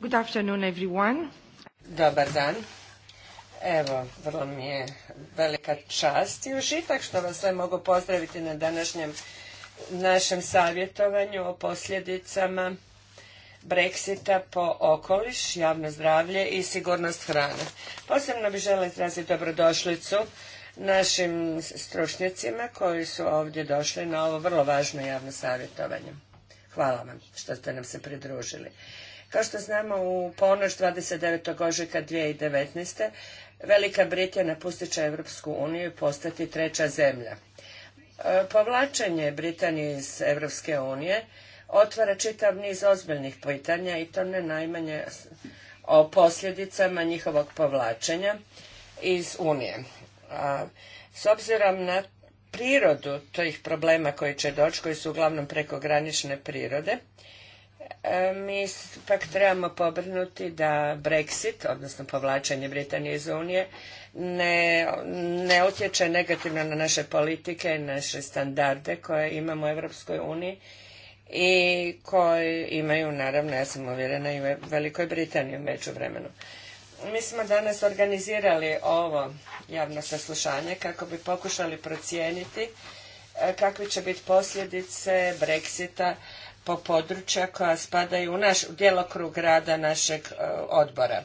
Good afternoon everyone. Dobar dan. Evo, vrlo mi je velika čast i užitak što vas sve mogu pozdraviti na današnjem našem savjetovanju o posljedicama Brexita po okoliš, javno zdravlje i sigurnost hrane. Posebno bih žela izraziti dobrodošlicu našim stručnjacima koji su ovdje došli na ovo vrlo važno javno savjetovanje. Hvala vam što ste nam se pridružili. Kao što znamo u ponoć 29. ožujka 2019. Velika Britija napustit će Europsku uniju i postati treća zemlja. E, povlačenje Britanije iz Europske unije otvara čitav niz ozbiljnih pitanja i to ne najmanje o posljedicama njihovog povlačenja iz Unije. s obzirom na prirodu tih problema koji će doći, koji su uglavnom prekogranične prirode, E, mi pak trebamo pobrnuti da Brexit, odnosno povlačenje Britanije iz Unije, ne, ne utječe negativno na naše politike, naše standarde koje imamo u Europskoj uniji i koje imaju, naravno, ja sam uvjerena, i u Velikoj Britaniji u međuvremenu. Mi smo danas organizirali ovo javno saslušanje kako bi pokušali procijeniti e, kakve će biti posljedice Brexita po područja koja spadaju u naš djelokrug rada našeg e, odbora.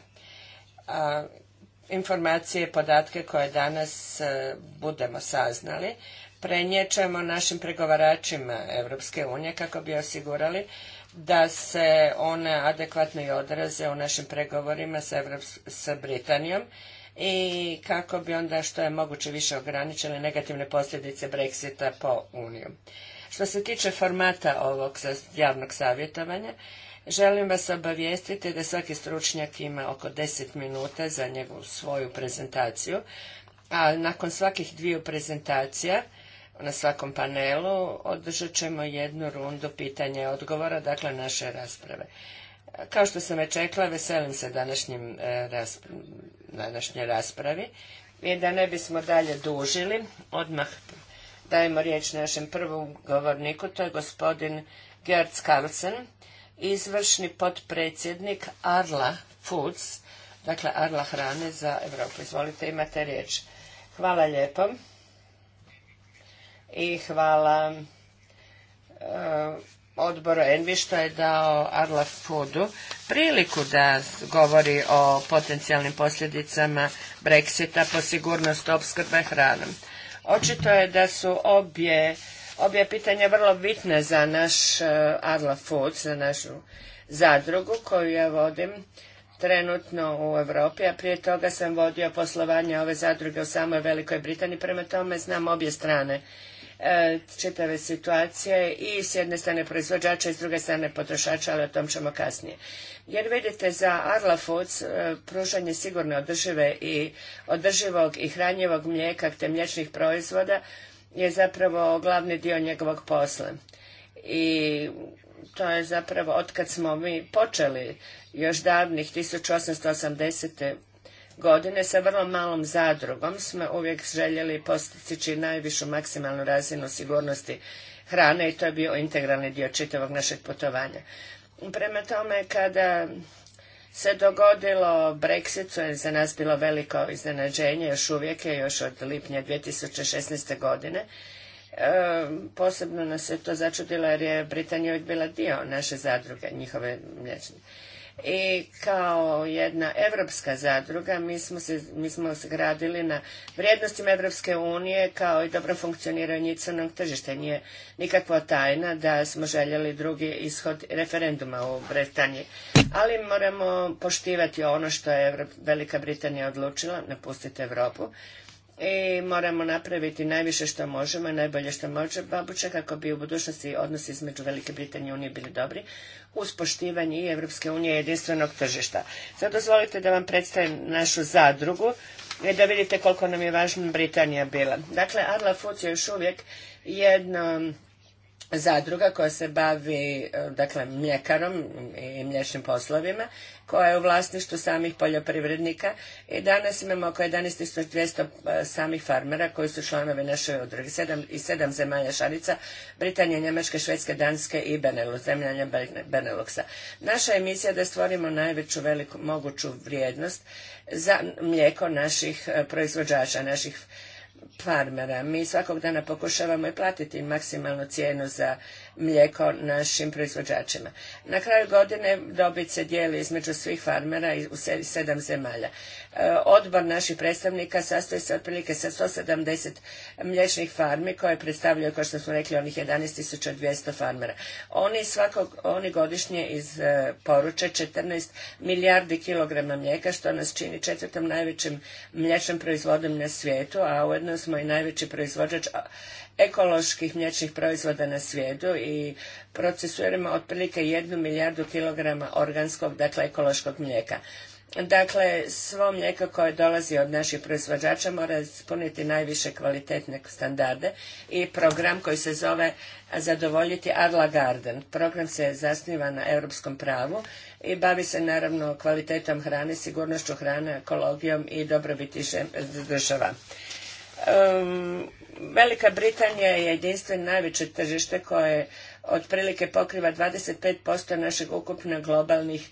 informacije i podatke koje danas e, budemo saznali prenjećemo našim pregovaračima Europske unije kako bi osigurali da se one adekvatno i odraze u našim pregovorima sa, Britanijom i kako bi onda što je moguće više ograničile negativne posljedice Brexita po Uniju. Što se tiče formata ovog javnog savjetovanja, želim vas obavijestiti da svaki stručnjak ima oko 10 minuta za njegovu svoju prezentaciju, a nakon svakih dviju prezentacija na svakom panelu održat ćemo jednu rundu pitanja i odgovora, dakle naše rasprave. Kao što sam već rekla, veselim se današnjim, e, današnjoj raspravi i da ne bismo dalje dužili, odmah dajemo riječ našem prvom govorniku, to je gospodin Gerd Carlsen, izvršni potpredsjednik Arla Foods, dakle Arla hrane za Europu. Izvolite, imate riječ. Hvala lijepo i hvala e, odboru Envi što je dao Arla Foodu priliku da govori o potencijalnim posljedicama Brexita po sigurnost opskrbe hranom. Očito je da su obje, obje pitanja vrlo bitne za naš e, adla Foods, za našu zadrugu koju ja vodim trenutno u Europi, a prije toga sam vodio poslovanje ove zadruge u samoj Velikoj Britaniji, prema tome znam obje strane E, čitave situacije i s jedne strane proizvođača i s druge strane potrošača, ali o tom ćemo kasnije. Jer vidite za Arla Foods e, pružanje sigurno održive i održivog i hranjivog mlijeka te mliječnih proizvoda je zapravo glavni dio njegovog posla. I to je zapravo otkad smo mi počeli još davnih 1880 godine sa vrlo malom zadrugom smo uvijek željeli postići najvišu maksimalnu razinu sigurnosti hrane i to je bio integralni dio čitavog našeg putovanja. Prema tome, kada se dogodilo Brexit, je za nas bilo veliko iznenađenje, još uvijek je, još od lipnja 2016. godine. E, posebno nas je to začudilo jer je Britanija uvijek bila dio naše zadruge, njihove mlječne i kao jedna evropska zadruga mi smo se smo gradili na vrijednostima Evropske unije kao i dobro funkcioniranje crnog tržišta. Nije nikakva tajna da smo željeli drugi ishod referenduma u Britaniji. Ali moramo poštivati ono što je Velika Britanija odlučila, napustiti Europu i moramo napraviti najviše što možemo i najbolje što može babuče, kako bi u budućnosti odnosi između Velike Britanije i Unije bili dobri uz poštivanje i Evropske unije jedinstvenog tržišta. Sad dozvolite da vam predstavim našu zadrugu i da vidite koliko nam je važna Britanija bila. Dakle, Arla Foods je još uvijek jedno zadruga koja se bavi e, dakle mljekarom i mlječnim poslovima koja je u vlasništvu samih poljoprivrednika i danas imamo oko 11.200 e, samih farmera koji su članovi naše udruge i sedam zemalja članica Britanije, Njemačke, Švedske, Danske i Benelux, zemljanja Beneluxa. Naša je misija da stvorimo najveću veliku moguću vrijednost za mlijeko naših e, proizvođača, naših farmera. Mi svakog dana pokušavamo i platiti maksimalnu cijenu za mlijeko našim proizvođačima. Na kraju godine dobit se dijeli između svih farmera u sedam zemalja. E, odbor naših predstavnika sastoji se otprilike sa 170 mliječnih farmi koje predstavljaju, kao što smo rekli, onih 11.200 farmera. Oni, svakog, oni godišnje e, poruče 14 milijardi kilograma mlijeka, što nas čini četvrtom najvećim mliječnom proizvodom na svijetu, a ujedno smo i najveći proizvođač ekoloških mliječnih proizvoda na svijetu i procesuiramo otprilike jednu milijardu kilograma organskog, dakle ekološkog mlijeka. Dakle, svo mlijeko koje dolazi od naših proizvođača mora ispuniti najviše kvalitetne standarde i program koji se zove Zadovoljiti Adla Garden. Program se zasniva na europskom pravu i bavi se naravno kvalitetom hrane, sigurnošću hrane, ekologijom i dobrobiti država. Um, Velika Britanija je jedinstveno najveće tržište koje otprilike pokriva 25% našeg ukupno globalnih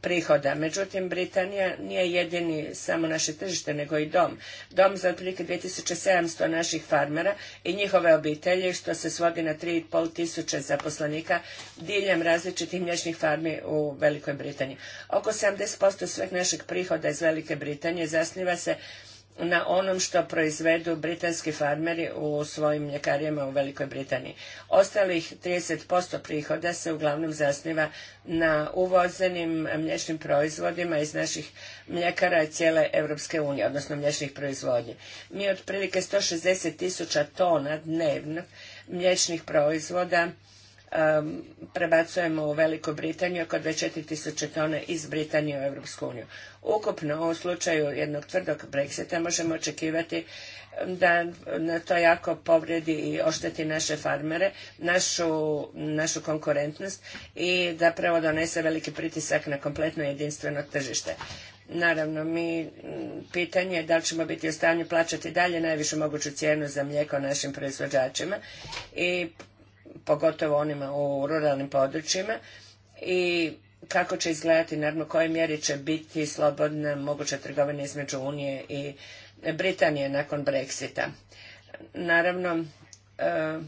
prihoda. Međutim, Britanija nije jedini samo naše tržište, nego i dom. Dom za otprilike 2700 naših farmera i njihove obitelji, što se svodi na 3,5 tisuće zaposlenika diljem različitih mlječnih farmi u Velikoj Britaniji. Oko 70% sveg našeg prihoda iz Velike Britanije zasniva se na onom što proizvedu britanski farmeri u svojim mljekarijama u Velikoj Britaniji. Ostalih 30% prihoda se uglavnom zasniva na uvozenim mliječnim proizvodima iz naših mljekara i cijele Europske unije, odnosno mliječnih proizvodnje. Mi otprilike 160 tisuća tona dnevno mliječnih proizvoda prebacujemo u Veliku Britaniju oko 24.000 tona iz Britanije u Europsku uniju. Ukupno u slučaju jednog tvrdog Brexita možemo očekivati da na to jako povrijedi i ošteti naše farmere, našu, našu konkurentnost i zapravo donese veliki pritisak na kompletno jedinstveno tržište. Naravno, mi pitanje je da li ćemo biti u stanju plaćati dalje najvišu moguću cijenu za mlijeko našim proizvođačima i pogotovo onima u ruralnim područjima i kako će izgledati, naravno u kojoj mjeri će biti slobodna moguća trgovina između Unije i Britanije nakon Brexita. Naravno, e,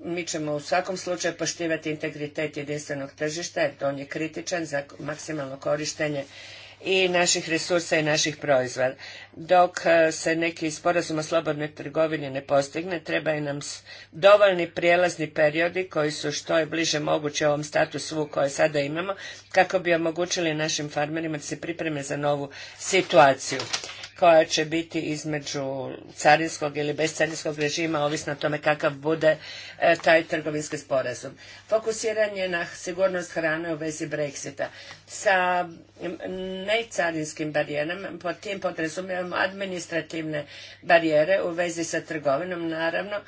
mi ćemo u svakom slučaju poštivati integritet jedinstvenog tržišta jer on je kritičan za maksimalno korištenje i naših resursa i naših proizvoda. Dok e, se neki sporazum o slobodnoj trgovini ne postigne, trebaju nam dovoljni prijelazni periodi koji su što je bliže moguće ovom statusu koje sada imamo, kako bi omogućili našim farmerima da se pripreme za novu situaciju koja će biti između carinskog ili bezcarinskog režima, ovisno o tome kakav bude e, taj trgovinski sporazum. Fokusiran je na sigurnost hrane u vezi Brexita. Sa necarinskim barijerama, pod tim podrazumijevamo administrativne barijere u vezi sa trgovinom, naravno,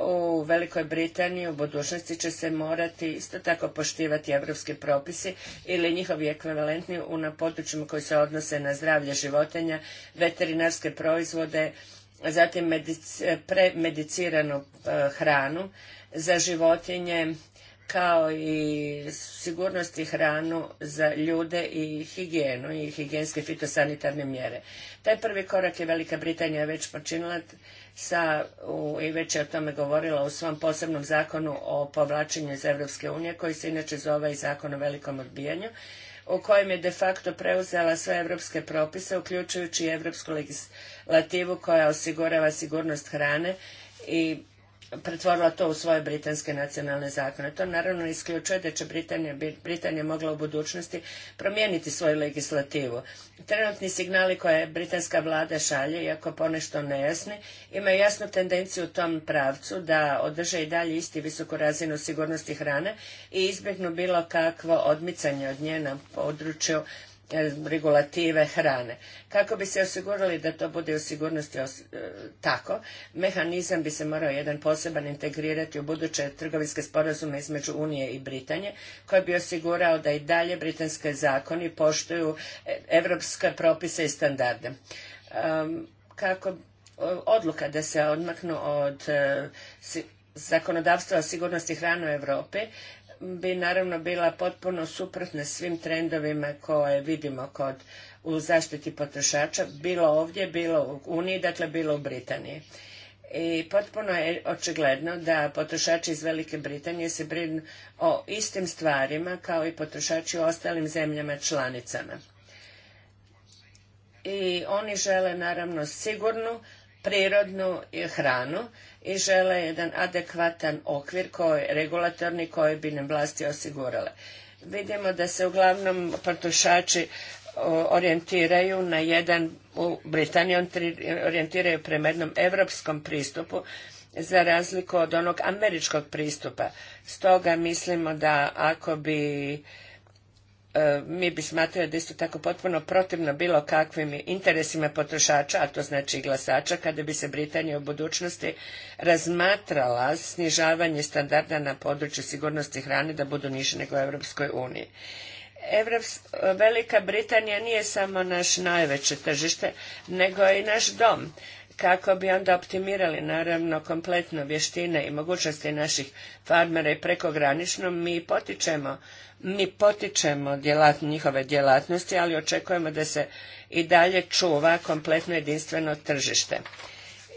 u Velikoj Britaniji u budućnosti će se morati isto tako poštivati evropski propisi ili njihovi ekvivalentni u na područjima koji se odnose na zdravlje životinja, veterinarske proizvode, zatim premediciranu e, hranu za životinje, kao i sigurnost i hranu za ljude i higijenu i higijenske fitosanitarne mjere. Taj prvi korak je Velika Britanija već počinila sa, i već je o tome govorila u svom posebnom zakonu o povlačenju iz Europske unije, koji se inače zove i zakon o velikom odbijanju u kojem je de facto preuzela sve europske propise, uključujući i europsku legislativu koja osigurava sigurnost hrane i pretvorila to u svoje britanske nacionalne zakone. To naravno isključuje da će Britanija, mogla u budućnosti promijeniti svoju legislativu. Trenutni signali koje britanska vlada šalje, iako ponešto nejasni, imaju jasnu tendenciju u tom pravcu da održe i dalje isti visoku razinu sigurnosti hrane i izbjegnu bilo kakvo odmicanje od nje na području E, regulative hrane. Kako bi se osigurali da to bude u sigurnosti e, tako, mehanizam bi se morao jedan poseban integrirati u buduće trgovinske sporazume između Unije i Britanije, koji bi osigurao da i dalje britanske zakoni poštuju europske propise i standarde. kako odluka da se odmaknu od e, zakonodavstva o sigurnosti hrane u Europi bi naravno bila potpuno suprotna svim trendovima koje vidimo kod u zaštiti potrošača, bilo ovdje, bilo u Uniji, dakle bilo u Britaniji. I potpuno je očigledno da potrošači iz Velike Britanije se brinu o istim stvarima kao i potrošači u ostalim zemljama članicama. I oni žele naravno sigurnu prirodnu hranu i žele jedan adekvatan okvir koji, regulatorni koji bi nam vlasti osigurale. Vidimo da se uglavnom potrošači e, orijentiraju na jedan, u Britaniji orijentiraju prema jednom europskom pristupu za razliku od onog američkog pristupa. Stoga mislimo da ako bi E, mi bi smatrali da isto tako potpuno protivno bilo kakvim interesima potrošača, a to znači i glasača, kada bi se Britanija u budućnosti razmatrala snižavanje standarda na području sigurnosti hrane da budu niže nego u Europskoj uniji. Velika Britanija nije samo naš najveće tržište, nego i naš dom kako bi onda optimirali naravno kompletno vještine i mogućnosti naših farmera i prekogranično mi potičemo mi potičemo djelat, njihove djelatnosti, ali očekujemo da se i dalje čuva kompletno jedinstveno tržište.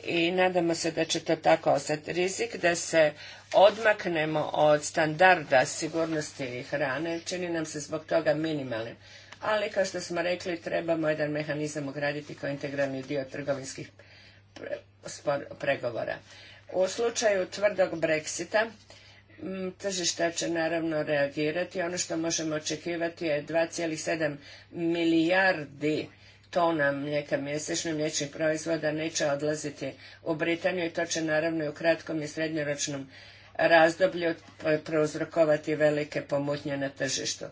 I nadamo se da će to tako ostati. Rizik da se odmaknemo od standarda sigurnosti hrane čini nam se zbog toga minimalnim. Ali kao što smo rekli, trebamo jedan mehanizam ugraditi kao integralni dio trgovinskih pregovora. U slučaju tvrdog Brexita Tržišta će naravno reagirati. Ono što možemo očekivati je 2,7 milijardi tona mlijeka mjesečno, mliječnih proizvoda neće odlaziti u Britaniju i to će naravno i u kratkom i srednjoročnom razdoblju prouzrokovati velike pomutnje na tržištu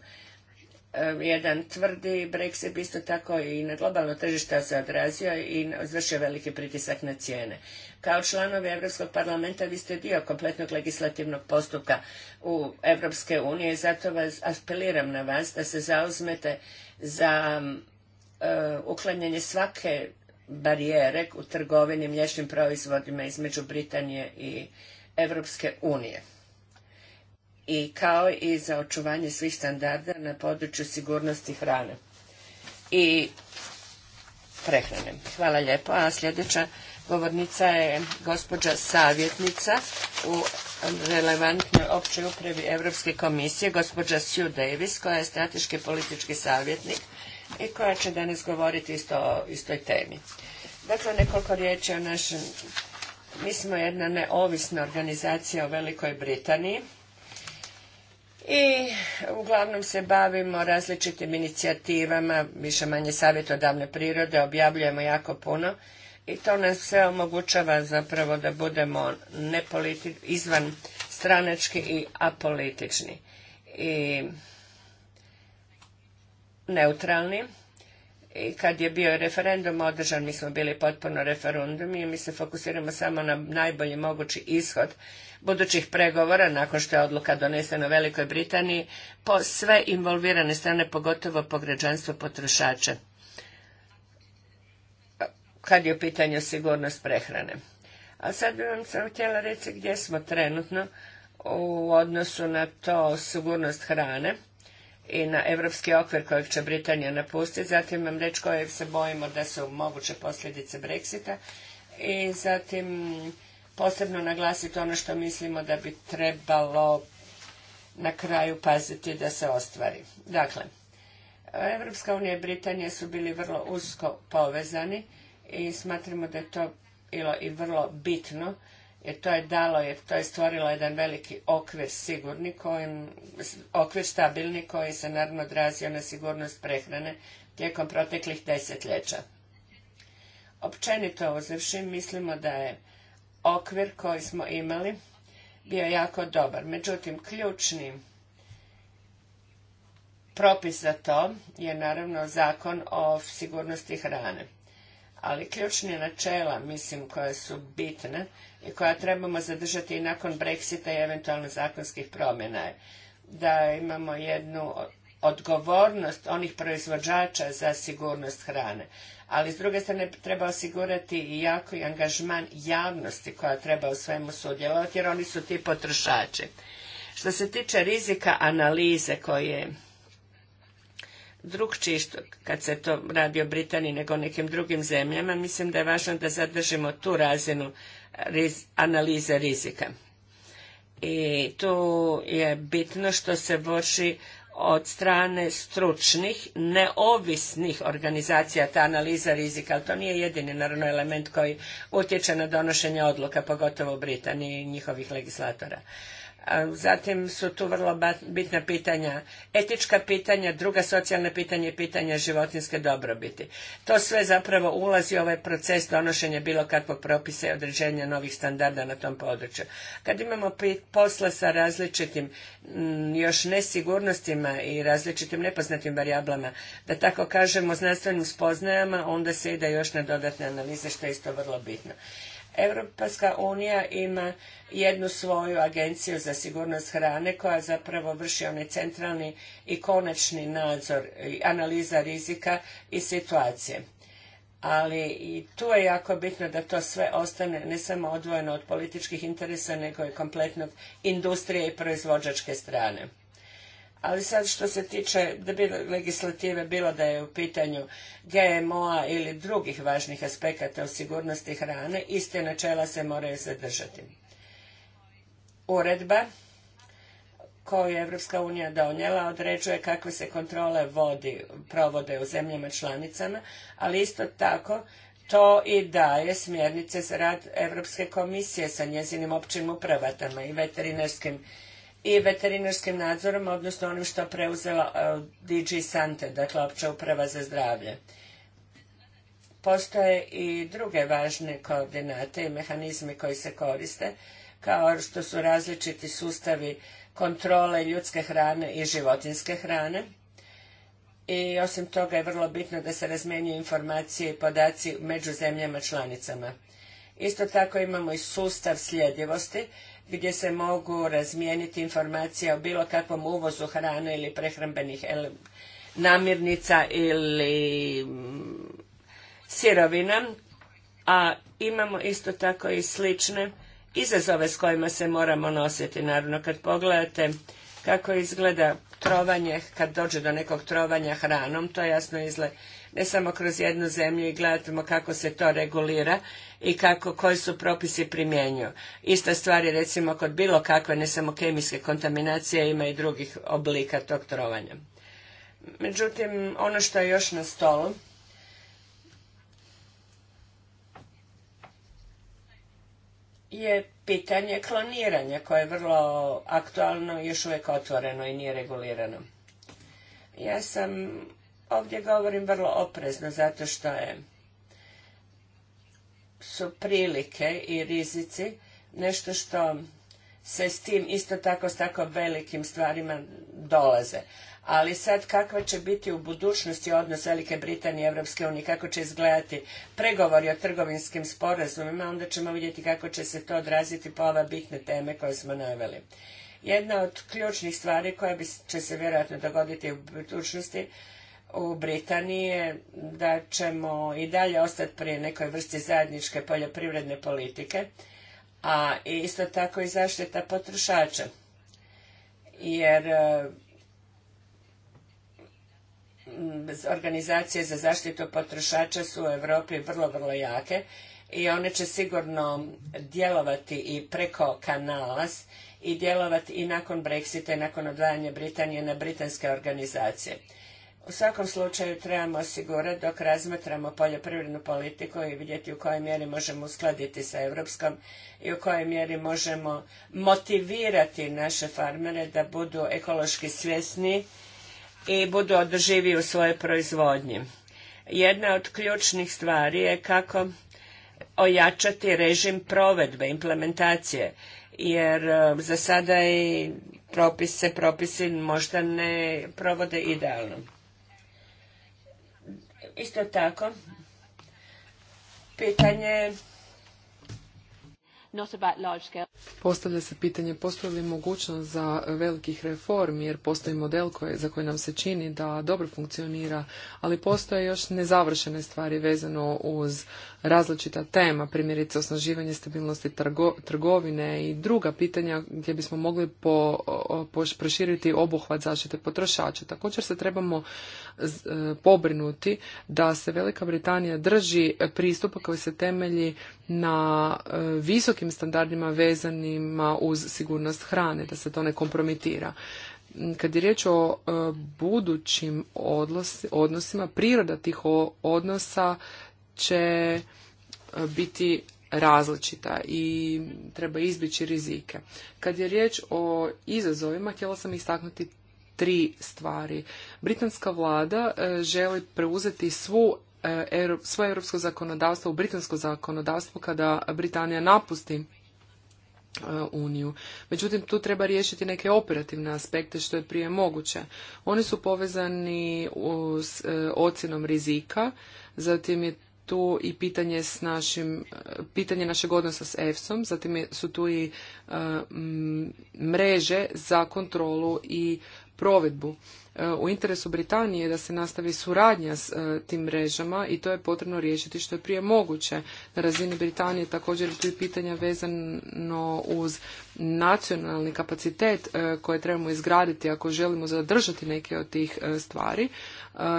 jedan tvrdi Brexit isto tako i na globalno tržište se odrazio i izvršio veliki pritisak na cijene. Kao članovi Europskog parlamenta vi ste dio kompletnog legislativnog postupka u Europske unije i zato vas apeliram na vas da se zauzmete za e, uklanjanje svake barijere u trgovini mliječnim proizvodima između Britanije i Europske unije i kao i za očuvanje svih standarda na području sigurnosti hrane i prehrane. Hvala lijepo. A sljedeća govornica je gospođa savjetnica u relevantnoj općoj upravi Europske komisije, gospođa Sue Davis, koja je strateški politički savjetnik i koja će danas govoriti isto o istoj temi. Dakle, nekoliko riječi o našem... Mi smo jedna neovisna organizacija u Velikoj Britaniji i uglavnom se bavimo različitim inicijativama, više manje savjetodavne prirode, objavljujemo jako puno i to nas sve omogućava zapravo da budemo izvan stranački i apolitični i neutralni. I kad je bio referendum održan, mi smo bili potpuno referendum i mi se fokusiramo samo na najbolji mogući ishod budućih pregovora nakon što je odluka donesena u Velikoj Britaniji po sve involvirane strane, pogotovo po građanstvo potrošača, kad je u pitanju sigurnost prehrane. A sad bi vam samo htjela reći gdje smo trenutno u odnosu na to sigurnost hrane i na evropski okvir kojeg će Britanija napustiti. Zatim vam reći koje se bojimo da su moguće posljedice Brexita i zatim posebno naglasiti ono što mislimo da bi trebalo na kraju paziti da se ostvari. Dakle, Evropska unija i Britanija su bili vrlo usko povezani i smatramo da je to bilo i vrlo bitno jer to je dalo, jer to je stvorilo jedan veliki okvir sigurni, kojim, okvir stabilni koji se naravno odrazio na sigurnost prehrane tijekom proteklih desetljeća. Općenito uzevši, mislimo da je okvir koji smo imali bio jako dobar. Međutim, ključni propis za to je naravno zakon o sigurnosti hrane. Ali ključne načela, mislim, koja su bitne i koja trebamo zadržati i nakon Brexita i eventualno zakonskih promjena je da imamo jednu odgovornost onih proizvođača za sigurnost hrane. Ali s druge strane treba osigurati i jako i angažman javnosti koja treba u svemu sudjelovati jer oni su ti potrošači. Što se tiče rizika analize koje je drugčiji kad se to radi o Britaniji nego o nekim drugim zemljama, mislim da je važno da zadržimo tu razinu analize rizika. I tu je bitno što se vrši od strane stručnih, neovisnih organizacija ta analiza rizika, ali to nije jedini naravno element koji utječe na donošenje odluka, pogotovo u Britaniji i njihovih legislatora. Zatim su tu vrlo bitna pitanja, etička pitanja, druga socijalna pitanja i pitanja životinske dobrobiti. To sve zapravo ulazi u ovaj proces donošenja bilo kakvog propisa i određenja novih standarda na tom području. Kad imamo posla sa različitim još nesigurnostima i različitim nepoznatim varijablama, da tako kažemo znanstvenim spoznajama, onda se ide još na dodatne analize što je isto vrlo bitno. Europska unija ima jednu svoju agenciju za sigurnost hrane koja zapravo vrši onaj centralni i konačni nadzor i analiza rizika i situacije. Ali i tu je jako bitno da to sve ostane ne samo odvojeno od političkih interesa nego i kompletno industrije i proizvođačke strane. Ali sad što se tiče legislative, bilo da je u pitanju GMO-a ili drugih važnih aspekata o sigurnosti hrane, iste načela se moraju zadržati. Uredba koju je Evropska unija donijela određuje kakve se kontrole vodi, provode u zemljama članicama, ali isto tako to i daje smjernice za rad Europske komisije sa njezinim općim upravatama i veterinarskim i veterinarskim nadzorom, odnosno onim što preuzela e, DG Sante, dakle opća uprava za zdravlje. Postoje i druge važne koordinate i mehanizme koji se koriste, kao što su različiti sustavi kontrole ljudske hrane i životinske hrane. I osim toga je vrlo bitno da se razmenjuju informacije i podaci među zemljama članicama. Isto tako imamo i sustav sljedivosti gdje se mogu razmijeniti informacije o bilo kakvom uvozu hrane ili prehrambenih namirnica ili mm, sirovina, a imamo isto tako i slične izazove s kojima se moramo nositi. Naravno, kad pogledate kako izgleda trovanje, kad dođe do nekog trovanja hranom, to jasno izgleda ne samo kroz jednu zemlju i gledamo kako se to regulira i kako, koji su propisi primjenjuju. Ista stvar je recimo kod bilo kakve, ne samo kemijske kontaminacije, ima i drugih oblika tog trovanja. Međutim, ono što je još na stolu, je pitanje kloniranja koje je vrlo aktualno još uvijek otvoreno i nije regulirano. Ja sam Ovdje govorim vrlo oprezno zato što je, su prilike i rizici nešto što se s tim isto tako s tako velikim stvarima dolaze. Ali sad kakva će biti u budućnosti odnos Velike Britanije i Europske unije, kako će izgledati pregovori o trgovinskim sporazumima, onda ćemo vidjeti kako će se to odraziti po ova bitne teme koje smo naveli. Jedna od ključnih stvari koja će se vjerojatno dogoditi u budućnosti u Britanije da ćemo i dalje ostati prije nekoj vrsti zajedničke poljoprivredne politike, a isto tako i zaštita potrošača. Jer e, organizacije za zaštitu potrošača su u Europi vrlo, vrlo jake i one će sigurno djelovati i preko kanala i djelovati i nakon Brexita i nakon odvajanja Britanije na britanske organizacije. U svakom slučaju trebamo osigurati dok razmatramo poljoprivrednu politiku i vidjeti u kojoj mjeri možemo uskladiti sa europskom i u kojoj mjeri možemo motivirati naše farmere da budu ekološki svjesni i budu održivi u svojoj proizvodnji. Jedna od ključnih stvari je kako ojačati režim provedbe, implementacije, jer e, za sada i propise, propisi možda ne provode idealno. Isto tako, pitanje Postavlja se pitanje postoji li mogućnost za velikih reformi jer postoji model koje, za koji nam se čini da dobro funkcionira, ali postoje još nezavršene stvari vezano uz različita tema, primjerice osnaživanje stabilnosti trgovine i druga pitanja gdje bismo mogli po, proširiti obuhvat zaštite potrošača. Također se trebamo e, pobrinuti da se Velika Britanija drži pristupa koji se temelji na e, visokim standardima vezanima uz sigurnost hrane, da se to ne kompromitira. Kad je riječ o e, budućim odnosima, priroda tih odnosa će e, biti različita i treba izbjeći rizike. Kad je riječ o izazovima, htjela sam istaknuti tri stvari. Britanska vlada e, želi preuzeti svu E, svoje europsko zakonodavstvo u britansko zakonodavstvo kada Britanija napusti e, Uniju. Međutim, tu treba riješiti neke operativne aspekte što je prije moguće. Oni su povezani s e, ocjenom rizika, zatim je tu i pitanje s našim, pitanje našeg odnosa s EFSom, zatim su tu i mreže za kontrolu i provedbu. E, u interesu Britanije je da se nastavi suradnja s e, tim mrežama i to je potrebno riješiti što je prije moguće. Na razini Britanije također tu je pitanja vezano uz nacionalni kapacitet e, koje trebamo izgraditi ako želimo zadržati neke od tih stvari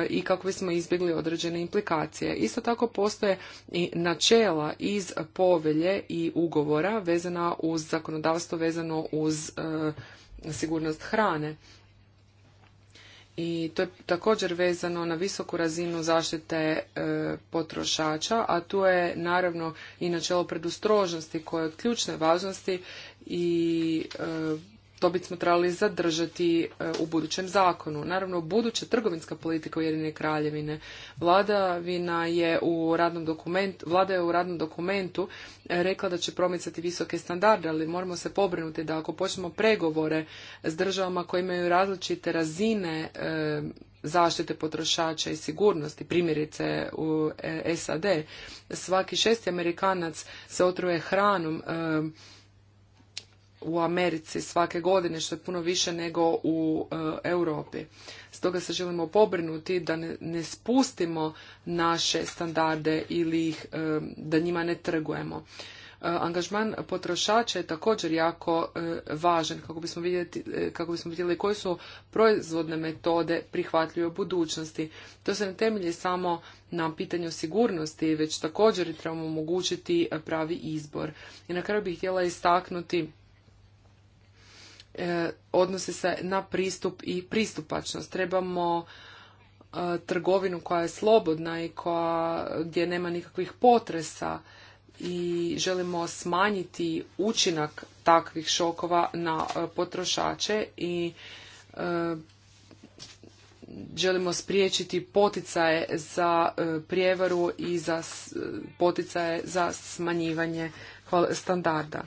i kako bismo izbjegli određene implikacije. Isto tako postoje i načela iz povelje i ugovora vezana uz zakonodavstvo, vezano uz sigurnost hrane i to je također vezano na visoku razinu zaštite e, potrošača, a tu je naravno i načelo predustrožnosti koje je od ključne važnosti i e, to bismo trebali zadržati e, u budućem zakonu. Naravno, buduća trgovinska politika Ujedinjene kraljevine vladavina je u radnom dokumentu, vlada je u radnom dokumentu e, rekla da će promicati visoke standarde, ali moramo se pobrinuti da ako počnemo pregovore s državama koje imaju različite razine e, zaštite potrošača i sigurnosti, primjerice u SAD, svaki šesti Amerikanac se otruje hranom u Americi svake godine, što je puno više nego u e, Europi. Stoga se želimo pobrinuti da ne, spustimo naše standarde ili ih, e, da njima ne trgujemo. E, angažman potrošača je također jako važan kako bismo, vidjeti, kako bismo vidjeli koje su proizvodne metode prihvatljive u budućnosti. To se ne temelji samo na pitanju sigurnosti, već također trebamo omogućiti pravi izbor. I na kraju bih htjela istaknuti E, odnose se na pristup i pristupačnost. Trebamo e, trgovinu koja je slobodna i koja, gdje nema nikakvih potresa i želimo smanjiti učinak takvih šokova na e, potrošače i želimo spriječiti poticaje za prijevaru i za poticaje za smanjivanje standarda.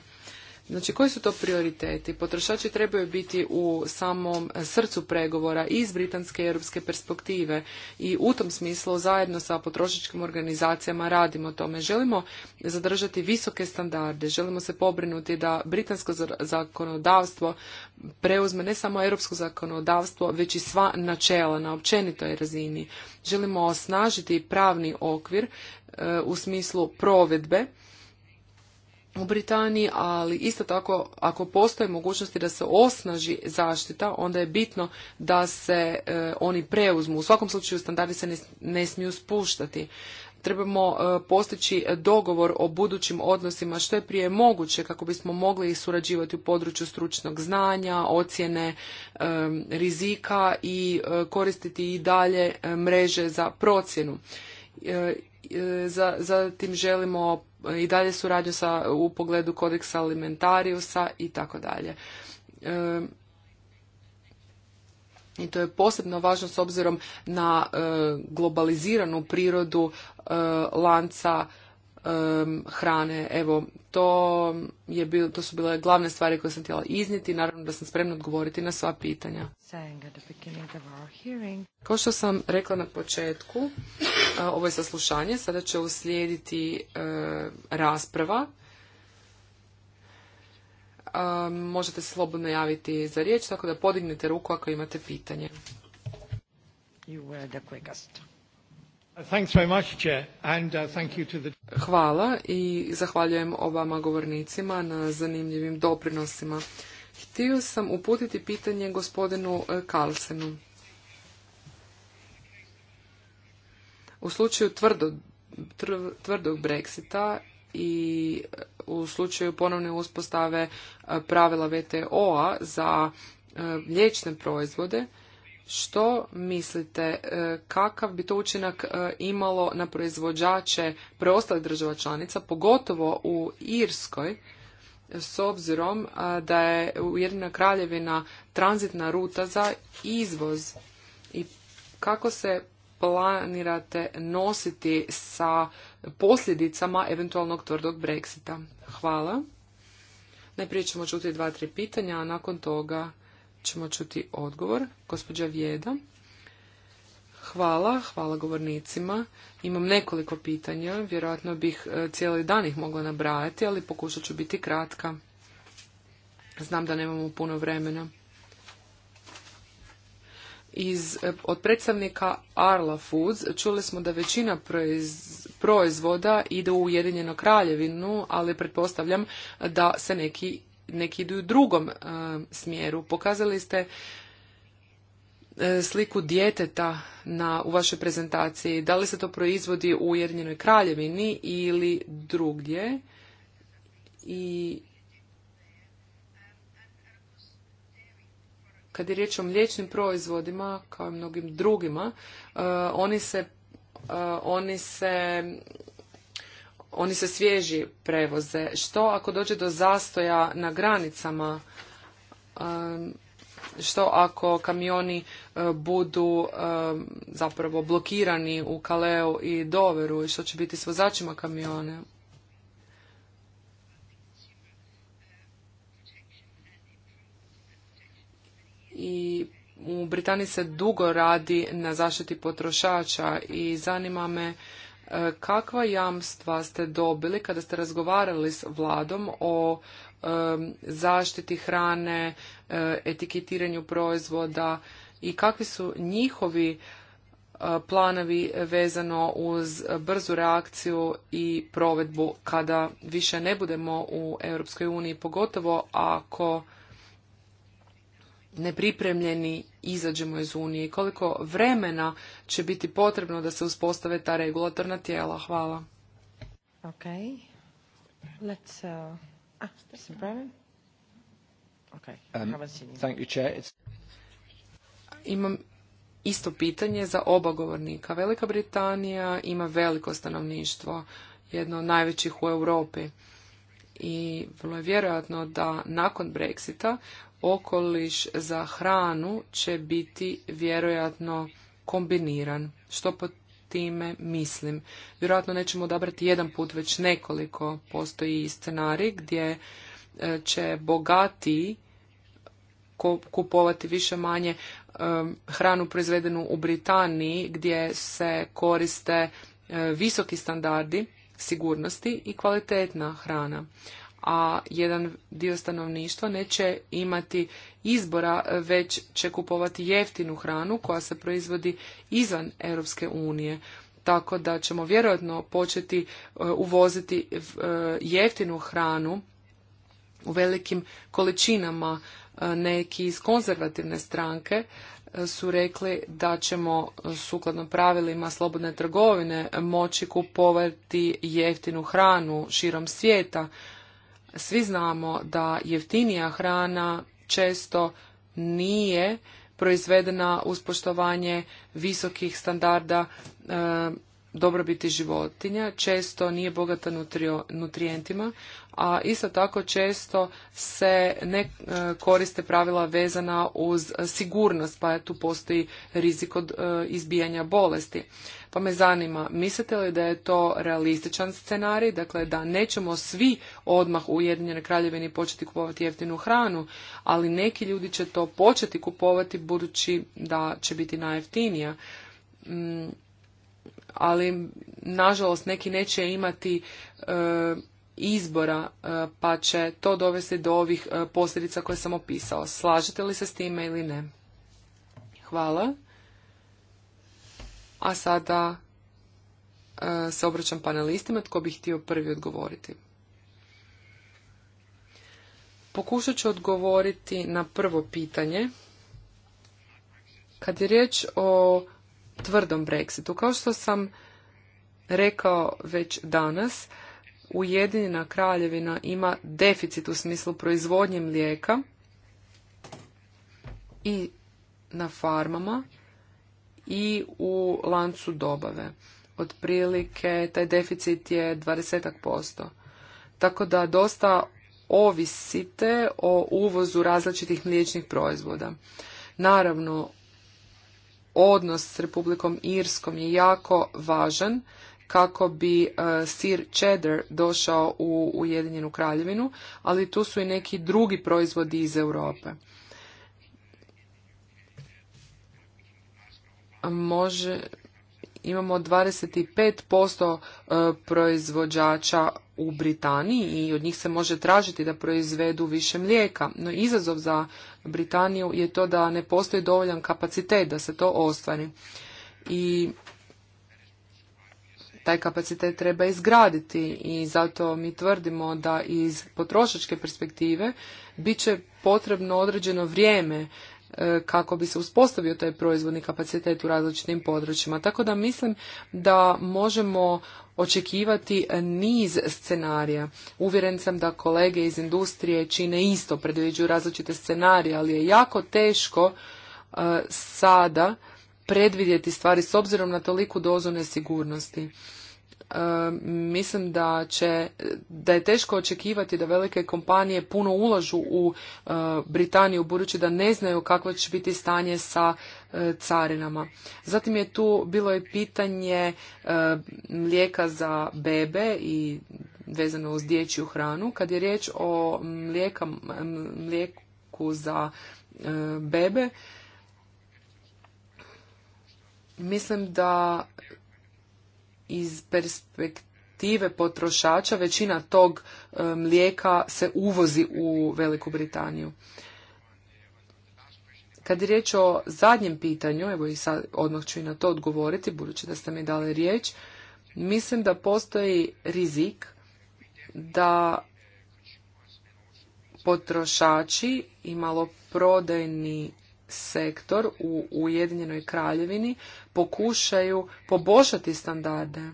Znači, koji su to prioriteti? Potrošači trebaju biti u samom srcu pregovora iz britanske i europske perspektive i u tom smislu zajedno sa potrošačkim organizacijama radimo o tome. Želimo zadržati visoke standarde, želimo se pobrinuti da britansko zakonodavstvo preuzme ne samo europsko zakonodavstvo, već i sva načela na općenitoj razini. Želimo osnažiti pravni okvir e, u smislu provedbe u Britaniji, ali isto tako ako postoje mogućnosti da se osnaži zaštita, onda je bitno da se e, oni preuzmu. U svakom slučaju standardi se ne, smiju spuštati. Trebamo e, postići dogovor o budućim odnosima što je prije moguće kako bismo mogli surađivati u području stručnog znanja, ocjene e, rizika i koristiti i dalje mreže za procjenu. Zatim želimo i dalje suradnju sa, u pogledu kodeksa alimentariusa i tako dalje. E, I to je posebno važno s obzirom na e, globaliziranu prirodu e, lanca hrane. Evo, to, je bil, to su bile glavne stvari koje sam htjela izniti. Naravno da sam spremna odgovoriti na sva pitanja. Kao što sam rekla na početku, uh, ovo je saslušanje. Sada će uslijediti e, rasprava. E, možete se slobodno javiti za riječ, tako da podignete ruku ako imate pitanje. You were the quickest. Uh, Hvala i zahvaljujem obama govornicima na zanimljivim doprinosima. Htio sam uputiti pitanje gospodinu Kalsenu. E, u slučaju tvrdo, tvrdog Brexita i e, u slučaju ponovne uspostave e, pravila VTO-a za mliječne proizvode, što mislite, e, kakav bi to učinak e, imalo na proizvođače preostalih država članica, pogotovo u Irskoj, s obzirom e, da je Ujedina kraljevina tranzitna ruta za izvoz i kako se planirate nositi sa posljedicama eventualnog tvrdog Brexita? Hvala. Najprije ćemo čuti dva, tri pitanja, a nakon toga ćemo čuti odgovor. Gospođa Vjeda. Hvala, hvala govornicima. Imam nekoliko pitanja, vjerojatno bih e, cijeli dan ih mogla nabrajati, ali pokušat ću biti kratka. Znam da nemamo puno vremena. Iz, e, od predstavnika Arla Foods čuli smo da većina proizvoda ide u Ujedinjeno kraljevinu, ali pretpostavljam da se neki neki idu u drugom e, smjeru. Pokazali ste e, sliku djeteta na, u vašoj prezentaciji. Da li se to proizvodi u Ujedinjenoj kraljevini ili drugdje? I kad je riječ o mliječnim proizvodima, kao i mnogim drugima, e, oni se, oni se oni se svježi prevoze. Što ako dođe do zastoja na granicama? Što ako kamioni e, budu e, zapravo blokirani u Kaleu i Doveru i što će biti s vozačima kamione? I u Britaniji se dugo radi na zaštiti potrošača i zanima me E, kakva jamstva ste dobili kada ste razgovarali s vladom o e, zaštiti hrane, e, etiketiranju proizvoda i kakvi su njihovi planovi vezano uz brzu reakciju i provedbu kada više ne budemo u Europskoj uniji, pogotovo ako nepripremljeni izađemo iz Unije i koliko vremena će biti potrebno da se uspostave ta regulatorna tijela. Hvala. Okay. Let's, uh, ah, um, Imam isto pitanje za oba govornika. Velika Britanija ima veliko stanovništvo, jedno od najvećih u Europi i vrlo je vjerojatno da nakon Brexita okoliš za hranu će biti vjerojatno kombiniran. Što po time mislim? Vjerojatno nećemo odabrati jedan put, već nekoliko postoji scenarij gdje e, će bogati kupovati više manje e, hranu proizvedenu u Britaniji gdje se koriste e, visoki standardi sigurnosti i kvalitetna hrana a jedan dio stanovništva neće imati izbora, već će kupovati jeftinu hranu koja se proizvodi izvan Europske unije. Tako da ćemo vjerojatno početi e, uvoziti e, jeftinu hranu u velikim količinama. E, neki iz konzervativne stranke su rekli da ćemo sukladno pravilima slobodne trgovine moći kupovati jeftinu hranu širom svijeta svi znamo da jeftinija hrana često nije proizvedena uz poštovanje visokih standarda e, dobrobiti životinja, često nije bogata nutrio, nutrijentima, a isto tako često se ne e, koriste pravila vezana uz sigurnost, pa tu postoji rizik od e, izbijanja bolesti. Pa me zanima, mislite li da je to realističan scenarij, dakle da nećemo svi odmah u Ujedinjenoj kraljevini početi kupovati jeftinu hranu, ali neki ljudi će to početi kupovati budući da će biti najjeftinija. Mm, ali nažalost neki neće imati e, izbora e, pa će to dovesti do ovih e, posljedica koje sam opisao. Slažete li se s time ili ne? Hvala. A sada se obraćam panelistima tko bi htio prvi odgovoriti. Pokušat ću odgovoriti na prvo pitanje. Kad je riječ o tvrdom Brexitu. Kao što sam rekao već danas, Ujedinjena kraljevina ima deficit u smislu proizvodnje mlijeka i na farmama i u lancu dobave. Otprilike taj deficit je 20%. Tako da dosta ovisite o uvozu različitih mliječnih proizvoda. Naravno, odnos s Republikom Irskom je jako važan kako bi e, sir cheddar došao u Ujedinjenu kraljevinu, ali tu su i neki drugi proizvodi iz Europe. Može, imamo 25% e, proizvođača u Britaniji i od njih se može tražiti da proizvedu više mlijeka. No izazov za Britaniju je to da ne postoji dovoljan kapacitet da se to ostvari. I taj kapacitet treba izgraditi i zato mi tvrdimo da iz potrošačke perspektive bit će potrebno određeno vrijeme E, kako bi se uspostavio taj proizvodni kapacitet u različitim područjima. Tako da mislim da možemo očekivati niz scenarija. Uvjeren sam da kolege iz industrije čine isto, predviđuju različite scenarije, ali je jako teško e, sada predvidjeti stvari s obzirom na toliku dozu nesigurnosti mislim da će, da je teško očekivati da velike kompanije puno ulažu u e, Britaniju budući da ne znaju kakvo će biti stanje sa e, carinama. Zatim je tu bilo i pitanje e, mlijeka za bebe i vezano uz dječju hranu. Kad je riječ o mlijeka, mlijeku za bebe, mislim da iz perspektive potrošača većina tog e, mlijeka se uvozi u Veliku Britaniju. Kad je riječ o zadnjem pitanju, evo i sad odmah ću i na to odgovoriti, budući da ste mi dali riječ, mislim da postoji rizik da potrošači i maloprodajni sektor u Ujedinjenoj kraljevini pokušaju poboljšati standarde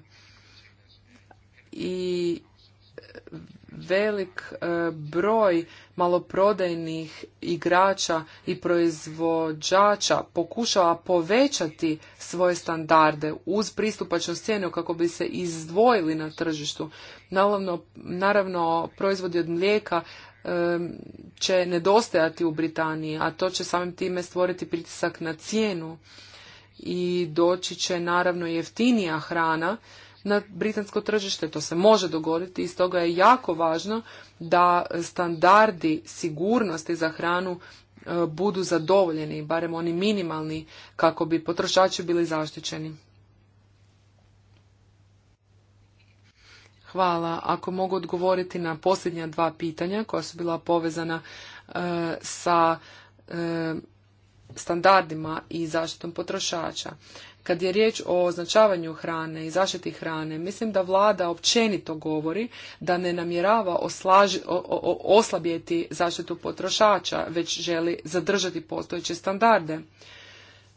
i velik e, broj maloprodajnih igrača i proizvođača pokušava povećati svoje standarde uz pristupačnu cijenu kako bi se izdvojili na tržištu. Naravno, naravno proizvodi od mlijeka e, će nedostajati u Britaniji, a to će samim time stvoriti pritisak na cijenu i doći će naravno jeftinija hrana na britansko tržište. To se može dogoditi i stoga je jako važno da standardi sigurnosti za hranu e, budu zadovoljeni, barem oni minimalni, kako bi potrošači bili zaštićeni. Hvala. Ako mogu odgovoriti na posljednja dva pitanja koja su bila povezana e, sa e, standardima i zaštitom potrošača. Kad je riječ o označavanju hrane i zaštiti hrane, mislim da vlada općenito govori da ne namjerava oslaži, o, oslabjeti zaštitu potrošača, već želi zadržati postojeće standarde.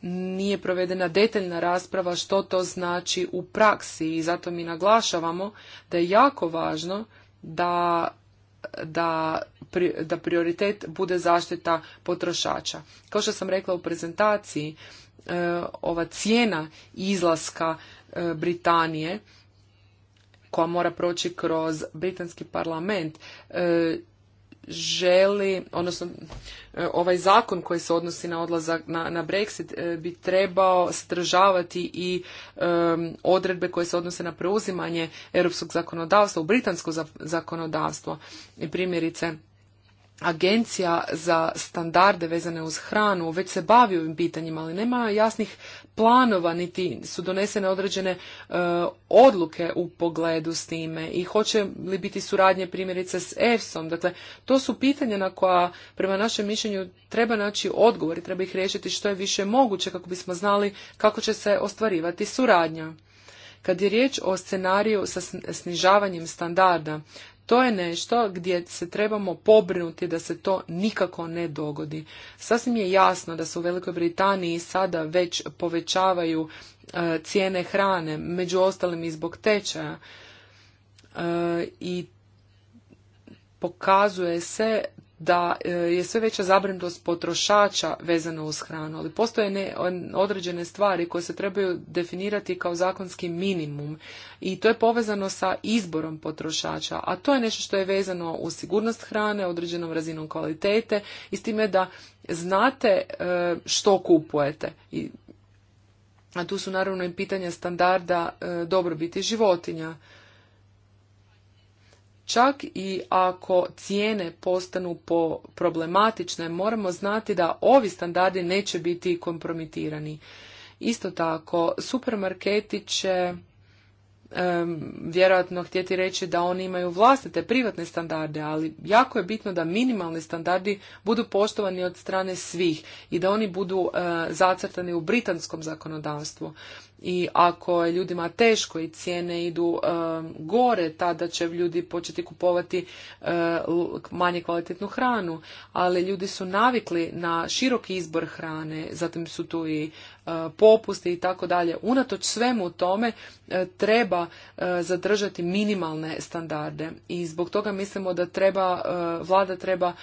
Nije provedena detaljna rasprava što to znači u praksi i zato mi naglašavamo da je jako važno da da, da prioritet bude zaštita potrošača. Kao što sam rekla u prezentaciji, e, ova cijena izlaska e, Britanije koja mora proći kroz britanski parlament e, želi, odnosno e, ovaj zakon koji se odnosi na odlazak na, na Brexit e, bi trebao stržavati i e, odredbe koje se odnose na preuzimanje europskog zakonodavstva u britansko zakonodavstvo i primjerice agencija za standarde vezane uz hranu već se bavi ovim pitanjima, ali nema jasnih planova, niti su donesene određene e, odluke u pogledu s time i hoće li biti suradnje primjerice s EFSom. Dakle, to su pitanja na koja prema našem mišljenju treba naći odgovor i treba ih riješiti što je više moguće kako bismo znali kako će se ostvarivati suradnja. Kad je riječ o scenariju sa snižavanjem standarda, to je nešto gdje se trebamo pobrinuti da se to nikako ne dogodi. Sasvim je jasno da se u Velikoj Britaniji sada već povećavaju e, cijene hrane, među ostalim i zbog tečaja. E, I pokazuje se da e, je sve veća zabrinutost potrošača vezana uz hranu, ali postoje ne, određene stvari koje se trebaju definirati kao zakonski minimum i to je povezano sa izborom potrošača, a to je nešto što je vezano uz sigurnost hrane, određenom razinom kvalitete i s time da znate e, što kupujete i a tu su naravno i pitanja standarda e, dobrobiti životinja Čak i ako cijene postanu po problematične, moramo znati da ovi standardi neće biti kompromitirani. Isto tako, supermarketi će vjerojatno htjeti reći da oni imaju vlastite privatne standarde, ali jako je bitno da minimalni standardi budu poštovani od strane svih i da oni budu eh, zacrtani u britanskom zakonodavstvu i ako je ljudima teško i cijene idu e, gore, tada će ljudi početi kupovati e, manje kvalitetnu hranu, ali ljudi su navikli na široki izbor hrane, zatim su tu i e, popusti i tako dalje. Unatoč svemu tome treba zadržati minimalne standarde i zbog toga mislimo da treba, vlada treba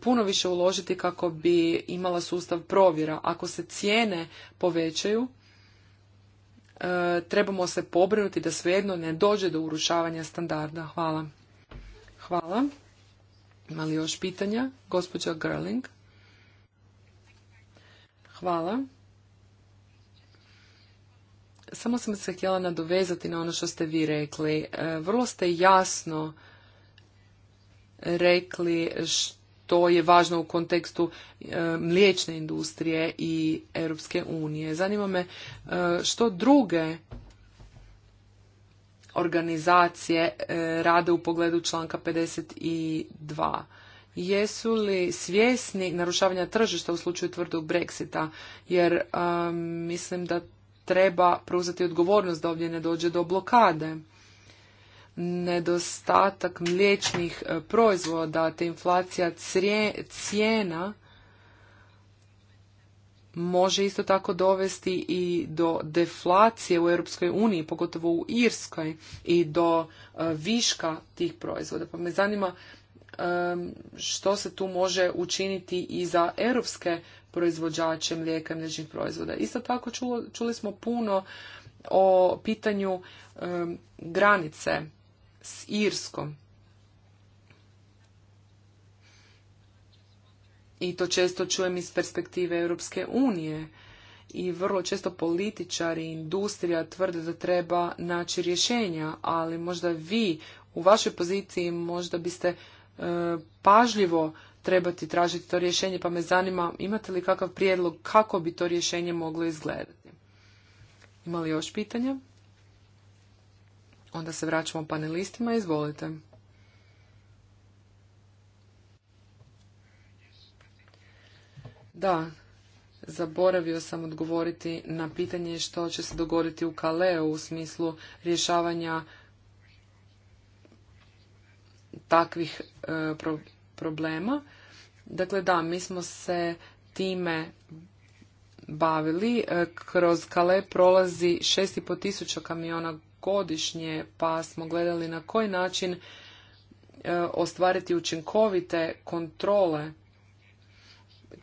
puno više uložiti kako bi imala sustav provjera. Ako se cijene povećaju, E, trebamo se pobrinuti da svejedno ne dođe do urušavanja standarda. Hvala. Hvala. Ima li još pitanja? Gospođa Gerling. Hvala. Samo sam se htjela nadovezati na ono što ste vi rekli. E, vrlo ste jasno rekli što to je važno u kontekstu e, mliječne industrije i Europske unije. Zanima me e, što druge organizacije e, rade u pogledu članka 52. Jesu li svjesni narušavanja tržišta u slučaju tvrdog Brexita? Jer mislim da treba preuzeti odgovornost da ovdje ne dođe do blokade nedostatak mliječnih e, proizvoda te inflacija cijena može isto tako dovesti i do deflacije u Europskoj uniji, pogotovo u Irskoj i do e, viška tih proizvoda. Pa me zanima što se tu može učiniti i za europske proizvođače mlijeka i mliječnih proizvoda. Isto tako čuli smo puno o pitanju granice s Irskom. I to često čujem iz perspektive Europske unije. I vrlo često političari i industrija tvrde da treba naći rješenja, ali možda vi u vašoj poziciji možda biste e, pažljivo trebati tražiti to rješenje, pa me zanima imate li kakav prijedlog kako bi to rješenje moglo izgledati. Ima li još pitanja? Onda se vraćamo panelistima, izvolite. Da, zaboravio sam odgovoriti na pitanje što će se dogoditi u Kaleo u smislu rješavanja takvih e, problema. Dakle, da, mi smo se time bavili. E, kroz Kale prolazi po tisuća kamiona godišnje, pa smo gledali na koji način e, ostvariti učinkovite kontrole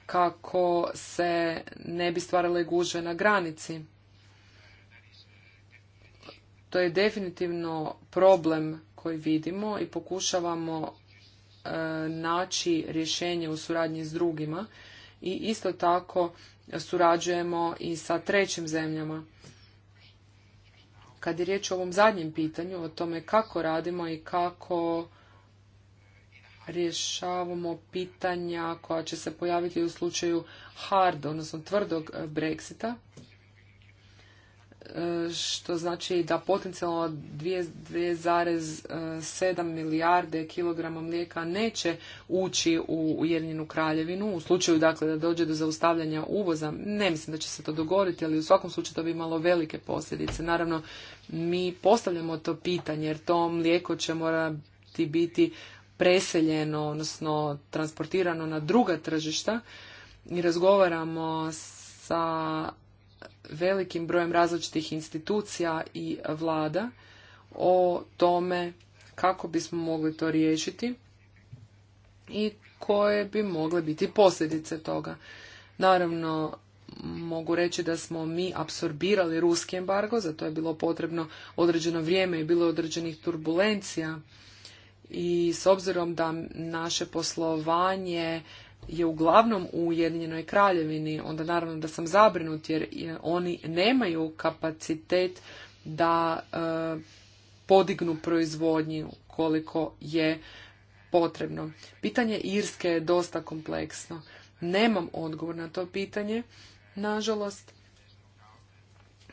kako se ne bi stvarale gužve na granici. To je definitivno problem koji vidimo i pokušavamo e, naći rješenje u suradnji s drugima i isto tako surađujemo i sa trećim zemljama. Kad je riječ o ovom zadnjem pitanju, o tome kako radimo i kako rješavamo pitanja koja će se pojaviti u slučaju hard, odnosno tvrdog Brexita, što znači da potencijalno 2,7 e, milijarde kilograma mlijeka neće ući u Ujedinjenu kraljevinu u slučaju dakle da dođe do zaustavljanja uvoza. Ne mislim da će se to dogoditi, ali u svakom slučaju to bi imalo velike posljedice. Naravno, mi postavljamo to pitanje jer to mlijeko će morati biti preseljeno, odnosno transportirano na druga tržišta i razgovaramo sa velikim brojem različitih institucija i vlada o tome kako bismo mogli to riješiti i koje bi mogle biti posljedice toga. Naravno, mogu reći da smo mi apsorbirali ruski embargo, zato je bilo potrebno određeno vrijeme i bilo je određenih turbulencija i s obzirom da naše poslovanje je uglavnom u Ujedinjenoj kraljevini, onda naravno da sam zabrinut jer oni nemaju kapacitet da e, podignu proizvodnju koliko je potrebno. Pitanje Irske je dosta kompleksno. Nemam odgovor na to pitanje, nažalost.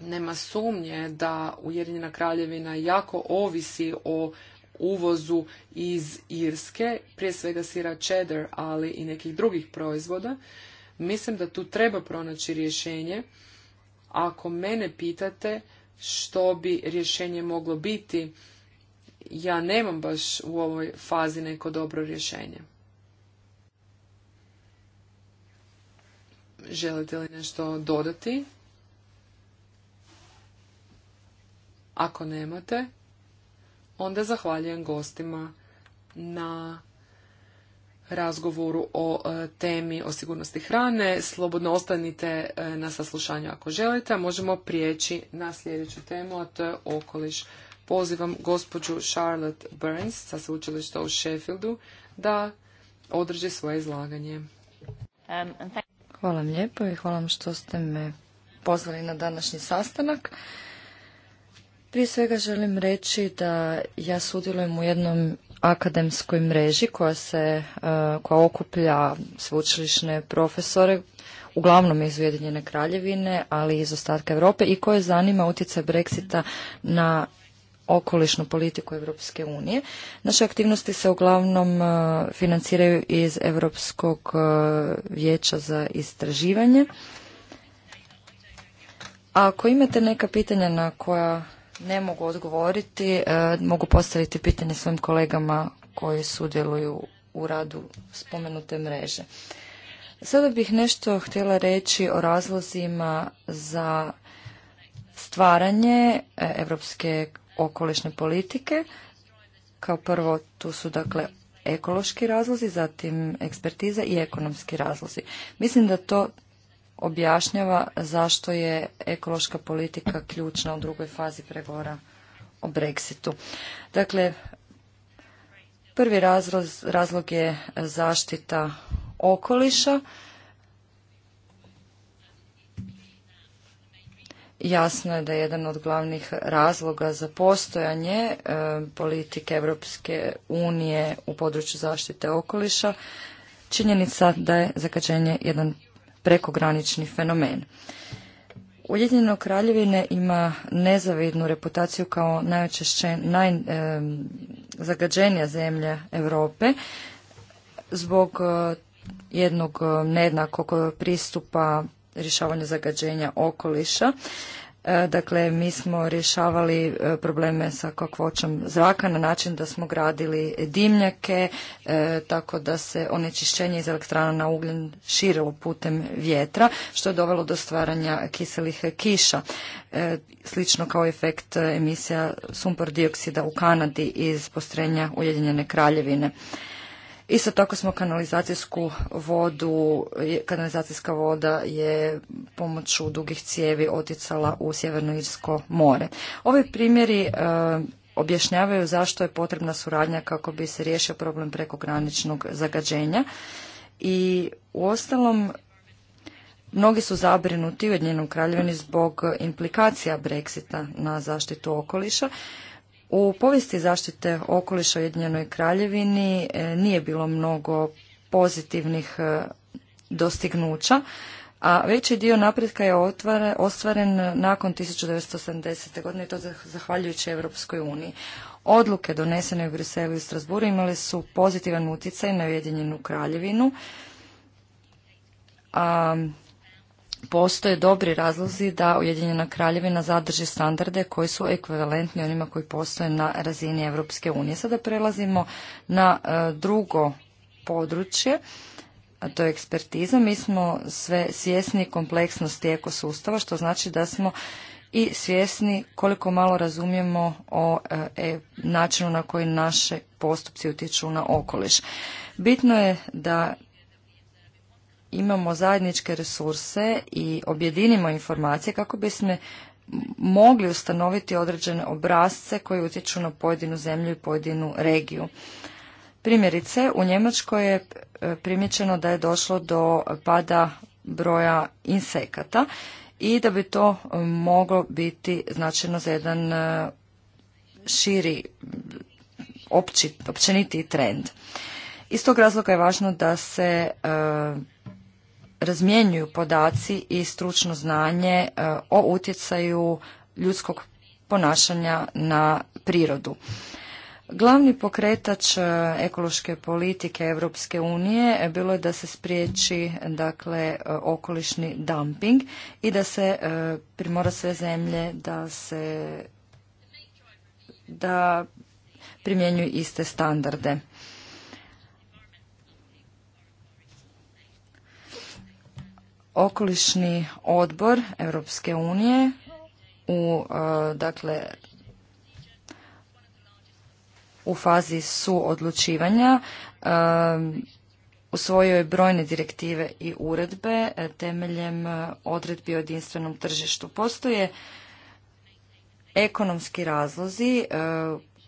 Nema sumnje da Ujedinjena kraljevina jako ovisi o uvozu iz Irske, prije svega sira cheddar, ali i nekih drugih proizvoda. Mislim da tu treba pronaći rješenje. Ako mene pitate što bi rješenje moglo biti, ja nemam baš u ovoj fazi neko dobro rješenje. Želite li nešto dodati? Ako nemate, onda zahvaljujem gostima na razgovoru o e, temi o sigurnosti hrane. Slobodno ostanite e, na saslušanju ako želite. Možemo prijeći na sljedeću temu, a to je okoliš. Pozivam gospođu Charlotte Burns sa sveučilišta u Sheffieldu da održi svoje izlaganje. Um, hvala vam lijepo i hvala vam što ste me pozvali na današnji sastanak. Prije svega želim reći da ja sudjelujem u jednom akademskoj mreži koja se, e, koja okuplja sveučilišne profesore, uglavnom iz Ujedinjene kraljevine, ali i iz ostatka Europe i koje zanima utjecaj Brexita na okolišnu politiku Europske unije. Naše aktivnosti se uglavnom e, financiraju iz Europskog e, vijeća za istraživanje. A ako imate neka pitanja na koja ne mogu odgovoriti. E, mogu postaviti pitanje svojim kolegama koji sudjeluju u radu spomenute mreže. Sada bih nešto htjela reći o razlozima za stvaranje europske okolišne politike. Kao prvo tu su dakle ekološki razlozi, zatim ekspertiza i ekonomski razlozi. Mislim da to objašnjava zašto je ekološka politika ključna u drugoj fazi pregovora o Brexitu. Dakle, prvi razlog, je zaštita okoliša. Jasno je da je jedan od glavnih razloga za postojanje e, politike Europske unije u području zaštite okoliša činjenica da je zakađenje jedan prekogranični fenomen. Ujedinjeno kraljevine ima nezavidnu reputaciju kao najčešće najzagađenija e, zemlja Europe zbog e, jednog e, nejednakog pristupa rješavanja zagađenja okoliša. E, dakle, mi smo rješavali e, probleme sa kakvoćom zraka na način da smo gradili dimnjake, e, tako da se onečišćenje iz elektrana na ugljen širilo putem vjetra, što je dovelo do stvaranja kiselih kiša. Slično kao efekt emisija sumpor dioksida u Kanadi iz postrenja Ujedinjene kraljevine. Isto tako smo kanalizacijsku vodu, kanalizacijska voda je pomoću dugih cijevi oticala u sjeverno Irsko more. Ovi primjeri e, objašnjavaju zašto je potrebna suradnja kako bi se riješio problem prekograničnog zagađenja i u ostalom, mnogi su zabrinuti u Jednjenom kraljevini zbog implikacija Brexita na zaštitu okoliša u povijesti zaštite okoliša u kraljevini e, nije bilo mnogo pozitivnih e, dostignuća, a veći dio napretka je ostvaren nakon 1970. godine i to zahvaljujući Europskoj uniji. Odluke donesene u Briselu i Strasburu imale su pozitivan utjecaj na Ujedinjenu kraljevinu, a postoje dobri razlozi da Ujedinjena kraljevina zadrži standarde koji su ekvivalentni onima koji postoje na razini Europske unije. Sada prelazimo na e, drugo područje, a to je ekspertiza. Mi smo sve svjesni kompleksnosti ekosustava, što znači da smo i svjesni koliko malo razumijemo o e, e načinu na koji naše postupci utječu na okoliš. Bitno je da imamo zajedničke resurse i objedinimo informacije kako bismo mogli ustanoviti određene obrazce koji utječu na pojedinu zemlju i pojedinu regiju. Primjerice, u Njemačkoj je e, primjećeno da je došlo do pada broja insekata i da bi to e, moglo biti značajno za jedan e, širi, općeniti trend. Iz tog razloga je važno da se razmjenjuju podaci i stručno znanje e, o utjecaju ljudskog ponašanja na prirodu. Glavni pokretač e, ekološke politike Europske unije bilo je da se spriječi dakle e, okolišni dumping i da se primora sve zemlje da se da primjenjuju iste standarde. okolišni odbor Europske unije u e, dakle u fazi su odlučivanja e, usvojio je brojne direktive i uredbe e, temeljem odredbi o jedinstvenom tržištu. Postoje ekonomski razlozi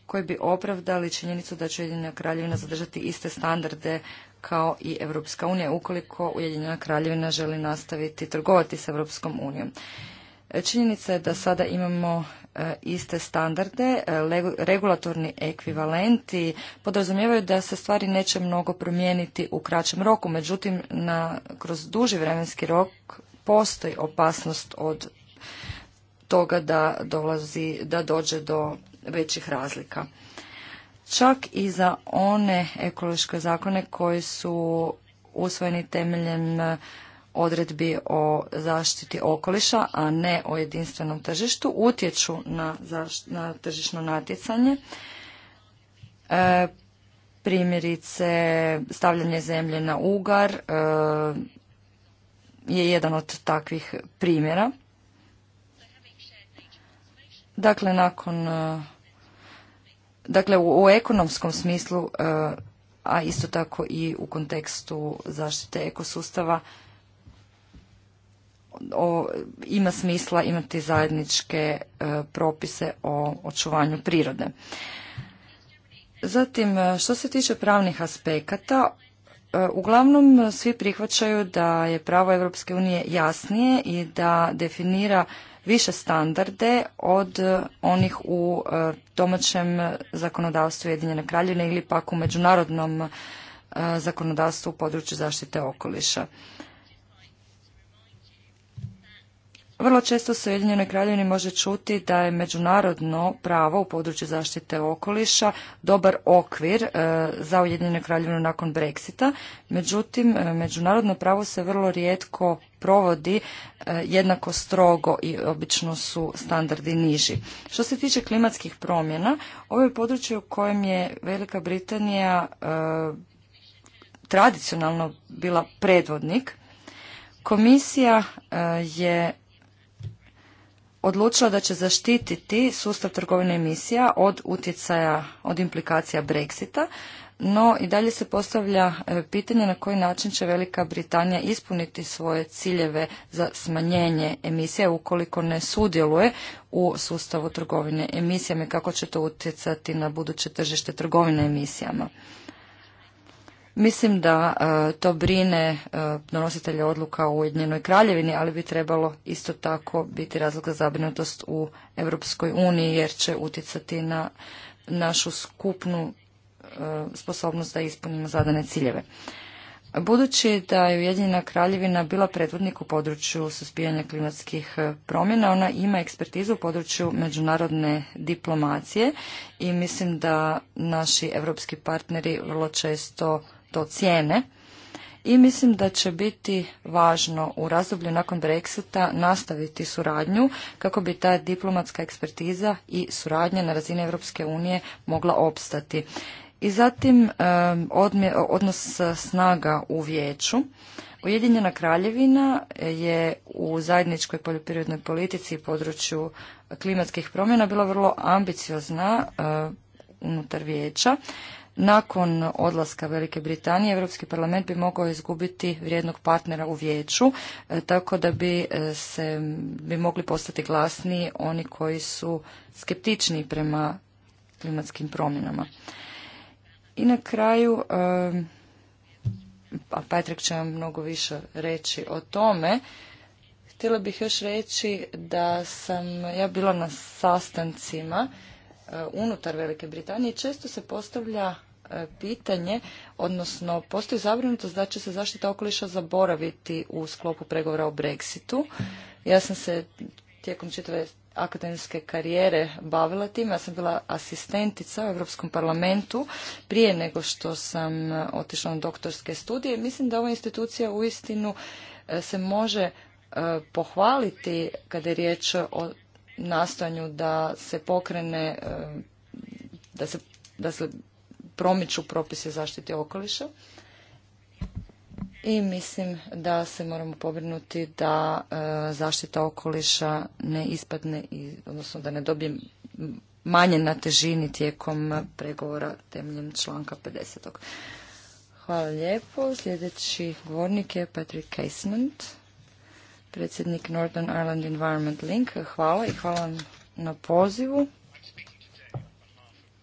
koji bi opravdali činjenicu da će Jedina kraljevina zadržati iste standarde kao i Europska unija ukoliko Ujedinjena kraljevina želi nastaviti trgovati s Europskom unijom. E, činjenica je da sada imamo e, iste standarde, e, regulatorni ekvivalenti podrazumijevaju da se stvari neće mnogo promijeniti u kraćem roku, međutim na, kroz duži vremenski rok postoji opasnost od toga da, dolazi, da dođe do većih razlika čak i za one ekološke zakone koji su usvojeni temeljem e, odredbi o zaštiti okoliša, a ne o jedinstvenom tržištu, utječu na, na tržišno natjecanje. E, primjerice, stavljanje zemlje na ugar e, je jedan od takvih primjera. Dakle, nakon dakle u, ekonomskom smislu, e, a isto tako i u kontekstu zaštite ekosustava, ima smisla imati zajedničke e, propise o očuvanju prirode. Zatim, e, što se tiče pravnih aspekata, uglavnom svi prihvaćaju da je pravo Europske unije jasnije i da definira više standarde od e, onih u e, domaćem zakonodavstvu Ujedinjene kraljevine ili pak u međunarodnom e, zakonodavstvu u području zaštite okoliša. Vrlo često se u Ujedinjenoj kraljevini može čuti da je međunarodno pravo u području zaštite okoliša dobar okvir e, za Ujedinjenu kraljevinu nakon Brexita. Međutim, e, međunarodno pravo se vrlo rijetko provodi e, jednako strogo i obično su standardi niži. Što se tiče klimatskih promjena, ovo je područje u kojem je Velika Britanija tradicionalno bila predvodnik. Komisija je odlučila da će zaštititi sustav trgovine emisija od utjecaja, od implikacija Brexita, no i dalje se postavlja e, pitanje na koji način će Velika Britanija ispuniti svoje ciljeve za smanjenje emisija ukoliko ne sudjeluje u sustavu trgovine emisijama i kako će to utjecati na buduće tržište trgovine emisijama. Mislim da e, to brine e, donositelje odluka u Ujedinjenoj kraljevini, ali bi trebalo isto tako biti razlog za zabrinutost u Europskoj uniji, jer će utjecati na našu skupnu e, sposobnost da ispunimo zadane ciljeve. Budući da je Ujedinjena kraljevina bila predvodnik u području suzbijanja klimatskih promjena, ona ima ekspertizu u području međunarodne diplomacije i mislim da naši evropski partneri vrlo često to cijene i mislim da će biti važno u razdoblju nakon Brexita nastaviti suradnju kako bi ta diplomatska ekspertiza i suradnja na razini Europske unije mogla opstati. I zatim odnos snaga u vijeću. Ujedinjena kraljevina je u zajedničkoj poljoprivrednoj politici i području klimatskih promjena bila vrlo ambiciozna unutar vijeća. Nakon odlaska Velike Britanije, Europski parlament bi mogao izgubiti vrijednog partnera u vijeću, e, tako da bi e, se bi mogli postati glasniji oni koji su skeptični prema klimatskim promjenama. I na kraju, e, a Patrick će vam mnogo više reći o tome, htjela bih još reći da sam ja bila na sastancima unutar Velike Britanije često se postavlja E, pitanje, odnosno postoji zabrinutost da će se zaštita okoliša zaboraviti u sklopu pregovora o Brexitu. Ja sam se tijekom čitave akademske karijere bavila tim. Ja sam bila asistentica u Europskom parlamentu prije nego što sam otišla na doktorske studije. Mislim da ova institucija uistinu e, se može e, pohvaliti kada je riječ o nastojanju da se pokrene da se, da se promiču propise zaštite okoliša i mislim da se moramo pobrinuti da e, zaštita okoliša ne ispadne, odnosno da ne dobije manje na težini tijekom pregovora temeljem članka 50. Hvala lijepo. Sljedeći govornik je Patrick Casement, predsjednik Northern Ireland Environment Link. Hvala i hvala vam na pozivu.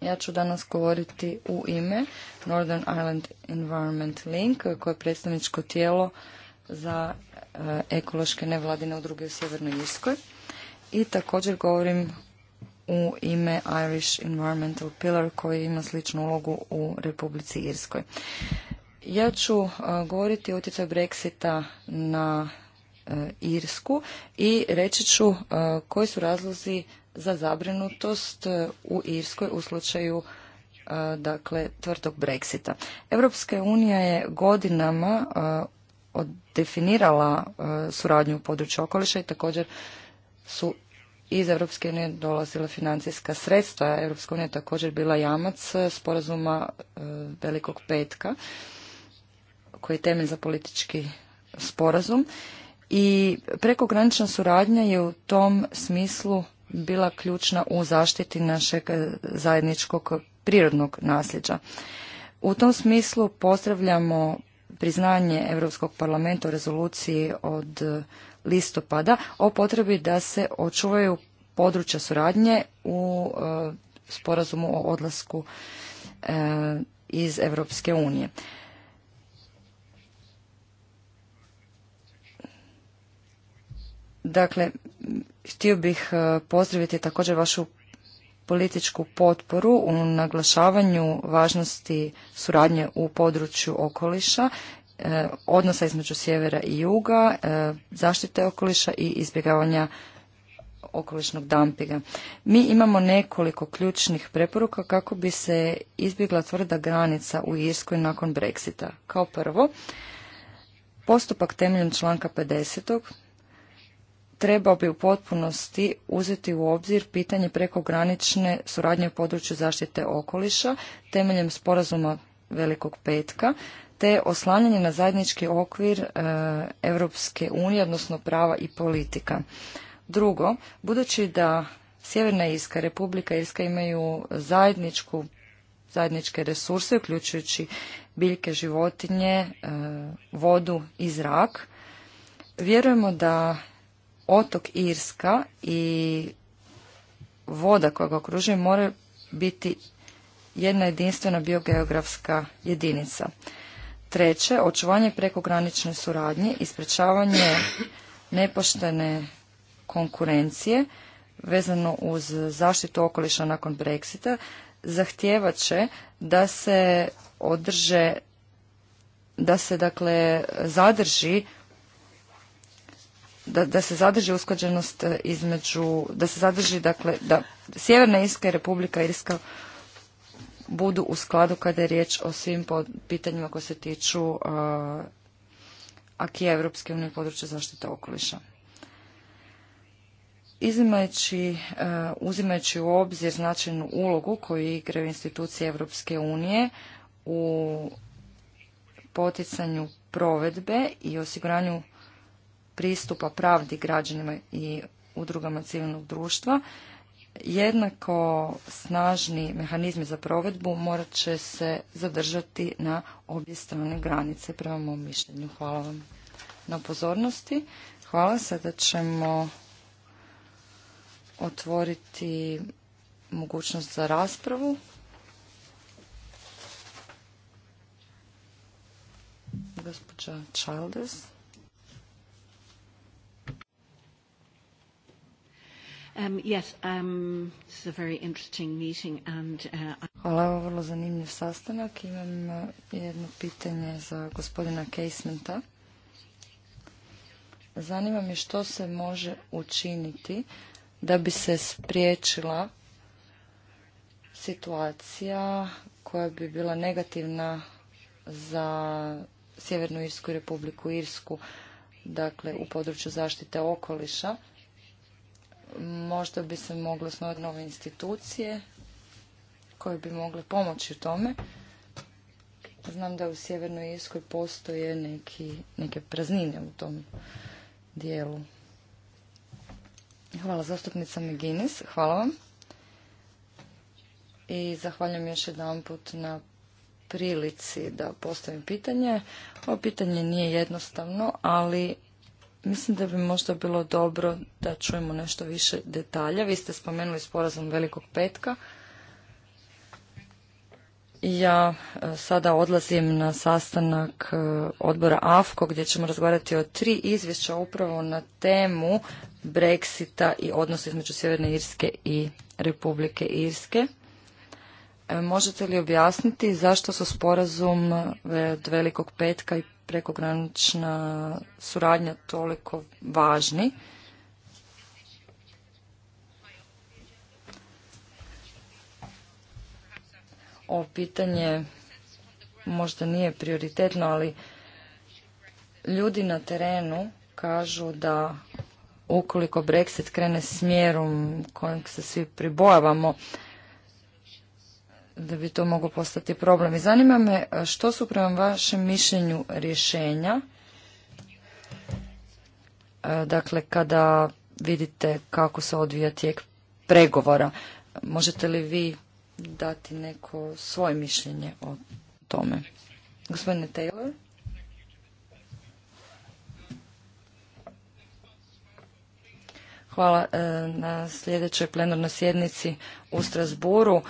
Ja ću danas govoriti u ime Northern Island Environment Link, koje je predstavničko tijelo za e, ekološke nevladine udruge u Sjevernoj Irskoj. I također govorim u ime Irish Environmental Pillar koji ima sličnu ulogu u Republici Irskoj. Ja ću e, govoriti o utjecaju Brexita na e, Irsku i reći ću koji su razlozi za zabrinutost e, u Irskoj u slučaju e, dakle tvrtog Brexita. Europska unija je godinama e, definirala suradnju u području okoliša i također su iz Europske unije dolazila financijska sredstva. Europska unija je također bila jamac sporazuma Velikog petka koji je temelj za politički sporazum i prekogranična suradnja je u tom smislu bila ključna u zaštiti našeg e, zajedničkog prirodnog nasljeđa. U tom smislu pozdravljamo priznanje Europskog parlamenta o rezoluciji od e, listopada o potrebi da se očuvaju područja suradnje u e, sporazumu o odlasku iz Europske unije. Dakle, htio bih e, pozdraviti također vašu političku potporu u naglašavanju važnosti suradnje u području okoliša, e, odnosa između sjevera i juga, e, zaštite okoliša i izbjegavanja okolišnog dampiga. Mi imamo nekoliko ključnih preporuka kako bi se izbjegla tvrda granica u Irskoj nakon Brexita. Kao prvo, postupak temeljem članka 50 trebao bi u potpunosti uzeti u obzir pitanje prekogranične suradnje u području zaštite okoliša temeljem sporazuma Velikog petka, te oslanjanje na zajednički okvir e, Europske unije, odnosno prava i politika. Drugo, budući da Sjeverna Irska, Republika Irska imaju zajedničku, zajedničke resurse, uključujući biljke, životinje, e, vodu i zrak, vjerujemo da otok Irska i voda koja ga okružuje mora biti jedna jedinstvena biogeografska jedinica. Treće, očuvanje prekogranične suradnje i sprečavanje nepoštene konkurencije vezano uz zaštitu okoliša nakon Brexita zahtijevat će da se održe da se dakle zadrži da, se zadrži usklađenost e, između, da se zadrži, dakle, da Sjeverna Irska i Republika Irska budu u skladu kada je riječ o svim pitanjima koje se tiču e, akije Evropske unije područja zaštite okoliša. Izimajući, e, uzimajući u obzir značajnu ulogu koju igraju institucije Evropske unije u poticanju provedbe i osiguranju pristupa pravdi građanima i udrugama civilnog društva, jednako snažni mehanizmi za provedbu morat će se zadržati na obje strane granice, prema mom mišljenju. Hvala vam na pozornosti. Hvala, sada ćemo otvoriti mogućnost za raspravu. Gospođa Childers. Um, yes, um, this is a very interesting meeting and, uh, Hvala, ovo vrlo zanimljiv sastanak. Imam uh, jedno pitanje za gospodina Casementa. Zanima me što se može učiniti da bi se spriječila situacija koja bi bila negativna za Sjevernu Irsku i Republiku Irsku, dakle u području zaštite okoliša možda bi se moglo osnovati nove institucije koje bi mogle pomoći u tome. Znam da u Sjevernoj Irskoj postoje neki, neke praznine u tom dijelu. Hvala zastupnica Meginis, hvala vam. I zahvaljujem još jedan put na prilici da postavim pitanje. Ovo pitanje nije jednostavno, ali Mislim da bi možda bilo dobro da čujemo nešto više detalja. Vi ste spomenuli sporazum Velikog petka. Ja e, sada odlazim na sastanak e, odbora AFKO gdje ćemo razgovarati o tri izvješća upravo na temu Brexita i odnosa između Sjeverne Irske i Republike Irske. E, možete li objasniti zašto su sporazum Velikog petka i prekogranična suradnja toliko važni. Ovo pitanje možda nije prioritetno, ali ljudi na terenu kažu da ukoliko Brexit krene smjerom kojeg se svi pribojavamo, da bi to moglo postati problem. I zanima me što su prema vašem mišljenju rješenja, dakle kada vidite kako se odvija tijek pregovora. Možete li vi dati neko svoje mišljenje o tome? Gospodine Taylor? Hvala e, na sljedećoj plenarnoj sjednici u Strasburu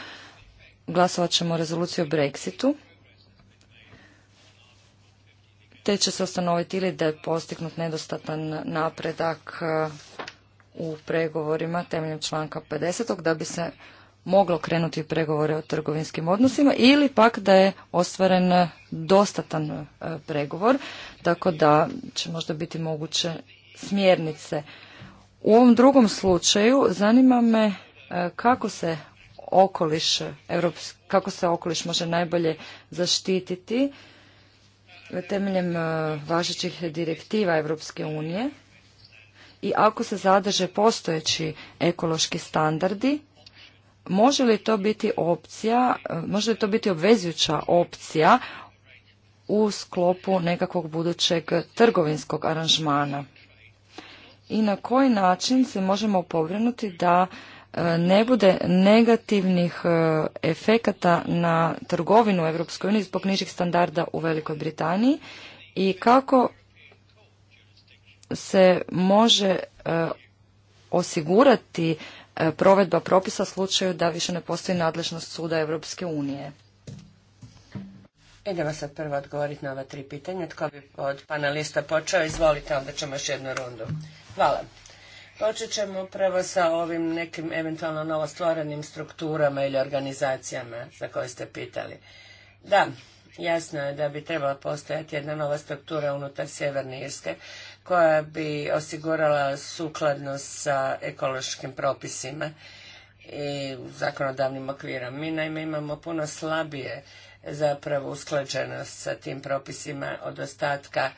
glasovat ćemo o rezoluciji o Brexitu, te će se ustanoviti ili da je postignut nedostatan napredak e, u pregovorima temeljem članka 50. da bi se moglo krenuti u pregovore o trgovinskim odnosima ili pak da je ostvaren dostatan e, pregovor, tako da će možda biti moguće smjernice. U ovom drugom slučaju zanima me e, kako se okoliš, kako se okoliš može najbolje zaštititi temeljem e, važećih direktiva Europske unije i ako se zadrže postojeći ekološki standardi, može li to biti opcija, e, može li to biti obvezujuća opcija u sklopu nekakvog budućeg trgovinskog aranžmana? I na koji način se možemo pobrinuti da E, ne bude negativnih e, efekata na trgovinu u EU zbog nižih standarda u Velikoj Britaniji i kako se može e, osigurati provedba propisa u slučaju da više ne postoji nadležnost suda Europske unije. Idemo sad prvo odgovoriti na ova tri pitanja. Tko bi od panelista počeo? Izvolite, onda ćemo još jednu rundu. Hvala. Počet ćemo upravo sa ovim nekim eventualno novostvorenim strukturama ili organizacijama za koje ste pitali. Da, jasno je da bi trebala postojati jedna nova struktura unutar Sjeverne Irske koja bi osigurala sukladnost sa ekološkim propisima i zakonodavnim okvirom. Mi naime imamo puno slabije zapravo usklađenost sa tim propisima od ostatka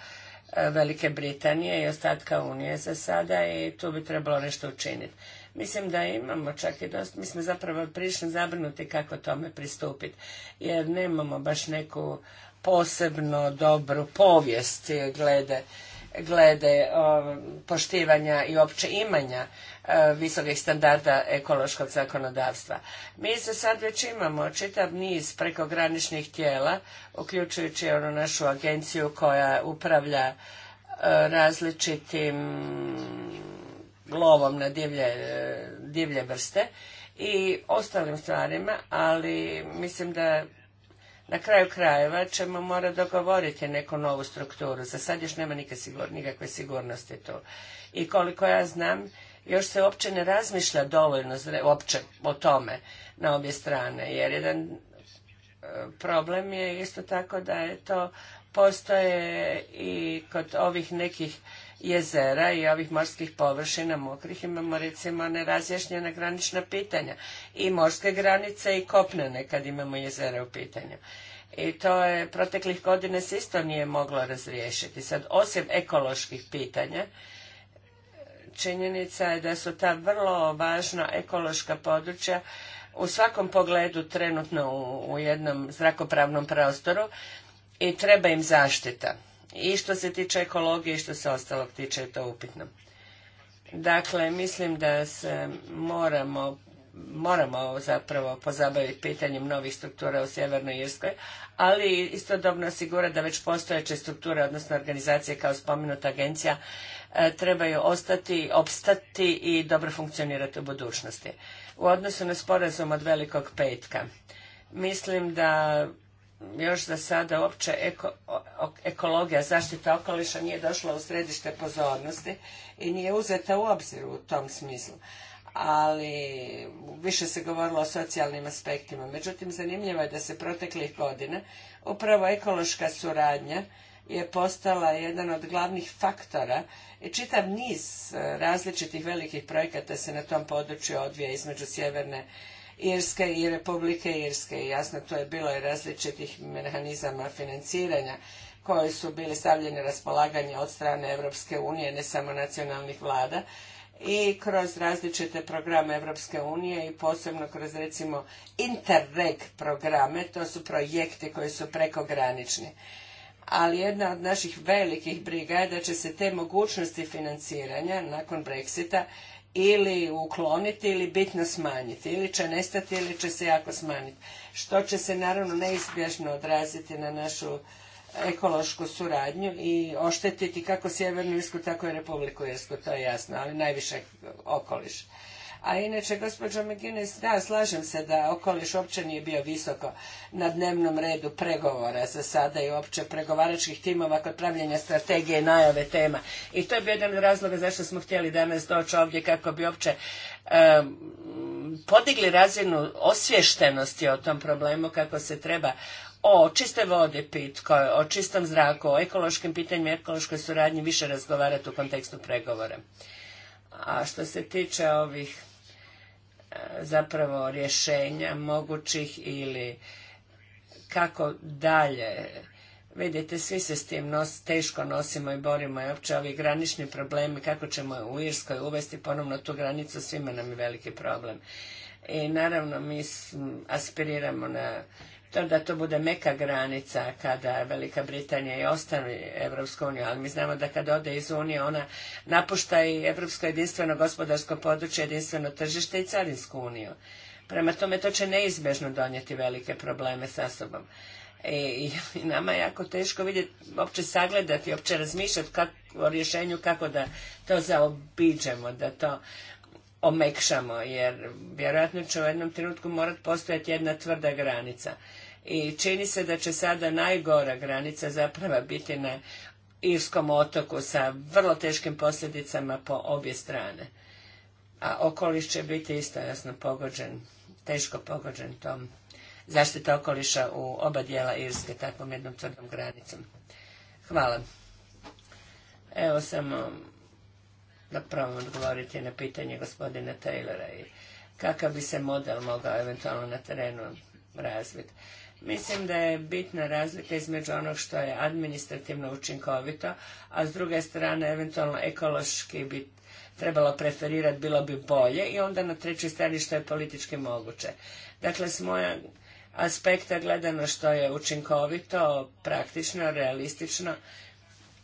Velike Britanije i ostatka Unije za sada i tu bi trebalo nešto učiniti. Mislim da imamo čak i dosta, mi smo zapravo prilično zabrinuti kako tome pristupiti, jer nemamo baš neku posebno dobru povijest glede glede poštivanja i opće imanja E, visokih standarda ekološkog zakonodavstva. Mi za sad već imamo čitav niz prekograničnih tijela, uključujući onu našu agenciju koja upravlja e, različitim lovom na e, divlje, vrste i ostalim stvarima, ali mislim da na kraju krajeva ćemo morati dogovoriti neku novu strukturu. Za sad još nema nikakve sigurnosti tu. I koliko ja znam, još se uopće ne razmišlja dovoljno uopće o tome na obje strane. Jer jedan e, problem je isto tako da je to postoje i kod ovih nekih jezera i ovih morskih površina mokrih imamo recimo nerazjašnjena granična pitanja i morske granice i kopnene kad imamo jezera u pitanju. I to je proteklih godina se isto nije moglo razriješiti. Sad, osim ekoloških pitanja, činjenica je da su ta vrlo važna ekološka područja u svakom pogledu trenutno u, jednom zrakopravnom prostoru i treba im zaštita. I što se tiče ekologije i što se ostalog tiče je to upitno. Dakle, mislim da se moramo moramo zapravo pozabaviti pitanjem novih struktura u Sjevernoj Irskoj, ali istodobno osigurati da već postojeće strukture, odnosno organizacije kao spomenuta agencija, E, trebaju ostati, opstati i dobro funkcionirati u budućnosti. U odnosu na sporazum od velikog petka, mislim da još za sada uopće ekologija, zaštita okoliša nije došla u središte pozornosti i nije uzeta u obzir u tom smislu. Ali više se govorilo o socijalnim aspektima. Međutim, zanimljivo je da se proteklih godina upravo ekološka suradnja je postala jedan od glavnih faktora i čitav niz e, različitih velikih projekata se na tom području odvija između sjeverne Irske i Republike Irske. I jasno, to je bilo i različitih mehanizama financiranja koji su bili stavljeni na raspolaganje od strane Europske unije, ne samo nacionalnih vlada, i kroz različite programe Europske unije i posebno kroz recimo Interreg programe, to su projekti koji su prekogranični ali jedna od naših velikih briga je da će se te mogućnosti financiranja nakon Brexita ili ukloniti ili bitno smanjiti. Ili će nestati ili će se jako smanjiti. Što će se naravno neizbježno odraziti na našu ekološku suradnju i oštetiti kako Sjevernu Irsku, tako i Republiku Irsku, to je jasno, ali najviše okoliš. A inače, gospođo McGuinness, da, slažem se da okoliš uopće nije bio visoko na dnevnom redu pregovora za sada i uopće pregovaračkih timova kod pravljenja strategije i najave tema. I to je bio jedan od razloga zašto smo htjeli danas doći ovdje kako bi uopće podigli razinu osviještenosti o tom problemu kako se treba o čistoj vodi pitkoj, o čistom zraku, o ekološkim pitanjima i ekološkoj suradnji više razgovarati u kontekstu pregovora. A što se tiče ovih zapravo rješenja mogućih ili kako dalje. Vidite, svi se s tim nos, teško nosimo i borimo i opće ovi granični problemi, kako ćemo u Irskoj uvesti ponovno tu granicu, svima nam je veliki problem. I naravno mi aspiriramo na to da to bude meka granica kada Velika Britanija i ostane Evropsku uniju, ali mi znamo da kada ode iz Unije ona napušta i Evropsko jedinstveno gospodarsko područje, jedinstveno tržište i Carinsku uniju. Prema tome to će neizbježno donijeti velike probleme sa sobom. E, I, nama je jako teško vidjeti, uopće sagledati, uopće razmišljati kako o rješenju kako da to zaobiđemo, da to omekšamo, jer vjerojatno će u jednom trenutku morati postojati jedna tvrda granica. I čini se da će sada najgora granica zapravo biti na Irskom otoku sa vrlo teškim posljedicama po obje strane. A okoliš će biti isto jasno pogođen, teško pogođen tom zaštita okoliša u oba dijela Irske takvom jednom crnom granicom. Hvala. Evo samo da probam odgovoriti na pitanje gospodina Taylora i kakav bi se model mogao eventualno na terenu razviti. Mislim da je bitna razlika između onog što je administrativno učinkovito, a s druge strane eventualno ekološki bi trebalo preferirati, bilo bi bolje i onda na trećoj strani što je politički moguće. Dakle, s moja aspekta gledano što je učinkovito, praktično, realistično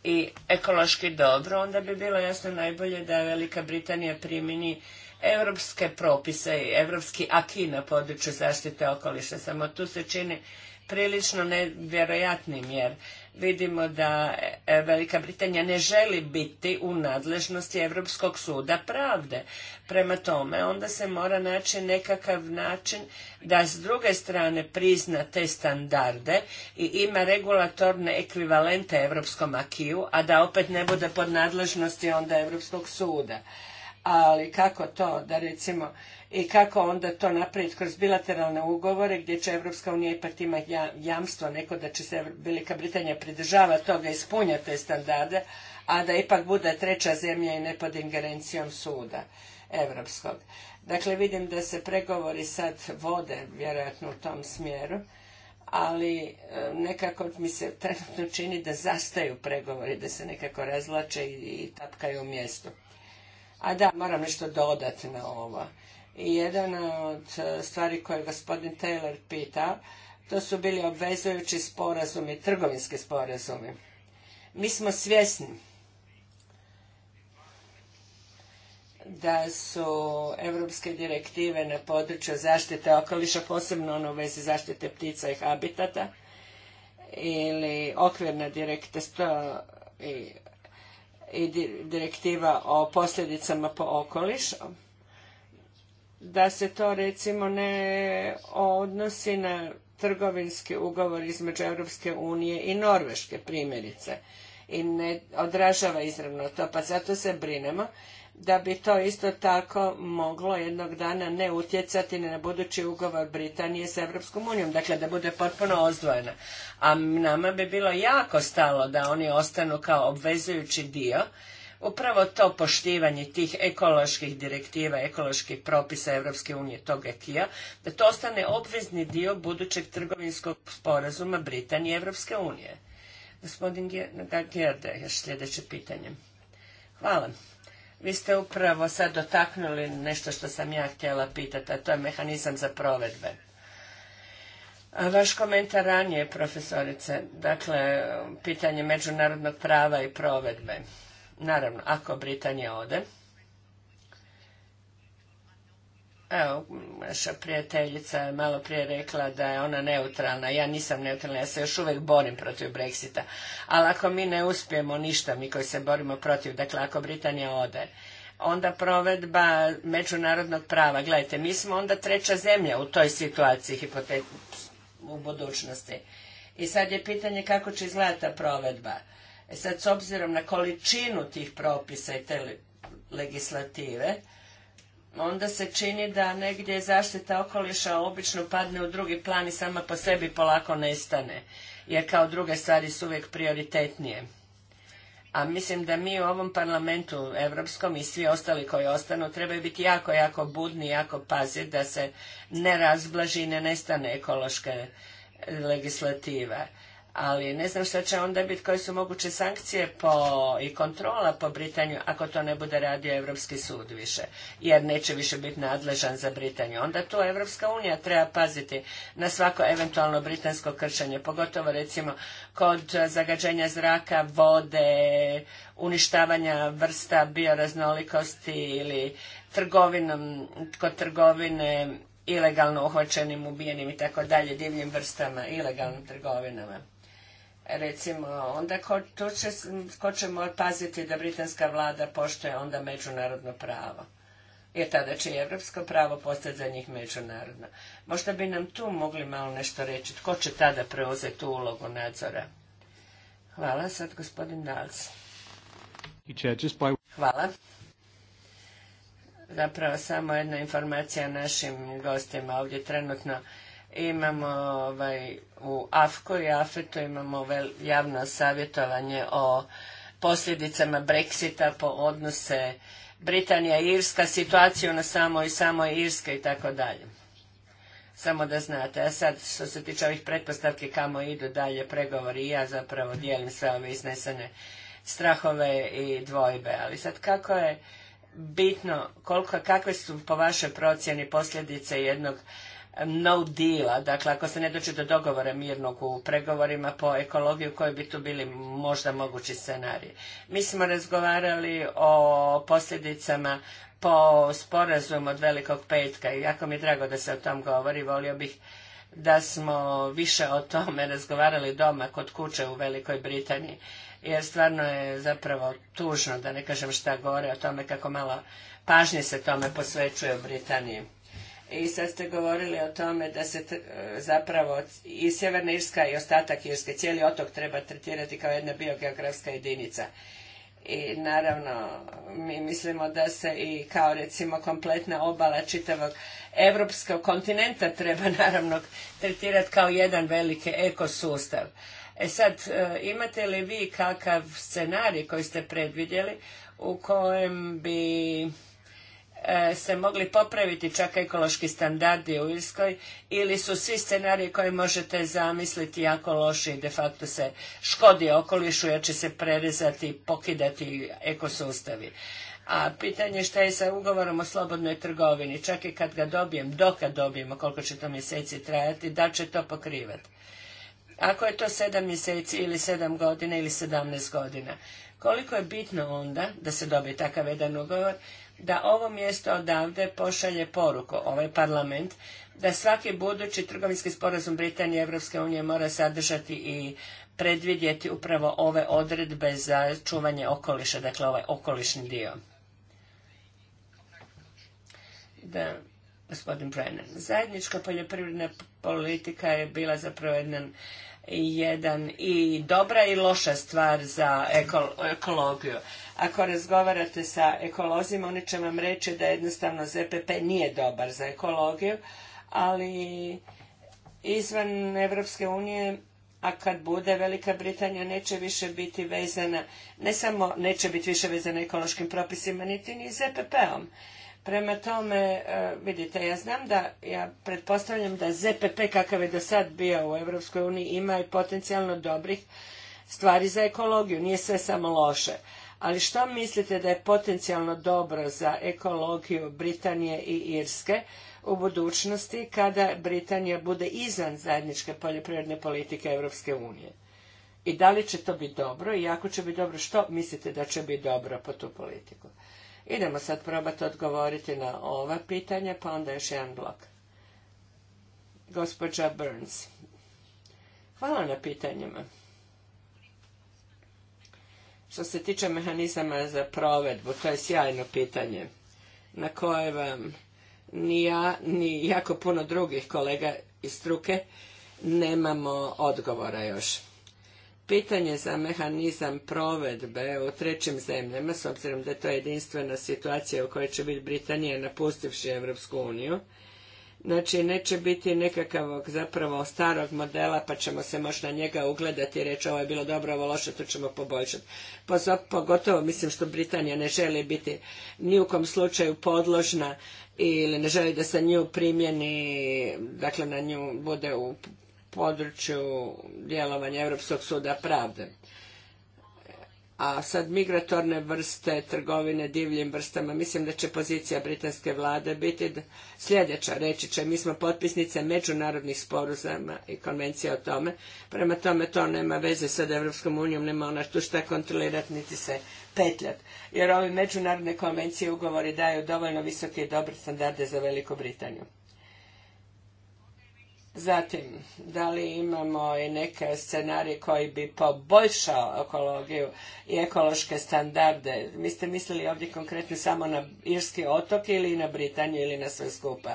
i ekološki dobro, onda bi bilo jasno najbolje da Velika Britanija primjeni europske propise i europski aki na području zaštite okoliša. Samo tu se čini prilično nevjerojatnim jer vidimo da e, Velika Britanija ne želi biti u nadležnosti Europskog suda pravde. Prema tome, onda se mora naći nekakav način da s druge strane prizna te standarde i ima regulatorne ekvivalente Europskom akiju, a da opet ne bude pod nadležnosti onda Europskog suda ali kako to da recimo i kako onda to napraviti kroz bilateralne ugovore gdje će Europska unija ipak imati jamstvo neko da će se Velika Britanija pridržavati toga i te standarde, a da ipak bude treća zemlja i ne pod ingerencijom suda europskog. Dakle, vidim da se pregovori sad vode vjerojatno u tom smjeru, ali e, nekako mi se trenutno čini da zastaju pregovori, da se nekako razlače i tapkaju u mjestu. A da, moram nešto dodati na ovo. I jedan od e, stvari koje gospodin Taylor pita, to su bili obvezujući sporazumi, trgovinski sporazumi. Mi smo svjesni da su europske direktive na području zaštite okoliša, posebno ono u vezi zaštite ptica i habitata, ili okvirna direktiva i direktiva o posljedicama po okoliš, da se to recimo ne odnosi na trgovinski ugovor između Europske unije i Norveške primjerice i ne odražava izravno to, pa zato se brinemo da bi to isto tako moglo jednog dana ne utjecati na budući ugovor Britanije s Europskom unijom, dakle da bude potpuno ozdvojena. A nama bi bilo jako stalo da oni ostanu kao obvezujući dio upravo to poštivanje tih ekoloških direktiva, ekoloških propisa Europske unije, tog kija da to ostane obvezni dio budućeg trgovinskog sporazuma Britanije i Europske unije. Gospodin Gerde, još sljedeće pitanje. Hvala. Vi ste upravo sad dotaknuli nešto što sam ja htjela pitati, a to je mehanizam za provedbe. A vaš komentar ranije, profesorice, dakle, pitanje međunarodnog prava i provedbe. Naravno, ako Britanija ode, Evo, naša prijateljica je malo prije rekla da je ona neutralna. Ja nisam neutralna, ja se još uvijek borim protiv Brexita. Ali ako mi ne uspijemo ništa, mi koji se borimo protiv, dakle ako Britanija ode, onda provedba međunarodnog prava. Gledajte, mi smo onda treća zemlja u toj situaciji u budućnosti. I sad je pitanje kako će izgledati ta provedba. E sad, s obzirom na količinu tih propisa i te legislative, onda se čini da negdje zaštita okoliša obično padne u drugi plan i sama po sebi polako nestane, jer kao druge stvari su uvijek prioritetnije. A mislim da mi u ovom parlamentu europskom i svi ostali koji ostanu trebaju biti jako, jako budni, jako paziti da se ne razblaži i ne nestane ekološka legislativa ali ne znam šta će onda biti, koje su moguće sankcije po, i kontrola po Britanju ako to ne bude radio Europski sud više, jer neće više biti nadležan za Britanju. Onda tu Evropska unija treba paziti na svako eventualno britansko kršenje, pogotovo recimo kod zagađenja zraka, vode, uništavanja vrsta bioraznolikosti ili trgovinom, kod trgovine ilegalno uhvaćenim, ubijenim i tako dalje, divljim vrstama, ilegalnim trgovinama recimo, onda ko, to će, paziti da britanska vlada poštuje onda međunarodno pravo? Jer tada će i evropsko pravo postati za njih međunarodno. Možda bi nam tu mogli malo nešto reći. Tko će tada preuzeti tu ulogu nadzora? Hvala. Sad gospodin Dals. Hvala. Zapravo samo jedna informacija našim gostima ovdje trenutno imamo ovaj, u AFKO i AFETO imamo javno savjetovanje o posljedicama Brexita po odnose Britanija i Irska, situaciju na samoj samoj Irske i tako dalje. Samo da znate, a sad što se tiče ovih pretpostavki kamo idu dalje pregovori ja zapravo dijelim sve ove iznesene strahove i dvojbe, ali sad kako je bitno, koliko, kakve su po vašoj procjeni posljedice jednog no deala, dakle ako se ne dođe do dogovora mirnog u pregovorima po ekologiju koji bi tu bili možda mogući scenariji. Mi smo razgovarali o posljedicama po sporazum od Velikog petka i jako mi je drago da se o tom govori, volio bih da smo više o tome razgovarali doma kod kuće u Velikoj Britaniji jer stvarno je zapravo tužno da ne kažem šta gore o tome kako malo pažnje se tome posvećuje u Britaniji i sad ste govorili o tome da se zapravo i Sjeverna Irska i ostatak Irske, cijeli otok treba tretirati kao jedna biogeografska jedinica. I naravno, mi mislimo da se i kao recimo kompletna obala čitavog evropskog kontinenta treba naravno tretirati kao jedan veliki ekosustav. E sad, e, imate li vi kakav scenarij koji ste predvidjeli u kojem bi E, se mogli popraviti čak ekološki standardi u Irskoj ili su svi scenariji koje možete zamisliti jako loši i de facto se škodi okolišu jer će se prerezati, pokidati ekosustavi. A pitanje šta je sa ugovorom o slobodnoj trgovini, čak i kad ga dobijem, ga dobijemo, koliko će to mjeseci trajati, da će to pokrivati. Ako je to sedam mjeseci ili sedam godina ili sedamnaest godina, koliko je bitno onda da se dobije takav jedan ugovor, da ovo mjesto odavde pošalje poruku, ovaj parlament, da svaki budući trgovinski sporazum Britanije i Europske unije mora sadržati i predvidjeti upravo ove odredbe za čuvanje okoliša, dakle ovaj okolišni dio. Da, gospodin Zajednička poljoprivredna politika je bila zapravo jedan jedan i dobra i loša stvar za ekologiju. Ako razgovarate sa ekolozima, oni će vam reći da jednostavno ZPP nije dobar za ekologiju, ali izvan Evropske unije a kad bude Velika Britanija neće više biti vezana, ne samo neće biti više vezana ekološkim propisima, niti ni ZPP-om. Prema tome, e, vidite, ja znam da, ja pretpostavljam da ZPP kakav je do sad bio u EU ima i potencijalno dobrih stvari za ekologiju, nije sve samo loše. Ali što mislite da je potencijalno dobro za ekologiju Britanije i Irske u budućnosti kada Britanija bude izvan zajedničke poljoprivredne politike EU? I da li će to biti dobro i ako će biti dobro, što mislite da će biti dobro po tu politiku? Idemo sad probati odgovoriti na ova pitanja, pa onda još jedan blok. Gospođa Burns. Hvala na pitanjima. Što se tiče mehanizama za provedbu, to je sjajno pitanje na koje vam ni ja, ni jako puno drugih kolega iz struke nemamo odgovora još pitanje za mehanizam provedbe u trećim zemljama, s obzirom da je to jedinstvena situacija u kojoj će biti Britanija napustivši Evropsku uniju, znači neće biti nekakvog zapravo starog modela pa ćemo se možda na njega ugledati i reći ovo je bilo dobro, ovo loše, to ćemo poboljšati. Pogotovo mislim što Britanija ne želi biti ni u kom slučaju podložna ili ne želi da se nju primjeni, dakle na nju bude u području djelovanja Europskog suda pravde. A sad migratorne vrste trgovine divljim vrstama, mislim da će pozicija britanske vlade biti sljedeća, reći će mi smo potpisnice međunarodnih sporazuma i konvencija o tome, prema tome to nema veze sa Europskom unijom, nema ona tu šta kontrolirati niti se petljat. Jer ove međunarodne konvencije ugovori daju dovoljno visoke i dobre standarde za Veliku Britaniju. Zatim, da li imamo i neke scenarije koji bi poboljšao ekologiju i ekološke standarde? Mi ste mislili ovdje konkretno samo na Irski otok ili na Britaniju ili na sve skupa?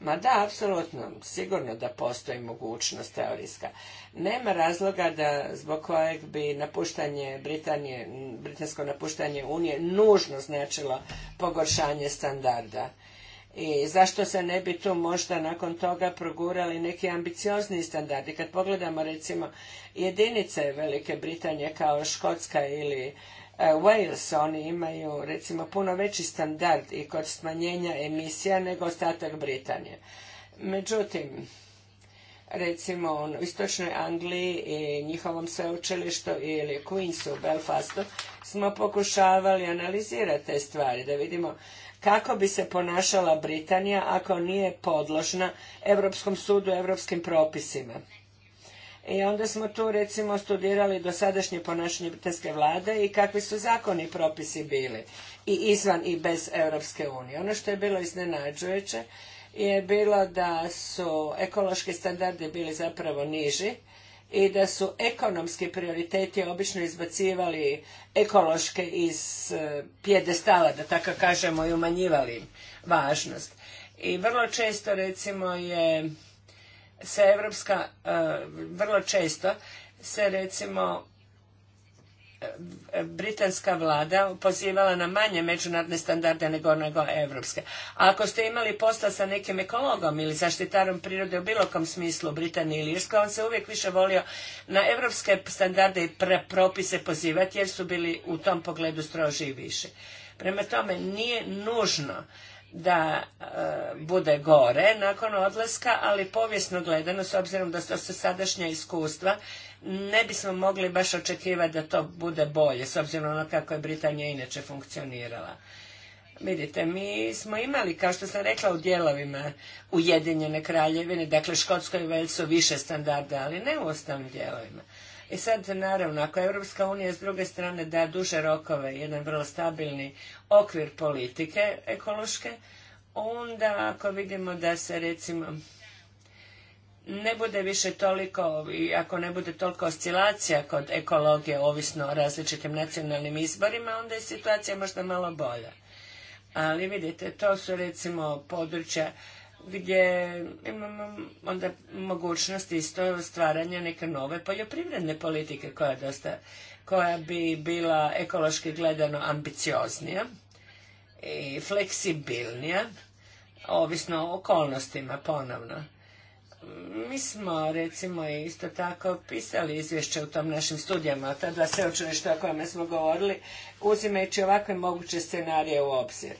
Ma da, apsolutno, sigurno da postoji mogućnost teorijska. Nema razloga da zbog kojeg bi napuštanje Britanije, britansko napuštanje Unije nužno značilo pogoršanje standarda i zašto se ne bi tu možda nakon toga progurali neki ambiciozni standardi. Kad pogledamo recimo jedinice Velike Britanije kao Škotska ili e, Wales, oni imaju recimo puno veći standard i kod smanjenja emisija nego ostatak Britanije. Međutim, recimo u istočnoj Angliji i njihovom sveučilištu ili Queensu u Belfastu smo pokušavali analizirati te stvari, da vidimo kako bi se ponašala Britanija ako nije podložna Europskom sudu, europskim propisima. I onda smo tu recimo studirali dosadašnje ponašanje britanske vlade i kakvi su zakoni i propisi bili i izvan i bez Europske unije. Ono što je bilo iznenađujuće je bilo da su ekološki standardi bili zapravo niži i da su ekonomski prioriteti obično izbacivali ekološke iz e, pjedestala, da tako kažemo, i umanjivali važnost. I vrlo često recimo je se evropska, e, vrlo često se recimo britanska vlada pozivala na manje međunarodne standarde nego nego evropske. A ako ste imali posla sa nekim ekologom ili zaštitarom prirode u bilo kom smislu Britanije ili Irskoj, on se uvijek više volio na evropske standarde i propise pozivati jer su bili u tom pogledu stroži i više. Prema tome nije nužno da e, bude gore nakon odlaska, ali povijesno gledano, s obzirom da su sadašnja iskustva, ne bismo mogli baš očekivati da to bude bolje, s obzirom na ono kako je Britanija inače funkcionirala. Vidite, mi smo imali, kao što sam rekla, u dijelovima Ujedinjene kraljevine, dakle Škotskoj i više standarda, ali ne u ostalim dijelovima. I e sad, naravno, ako Europska unija s druge strane da duže rokove, jedan vrlo stabilni okvir politike ekološke, onda ako vidimo da se recimo ne bude više toliko i ako ne bude toliko oscilacija kod ekologije ovisno o različitim nacionalnim izborima, onda je situacija možda malo bolja. Ali vidite, to su recimo područja gdje imamo onda mogućnost isto stvaranja neke nove poljoprivredne politike koja, dosta, koja bi bila ekološki gledano ambicioznija i fleksibilnija, ovisno o okolnostima ponovno. Mi smo recimo isto tako pisali izvješće u tom našim studijama, ta dva sveučilišta o kojima smo govorili, uzimajući ovakve moguće scenarije u obzir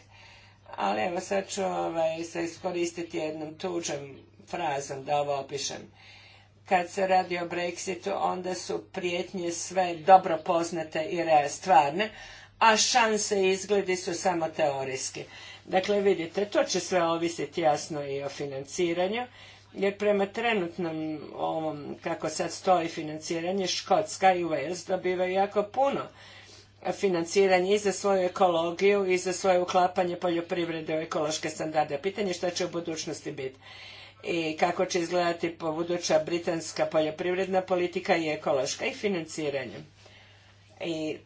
ali evo sad ću ovaj, se iskoristiti jednom tuđom frazom da ovo opišem. Kad se radi o Brexitu, onda su prijetnje sve dobro poznate i stvarne, a šanse i izgledi su samo teorijski. Dakle, vidite, to će sve ovisiti jasno i o financiranju, jer prema trenutnom ovom, kako sad stoji financiranje, Škotska i Wales dobivaju jako puno financiranje i za svoju ekologiju i za svoje uklapanje poljoprivrede u ekološke standarde. Pitanje je što će u budućnosti biti i kako će izgledati buduća britanska poljoprivredna politika i ekološka i financiranje. I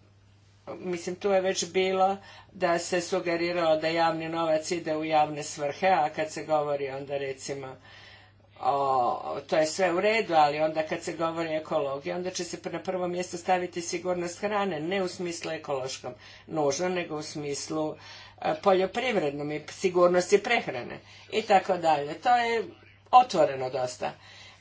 mislim tu je već bilo da se sugeriralo da javni novac ide u javne svrhe, a kad se govori onda recimo to je sve u redu, ali onda kad se govori o ekologiji, onda će se na prvo mjesto staviti sigurnost hrane, ne u smislu ekološkom nužno, nego u smislu e, poljoprivrednom i sigurnosti prehrane i tako dalje. To je otvoreno dosta.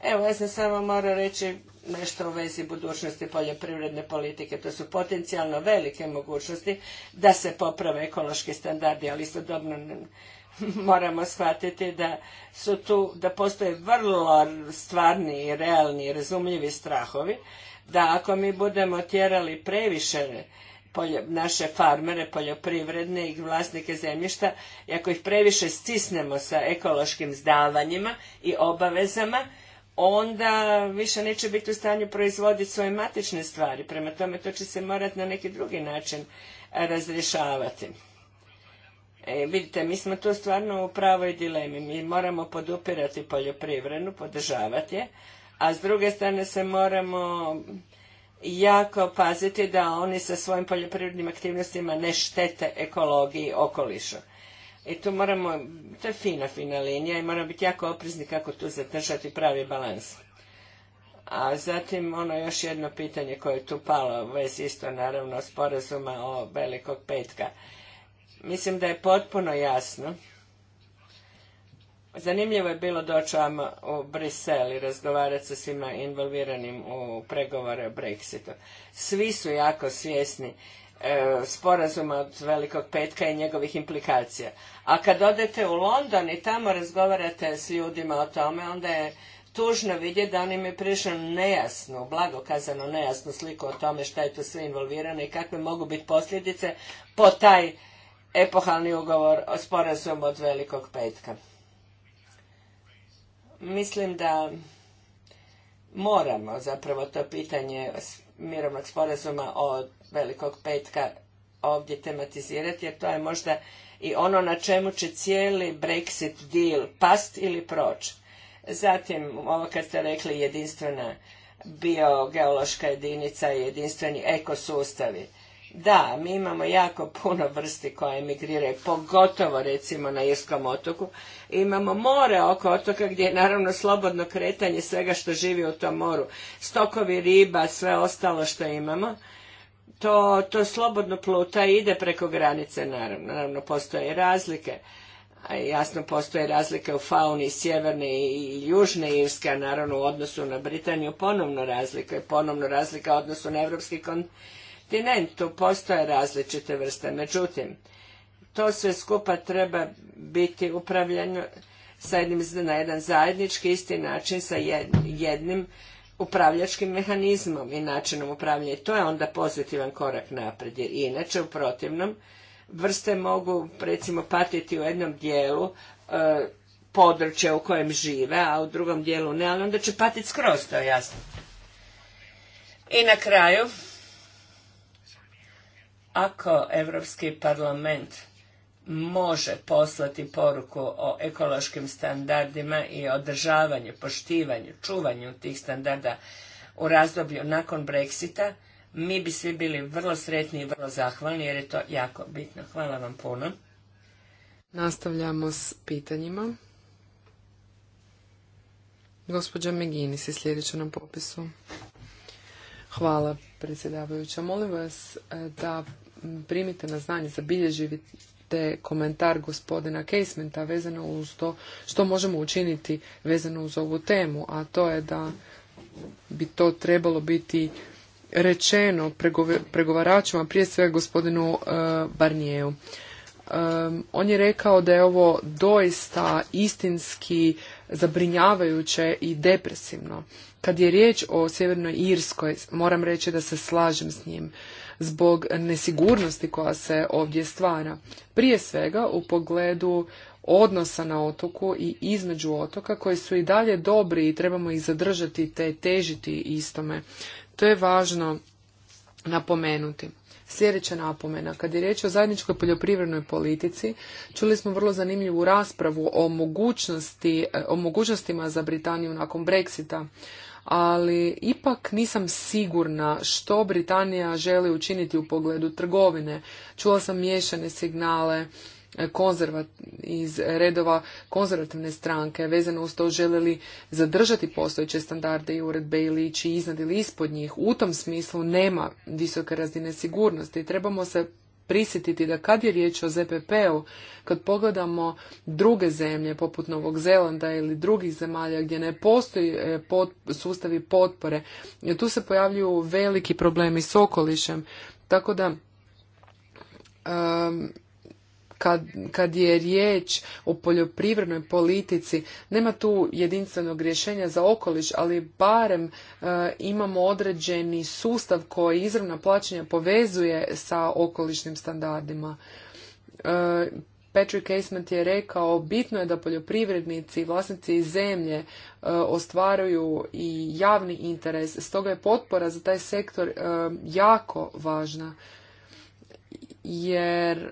Evo, ja sam samo morao reći nešto u vezi budućnosti poljoprivredne politike. To su potencijalno velike mogućnosti da se poprave ekološki standardi, ali istodobno moramo shvatiti da su tu, da postoje vrlo stvarni i realni i razumljivi strahovi, da ako mi budemo tjerali previše naše farmere, poljoprivredne i vlasnike zemljišta, i ako ih previše stisnemo sa ekološkim zdavanjima i obavezama, onda više neće biti u stanju proizvoditi svoje matične stvari. Prema tome, to će se morati na neki drugi način e, razrješavati. E, vidite, mi smo tu stvarno u pravoj dilemi. Mi moramo podupirati poljoprivredu, podržavati je, a s druge strane se moramo jako paziti da oni sa svojim poljoprivrednim aktivnostima ne štete ekologiji okolišu. I tu moramo, to je fina, fina linija i moramo biti jako oprezni kako tu zadržati pravi balans. A zatim ono još jedno pitanje koje je tu palo, vez isto naravno sporazuma o velikog petka Mislim da je potpuno jasno. Zanimljivo je bilo doći vam u Brisel i razgovarati sa svima involviranim u pregovore o Brexitu. Svi su jako svjesni e, sporazuma od Velikog petka i njegovih implikacija. A kad odete u London i tamo razgovarate s ljudima o tome, onda je tužno vidjeti da oni je prišao nejasnu, blago kazano nejasnu sliku o tome šta je tu sve involvirano i kakve mogu biti posljedice po taj epohalni ugovor o sporazum od Velikog petka. Mislim da moramo zapravo to pitanje mirovnog sporazuma od Velikog petka ovdje tematizirati, jer to je možda i ono na čemu će cijeli Brexit deal past ili proći. Zatim, ovo kad ste rekli jedinstvena biogeološka jedinica i jedinstveni ekosustavi. Da, mi imamo jako puno vrsti koje emigriraju, pogotovo recimo na Irskom otoku. Imamo more oko otoka gdje je naravno slobodno kretanje svega što živi u tom moru. Stokovi riba, sve ostalo što imamo. To, to slobodno pluta i ide preko granice naravno. Naravno postoje razlike. A jasno postoje razlike u fauni sjeverne i južne Irske, a naravno u odnosu na Britaniju ponovno razlika i ponovno razlika u odnosu na evropski kontinent kontinentu postoje različite vrste. Međutim, to sve skupa treba biti upravljeno na jedan zajednički isti način sa jednim upravljačkim mehanizmom i načinom upravljanja. To je onda pozitivan korak naprijed. Jer inače u protivnom vrste mogu recimo patiti u jednom dijelu e, područja u kojem žive, a u drugom dijelu ne, ali onda će patiti skroz, to je jasno. I na kraju, ako Europski parlament može poslati poruku o ekološkim standardima i održavanju, poštivanju, čuvanju tih standarda u razdoblju nakon Brexita, mi bi svi bili vrlo sretni i vrlo zahvalni jer je to jako bitno. Hvala vam puno. Nastavljamo s pitanjima. Gospođa Meginis se sljedeća na popisu. Hvala predsjedavajuća. Molim vas eh, da primite na znanje, zabilježite komentar gospodina Casementa vezano uz to što možemo učiniti vezano uz ovu temu, a to je da bi to trebalo biti rečeno pregovaračima, prije svega gospodinu e, Barnijeju. E, on je rekao da je ovo doista istinski zabrinjavajuće i depresivno. Kad je riječ o Sjevernoj Irskoj, moram reći da se slažem s njim zbog nesigurnosti koja se ovdje stvara. Prije svega u pogledu odnosa na otoku i između otoka koji su i dalje dobri i trebamo ih zadržati te težiti istome. To je važno napomenuti. Sljedeća napomena. Kad je riječ o zajedničkoj poljoprivrednoj politici, čuli smo vrlo zanimljivu raspravu o, mogućnosti, o mogućnostima za Britaniju nakon Brexita ali ipak nisam sigurna što Britanija želi učiniti u pogledu trgovine. Čula sam miješane signale e, konzervat, iz redova konzervativne stranke vezano uz to žele li zadržati postojeće standarde i uredbe ili ići iznad ili ispod njih. U tom smislu nema visoke razine sigurnosti. Trebamo se prisjetiti da kad je riječ o ZPP-u, kad pogledamo druge zemlje poput Novog Zelanda ili drugih zemalja gdje ne postoji e, sustavi potpore, tu se pojavljuju veliki problemi s okolišem. Tako da kad, kad je riječ o poljoprivrednoj politici, nema tu jedinstvenog rješenja za okoliš, ali barem e, imamo određeni sustav koji izravna plaćanja povezuje sa okolišnim standardima. E, Patrick Casement je rekao, bitno je da poljoprivrednici i vlasnici zemlje e, ostvaruju i javni interes, stoga je potpora za taj sektor e, jako važna jer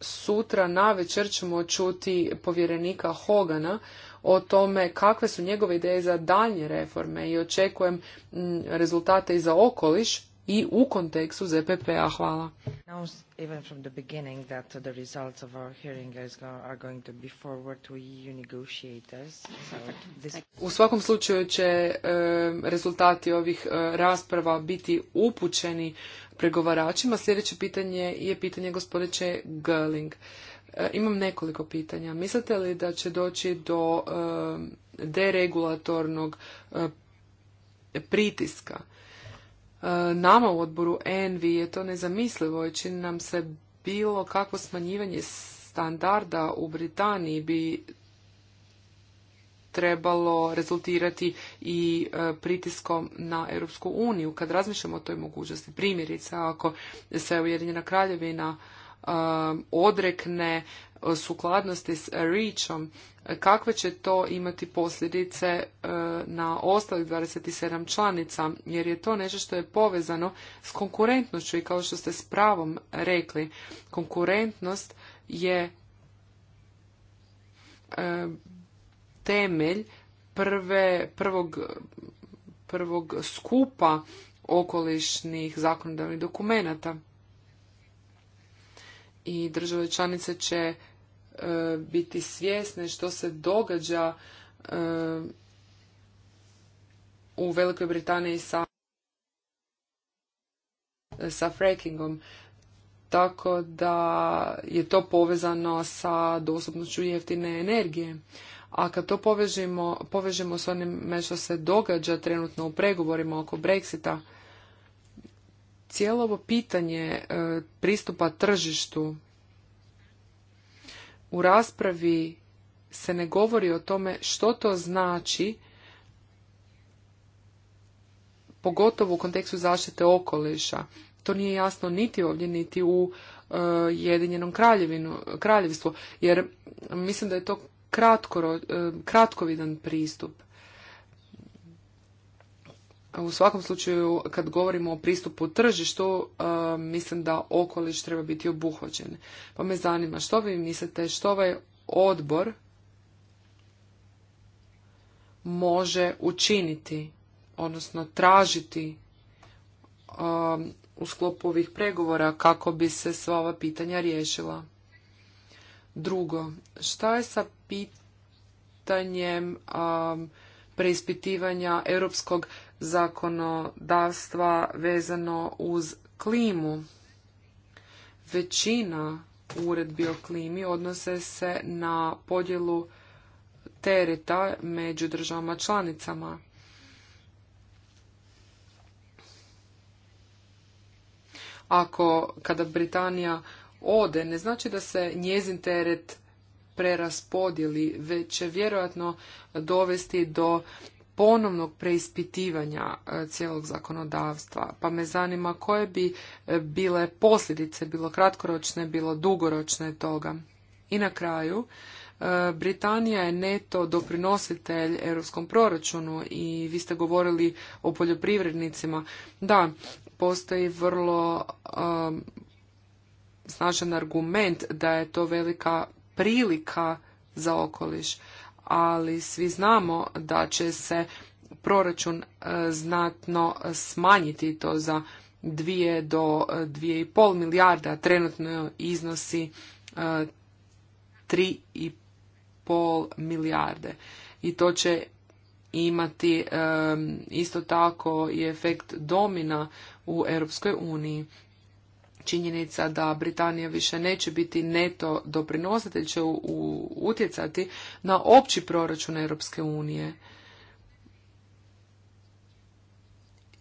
sutra na večer ćemo čuti povjerenika Hogana o tome kakve su njegove ideje za daljnje reforme i očekujem mm, rezultate i za okoliš i u kontekstu ZPP-a. Hvala. U svakom slučaju će rezultati ovih rasprava biti upućeni pregovaračima. Sljedeće pitanje je pitanje gospodeće Gerling. E, imam nekoliko pitanja. Mislite li da će doći do deregulatornog pritiska? E, nama u odboru ENVI je to nezamislivo i čini nam se bilo kakvo smanjivanje standarda u Britaniji bi trebalo rezultirati i e, pritiskom na Europsku uniju kad razmišljamo o toj mogućnosti. Primjerice, ako se Ujedinjena kraljevina e, odrekne E, sukladnosti s REACH-om, e, kakve će to imati posljedice e, na ostalih 27 članica, jer je to nešto što je povezano s konkurentnošću i kao što ste s pravom rekli, konkurentnost je temelj prve, prvog, prvog skupa okolišnih zakonodavnih dokumenata i države članice će E, biti svjesne što se događa e, u Velikoj Britaniji sa, sa frackingom. Tako da je to povezano sa dostupnošću jeftine energije. A kad to povežemo, povežemo s onime što se događa trenutno u pregovorima oko Brexita, cijelo ovo pitanje e, pristupa tržištu u raspravi se ne govori o tome što to znači pogotovo u kontekstu zaštite okoliša. To nije jasno niti ovdje, niti u e, ujedinjenom Jedinjenom kraljevstvu, jer mislim da je to e, kratkovidan pristup. U svakom slučaju, kad govorimo o pristupu tržištu, e, mislim da okoliš treba biti obuhvaćen. Pa me zanima, što vi mislite, što ovaj odbor može učiniti, odnosno tražiti e, u sklopu ovih pregovora kako bi se sva ova pitanja riješila. Drugo, šta je sa pitanjem e, preispitivanja europskog zakonodavstva vezano uz klimu. Većina uredbi o klimi odnose se na podjelu tereta među državama članicama. Ako kada Britanija ode, ne znači da se njezin teret preraspodijeli, već će vjerojatno dovesti do ponovnog preispitivanja e, cijelog zakonodavstva, pa me zanima koje bi e, bile posljedice, bilo kratkoročne, bilo dugoročne toga. I na kraju, e, Britanija je neto doprinositelj europskom proračunu i vi ste govorili o poljoprivrednicima. Da, postoji vrlo snažan argument da je to velika prilika za okoliš ali svi znamo da će se proračun e, znatno smanjiti to za 2 do 2,5 e, milijarda. Trenutno iznosi e, pol milijarde. I to će imati isto tako i efekt domina u Europskoj uniji činjenica da Britanija više neće biti neto doprinositelj će u, utjecati na opći proračun Europske unije.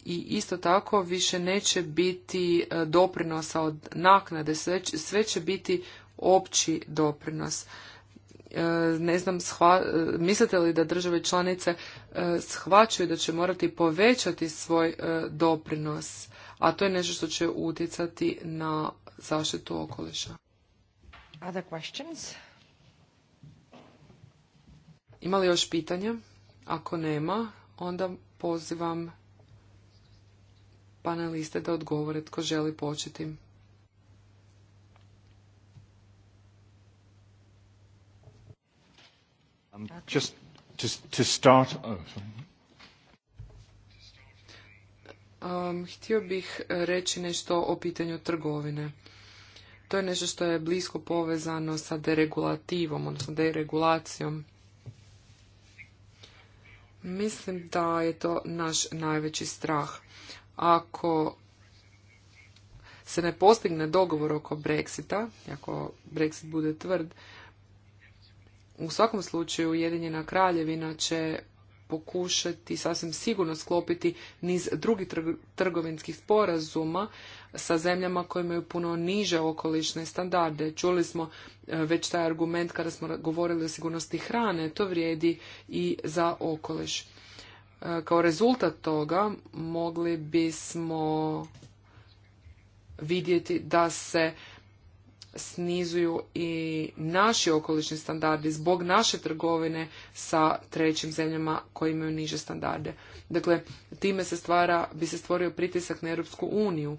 I isto tako više neće biti e, doprinosa od naknade, sve, će biti opći doprinos e, ne znam, e, mislite li da države članice shvaćaju da će morati povećati svoj doprinos a to je nešto što će utjecati na zaštitu okoliša. Ima li još pitanja? Ako nema, onda pozivam paneliste da odgovore tko želi početi. Um, just to start, oh, htio bih reći nešto o pitanju trgovine. To je nešto što je blisko povezano sa deregulativom, odnosno deregulacijom. Mislim da je to naš najveći strah. Ako se ne postigne dogovor oko Brexita, ako Brexit bude tvrd, u svakom slučaju Ujedinjena kraljevina će pokušati sasvim sigurno sklopiti niz drugih trgovinskih sporazuma sa zemljama koje imaju puno niže okolišne standarde. Čuli smo e, već taj argument kada smo govorili o sigurnosti hrane, to vrijedi i za okoliš. E, kao rezultat toga mogli bismo vidjeti da se snizuju i naši okolišni standardi zbog naše trgovine sa trećim zemljama koji imaju niže standarde. Dakle, time se stvara, bi se stvorio pritisak na Europsku uniju.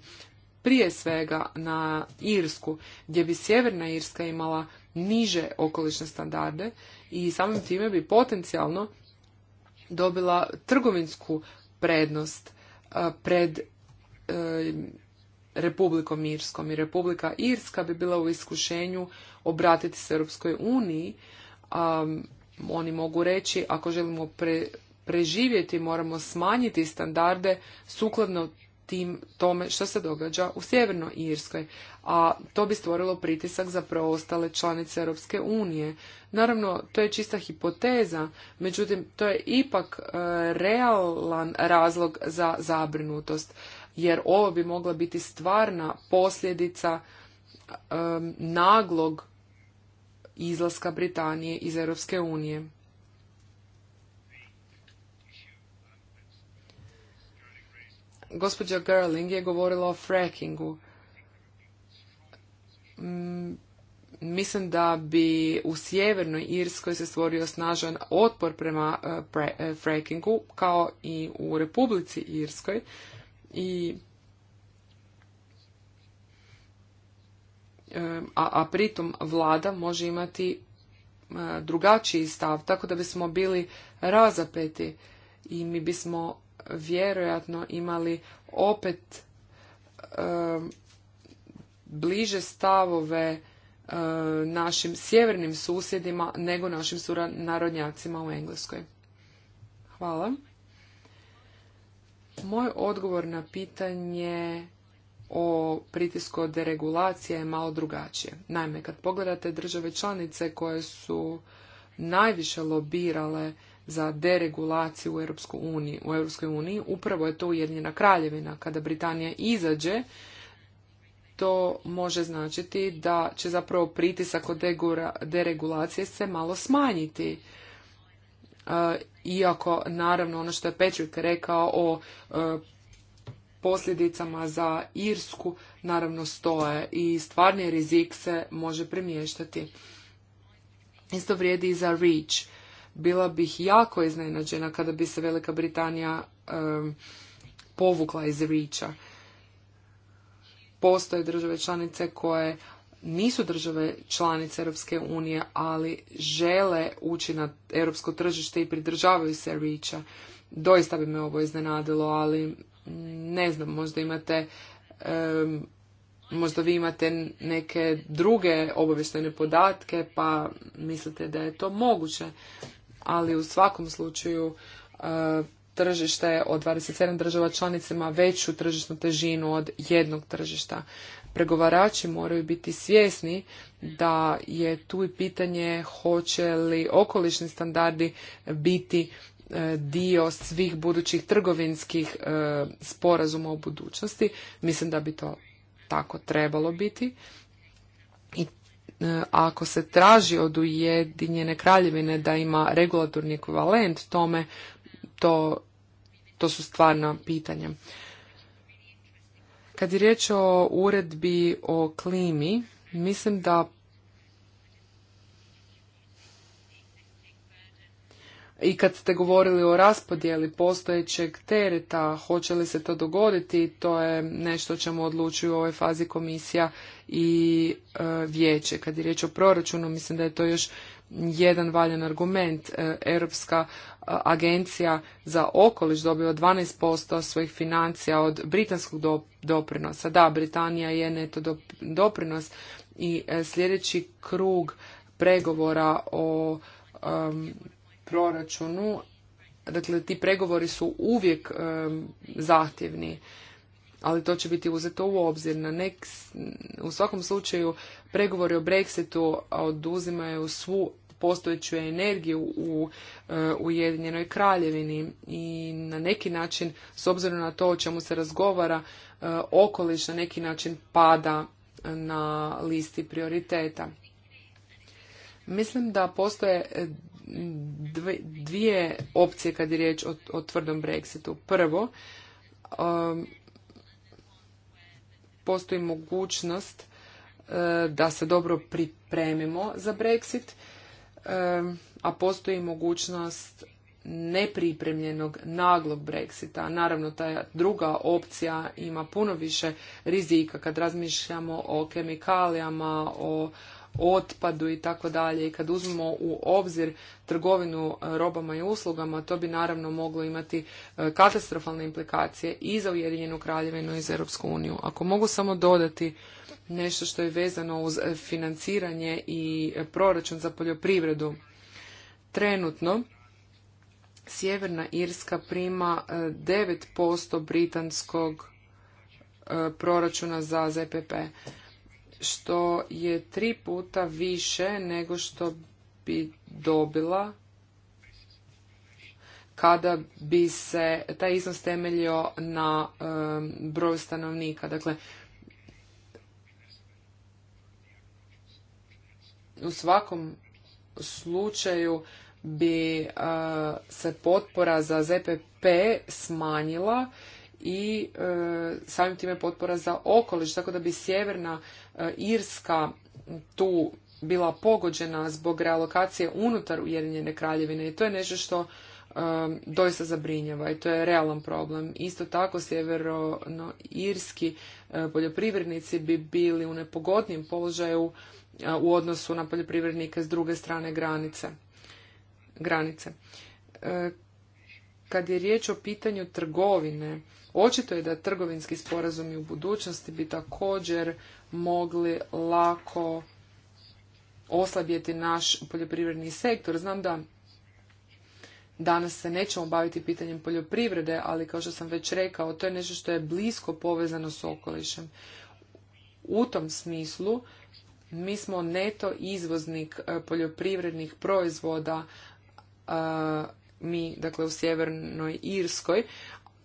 Prije svega na Irsku, gdje bi Sjeverna Irska imala niže okolišne standarde i samim time bi potencijalno dobila trgovinsku prednost pred e, Republikom Irskom i Republika Irska bi bila u iskušenju obratiti se Europskoj uniji. oni mogu reći ako želimo preživjeti moramo smanjiti standarde sukladno tim tome što se događa u Sjevernoj Irskoj, a to bi stvorilo pritisak za preostale članice Europske unije. Naravno, to je čista hipoteza, međutim, to je ipak e, realan razlog za zabrinutost jer ovo bi mogla biti stvarna posljedica naglog izlaska Britanije iz Europske unije. Gospođa Gerling je govorila o frackingu. Mm, mislim da bi u sjevernoj Irskoj se stvorio snažan otpor prema eh, eh, frackingu, kao i u Republici Irskoj i e, a, a pritom vlada može imati e, drugačiji stav, tako da bismo bili razapeti i mi bismo vjerojatno imali opet e, bliže stavove našim sjevernim susjedima nego našim narodnjacima u Engleskoj. Hvala. Moj odgovor na pitanje o pritisku od deregulacije je malo drugačije. Naime, kad pogledate države članice koje su najviše lobirale za deregulaciju u Europskoj uniji, u Europskoj uniji upravo je to Ujedinjena kraljevina. Kada Britanija izađe, to može značiti da će zapravo pritisak od deregulacije se malo smanjiti iako naravno ono što je Patrick rekao o e, posljedicama za Irsku naravno stoje i stvarni rizik se može premještati. Isto vrijedi i za REACH. Bila bih jako iznenađena kada bi se Velika Britanija e, povukla iz REACH-a. Postoje države članice koje nisu države članice Europske unije, ali žele ući na europsko tržište i pridržavaju se riča. Doista bi me ovo iznenadilo, ali ne znam, možda imate možda vi imate neke druge obavještajne podatke pa mislite da je to moguće, ali u svakom slučaju e, tržište od 27 država članicama veću tržišnu težinu od jednog tržišta pregovarači moraju biti svjesni da je tu i pitanje hoće li okolišni standardi biti e, dio svih budućih trgovinskih e, sporazuma u budućnosti. Mislim da bi to tako trebalo biti. I e, ako se traži od Ujedinjene kraljevine da ima regulatorni ekvivalent tome, to, to su stvarna pitanja. Kad je riječ o uredbi o klimi, mislim da I kad ste govorili o raspodjeli postojećeg tereta, hoće li se to dogoditi, to je nešto o čemu odlučuju u ovoj fazi komisija i e, vijeće. Kad je riječ o proračunu, mislim da je to još jedan valjan argument. E, Europska e, agencija za okoliš dobio 12% svojih financija od britanskog doprinosa. Da, Britanija je neto doprinos i e, sljedeći krug pregovora o proračunu, dakle ti pregovori su uvijek zahtjevni ali to će biti uzeto u obzir. Na nek, u svakom slučaju pregovori o Brexitu oduzimaju svu postojeću energiju u e, Ujedinjenoj kraljevini i na neki način, s obzirom na to o čemu se razgovara, e, okoliš na neki način pada na listi prioriteta. Mislim da postoje e, dvije opcije kad je riječ o, tvrdom Brexitu. Prvo, postoji mogućnost e, da se dobro pripremimo za Brexit, e, a postoji mogućnost nepripremljenog naglog Brexita. Naravno, ta druga opcija ima puno više rizika kad razmišljamo o kemikalijama, o otpadu i tako dalje. I kad uzmemo u obzir trgovinu e, robama i uslugama, to bi naravno moglo imati e, katastrofalne implikacije i za Ujedinjenu kraljevinu i za Europsku uniju. Ako mogu samo dodati nešto što je vezano uz e, financiranje i proračun za poljoprivredu. Trenutno Sjeverna Irska prima 9% britanskog proračuna za ZPP što je tri puta više nego što bi dobila kada bi se taj iznos temeljio na um, broju stanovnika. Dakle, u svakom slučaju bi uh, se potpora za ZPP smanjila i uh, samim time potpora za okoliš, tako da bi sjeverna E, Irska tu bila pogođena zbog realokacije unutar Ujedinjene kraljevine i to je nešto što e, doista zabrinjava i to je realan problem. Isto tako sjeverno-irski e, poljoprivrednici bi bili u nepogodnijem položaju u odnosu na poljoprivrednike s druge strane granice. granice. kad je riječ o pitanju trgovine, Očito je da trgovinski sporazumi u budućnosti bi također mogli lako oslabjeti naš poljoprivredni sektor. Znam da danas se nećemo baviti pitanjem poljoprivrede, ali kao što sam već rekao, to je nešto što je blisko povezano s okolišem. U tom smislu mi smo neto izvoznik e, poljoprivrednih proizvoda e, mi, dakle u sjevernoj Irskoj,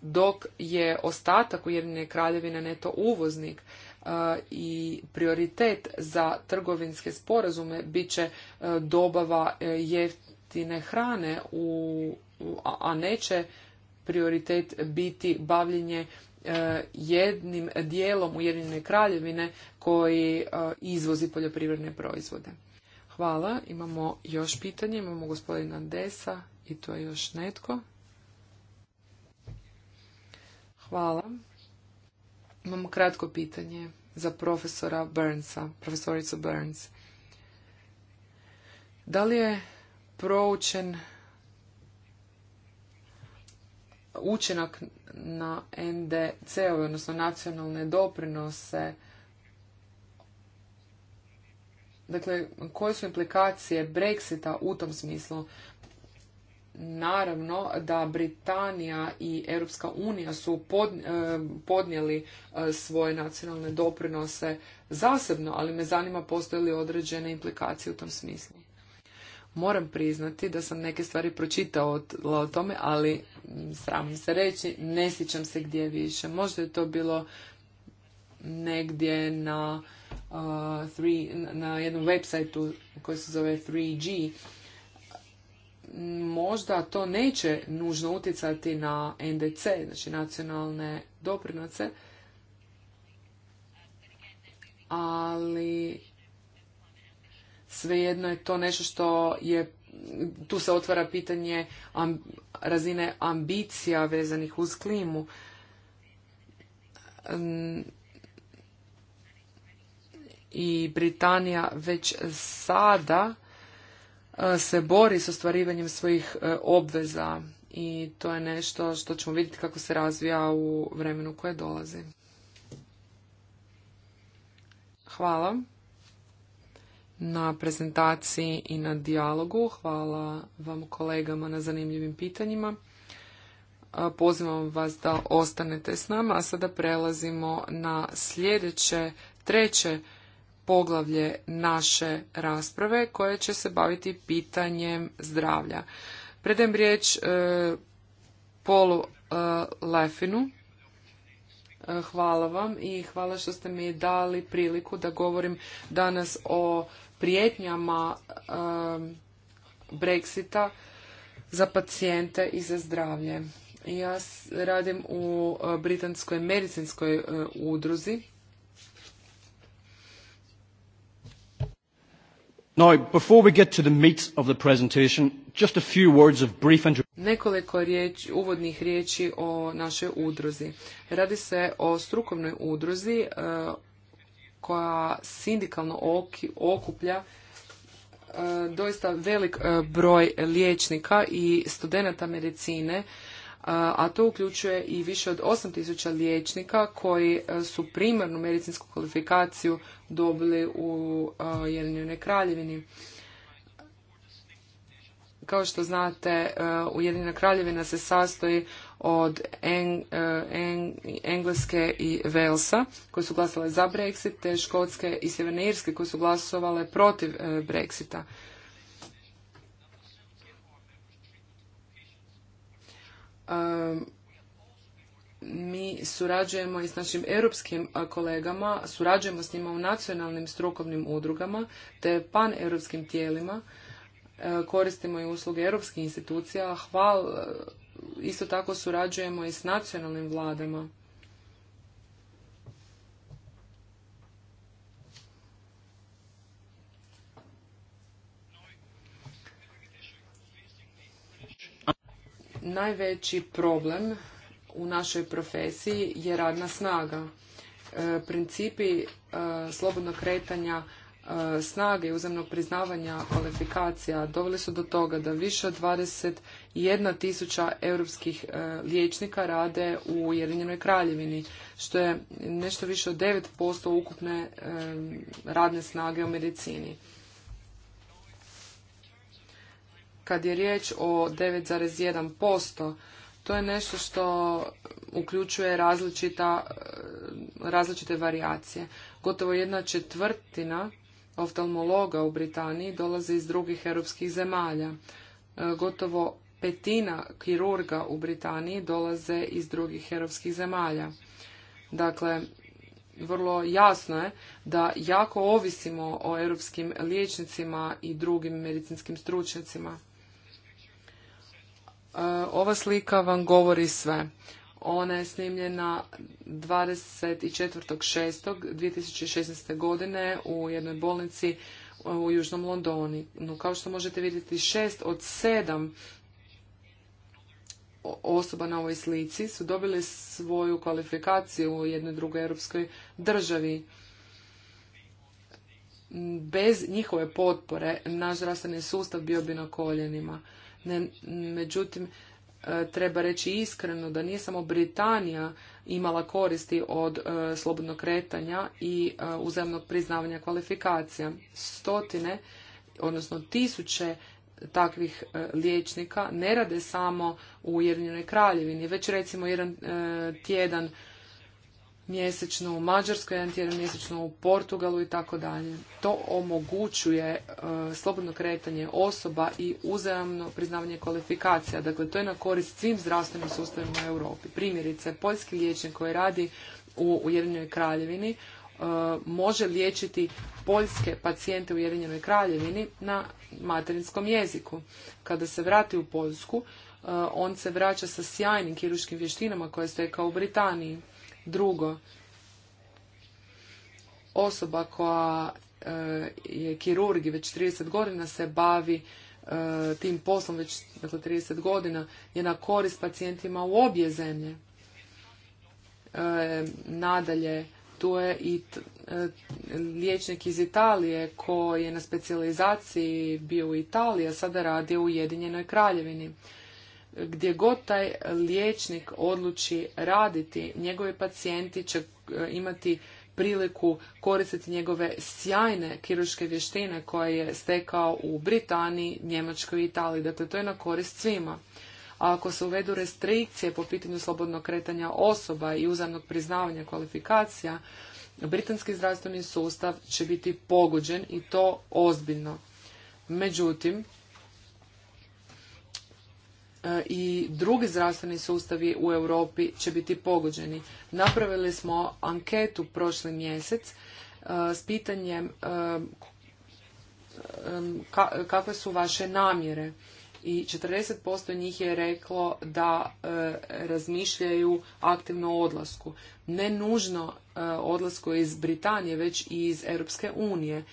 dok je ostatak Ujedinjene kraljevine neto uvoznik e, i prioritet za trgovinske sporazume bit će e, dobava e, jeftine hrane, u, a neće prioritet biti bavljenje jednim dijelom Ujedinjene kraljevine koji izvozi poljoprivredne proizvode. Hvala. Imamo još pitanje. Imamo gospodina Desa i to je još netko. Hvala. Imamo kratko pitanje za profesora Burnsa, profesoricu Burns. Da li je proučen učinak na ndc odnosno nacionalne doprinose, dakle, koje su implikacije Brexita u tom smislu? Naravno da Britanija i Europska unija su e, podnijeli e, svoje nacionalne doprinose zasebno, ali me zanima postoje li određene implikacije u tom smislu. Moram priznati da sam neke stvari pročitao o tome, ali sramim se reći, ne sjećam se gdje više. Možda je to bilo negdje na, e, jednom websiteu koji se zove 3G, možda to neće nužno utjecati na NDC, znači nacionalne doprinose, ali svejedno je to nešto što je tu se otvara pitanje razine ambicija vezanih uz klimu. I Britanija već sada E, se bori s ostvarivanjem svojih e, obveza i to je nešto što ćemo vidjeti kako se razvija u vremenu koje dolazi. Hvala na prezentaciji i na dijalogu. Hvala vam kolegama na zanimljivim pitanjima. E, pozivam vas da ostanete s nama, a sada prelazimo na sljedeće, treće poglavlje naše rasprave koje će se baviti pitanjem zdravlja. Predem riječ e, Polu e, Lefinu. E, hvala vam i hvala što ste mi dali priliku da govorim danas o prijetnjama Brexita za pacijente i za zdravlje. Ja radim u Britanskoj medicinskoj udruzi Now, before we get to the meat of the presentation, just a few words of brief Nekoliko riječ, uvodnih riječi o našoj udruzi. Radi se o strukovnoj udruzi e, koja sindikalno okuplja e, doista velik e, broj liječnika i studenata medicine a to uključuje i više od 8000 liječnika koji e, su primarnu medicinsku kvalifikaciju dobili u e, Ujedinjenoj kraljevini. Kao što znate, e, Ujedinjena kraljevina se sastoji od Engleske i Velsa koje su glasale za Brexit, te Škotske i Sjeverne Irske koje su glasovale protiv Brexita. mi surađujemo i s našim europskim kolegama, surađujemo s njima u nacionalnim strukovnim udrugama te paneuropskim tijelima, koristimo i usluge europskih institucija, hval, isto tako surađujemo i s nacionalnim vladama Najveći problem u našoj profesiji je radna snaga. E, principi e, slobodnog kretanja e, snage i uzemnog priznavanja kvalifikacija doveli su do toga da više od 21 tisuća europskih liječnika rade u Ujedinjenoj kraljevini, što je nešto više od 9% ukupne radne snage u medicini. kad je riječ o 9,1%, to je nešto što uključuje različita, e, različite varijacije. Gotovo jedna četvrtina oftalmologa u Britaniji dolazi iz drugih europskih zemalja. E, gotovo petina kirurga u Britaniji dolaze iz drugih europskih zemalja. Dakle, vrlo jasno je da jako ovisimo o europskim liječnicima i drugim medicinskim stručnjacima. Eh, ova slika vam govori sve. Ona je snimljena 24.6.2016. godine u jednoj bolnici eh, u Južnom Londoni. No, kao što možete vidjeti, šest od sedam osoba na ovoj slici su dobili svoju kvalifikaciju u jednoj drugoj europskoj državi. Bez njihove potpore naš zdravstveni sustav bio bi na koljenima. Ne, međutim, e, treba reći iskreno da nije samo Britanija imala koristi od e, slobodnog kretanja i e, uzemnog priznavanja kvalifikacija. Stotine, odnosno tisuće takvih liječnika ne rade samo u Ujedinjenoj kraljevini, već recimo jedan tjedan mjesečno u Mađarskoj, jedan tjedan mjesečno u Portugalu i tako dalje. To omogućuje e, slobodno kretanje osoba i uzajamno priznavanje kvalifikacija. Dakle, to je na korist svim zdravstvenim sustavima u Europi. Primjerice, poljski liječnik koji radi u Ujedinjenoj kraljevini e, može liječiti poljske pacijente u Ujedinjenoj kraljevini na materinskom jeziku. Kada se vrati u Poljsku, e, on se vraća sa sjajnim kiruškim vještinama koje stekao u Britaniji Drugo, osoba koja e, je kirurg i već 30 godina se bavi e, tim poslom već dakle, 30 godina je na korist pacijentima u obje zemlje. E, nadalje, tu je i liječnik iz Italije koji je na specijalizaciji bio u Italiji, a sada radi u Ujedinjenoj kraljevini gdje god taj liječnik odluči raditi, njegovi pacijenti će e, imati priliku koristiti njegove sjajne kirurške vještine koje je stekao u Britaniji, Njemačkoj i Italiji. Dakle, to je na korist svima. A ako se uvedu restrikcije po pitanju slobodnog kretanja osoba i uzavnog priznavanja kvalifikacija, britanski zdravstveni sustav će biti pogođen i to ozbiljno. Međutim, E, i drugi zdravstveni sustavi u Europi će biti pogođeni. Napravili smo anketu prošli mjesec e, s pitanjem e, kakve su vaše namjere i 40% njih je reklo da e, razmišljaju aktivno o odlasku. Ne nužno e, odlasku iz Britanije, već i iz Europske unije, e,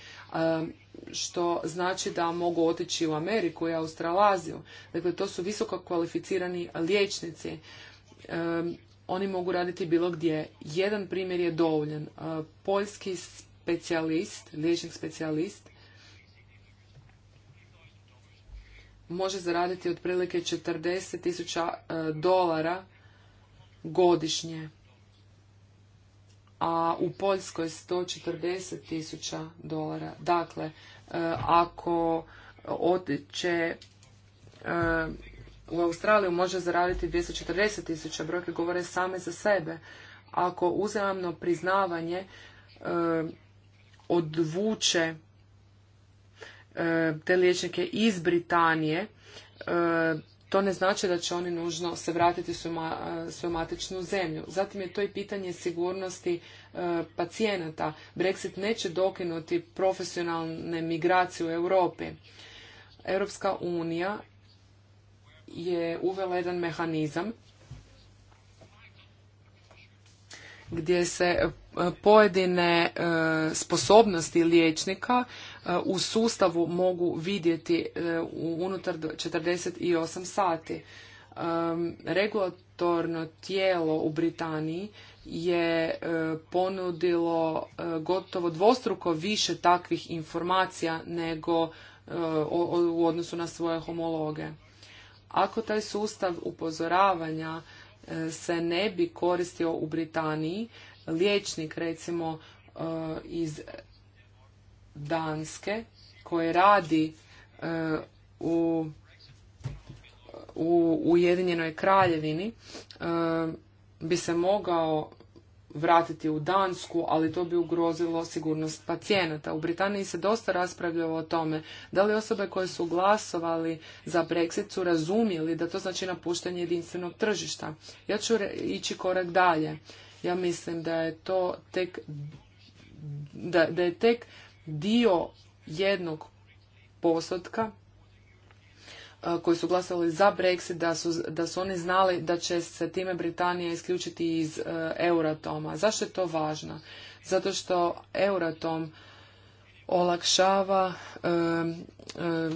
što znači da mogu otići u Ameriku i Australaziju. Dakle, to su visoko kvalificirani liječnici. Oni mogu raditi bilo gdje. Jedan primjer je dovoljan. Poljski specijalist, liječnik specijalist, može zaraditi otprilike 40 tisuća e, dolara godišnje, a u Poljskoj 140 tisuća dolara. Dakle, e, ako otiče e, u Australiju može zaraditi 240 tisuća, brojke govore same za sebe. Ako uzajamno priznavanje odvuče E, te liječnike iz Britanije, e, to ne znači da će oni nužno se vratiti u e, svoju matičnu zemlju. Zatim je to i pitanje sigurnosti pacijenata. Brexit neće dokinuti profesionalne migracije u Europi. Europska unija je uvela jedan mehanizam gdje se pojedine e, sposobnosti liječnika e, u sustavu mogu vidjeti e, unutar 48 sati. Regulatorno tijelo u Britaniji je ponudilo gotovo dvostruko više takvih informacija nego u odnosu na svoje homologe. Ako taj sustav upozoravanja se ne bi koristio u Britaniji, liječnik recimo e, iz Danske koji radi e, u u Ujedinjenoj kraljevini e, bi se mogao vratiti u Dansku, ali to bi ugrozilo sigurnost pacijenata. U Britaniji se dosta raspravljalo o tome da li osobe koje su glasovali za Brexit su razumjeli da to znači napuštanje jedinstvenog tržišta. Ja ću ići korak dalje. Ja mislim da je to tek da, da je tek dio jednog posotka koji su glasali za Brexit, da su, da su oni znali da će se time Britanija isključiti iz e, Euratoma. Zašto je to važno? Zato što Euratom olakšava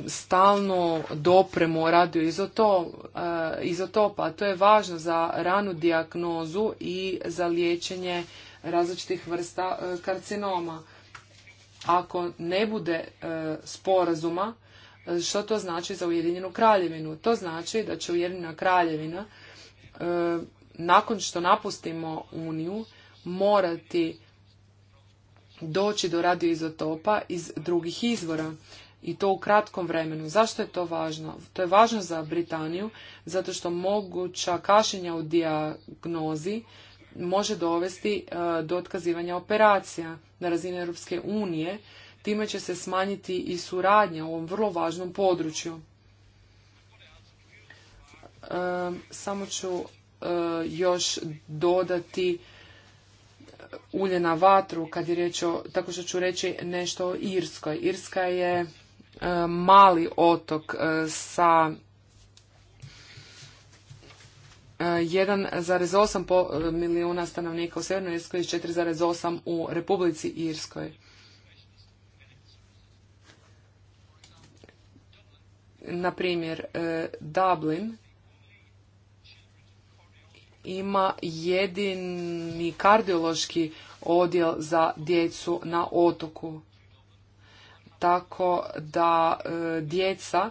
stalno dopremu radioizotopa. Eh, izotopa. To je važno za ranu dijagnozu i za liječenje različitih vrsta eh, karcinoma. Ako ne bude eh, sporazuma, što to znači za Ujedinjenu kraljevinu? To znači da će Ujedinjena kraljevina nakon što napustimo Uniju morati doći do radioizotopa iz drugih izvora i to u kratkom vremenu. Zašto je to važno? To je važno za Britaniju zato što moguća kašenja u dijagnozi može dovesti e, do otkazivanja operacija na razini Europske unije. Time će se smanjiti i suradnja u ovom vrlo važnom području. E, samo ću e, još dodati ulje na vatru kad je riječ o, tako što ću reći nešto o Irskoj. Irska je e, mali otok e, sa 1,8 e, milijuna stanovnika u Sjevernoj Irskoj i 4,8 u Republici Irskoj. Na primjer, Dublin ima jedini kardiološki odjel za djecu na otoku. Tako da e, djeca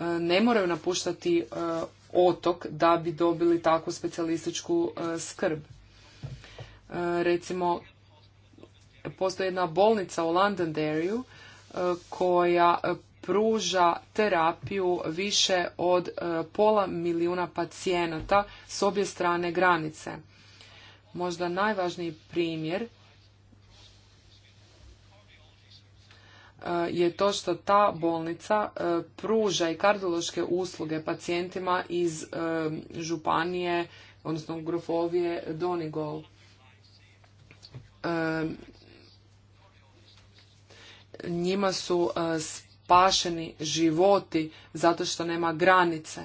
e, ne moraju napuštati e, otok da bi dobili takvu specijalističku skrb. Recimo, postoji jedna bolnica u Londonderryu koja pruža terapiju više od e, pola milijuna pacijenata s obje strane granice. Možda najvažniji primjer e, je to što ta bolnica e, pruža i kardiološke usluge pacijentima iz županije, odnosno grofovije Donigol. Njima su spašeni životi zato što nema granice.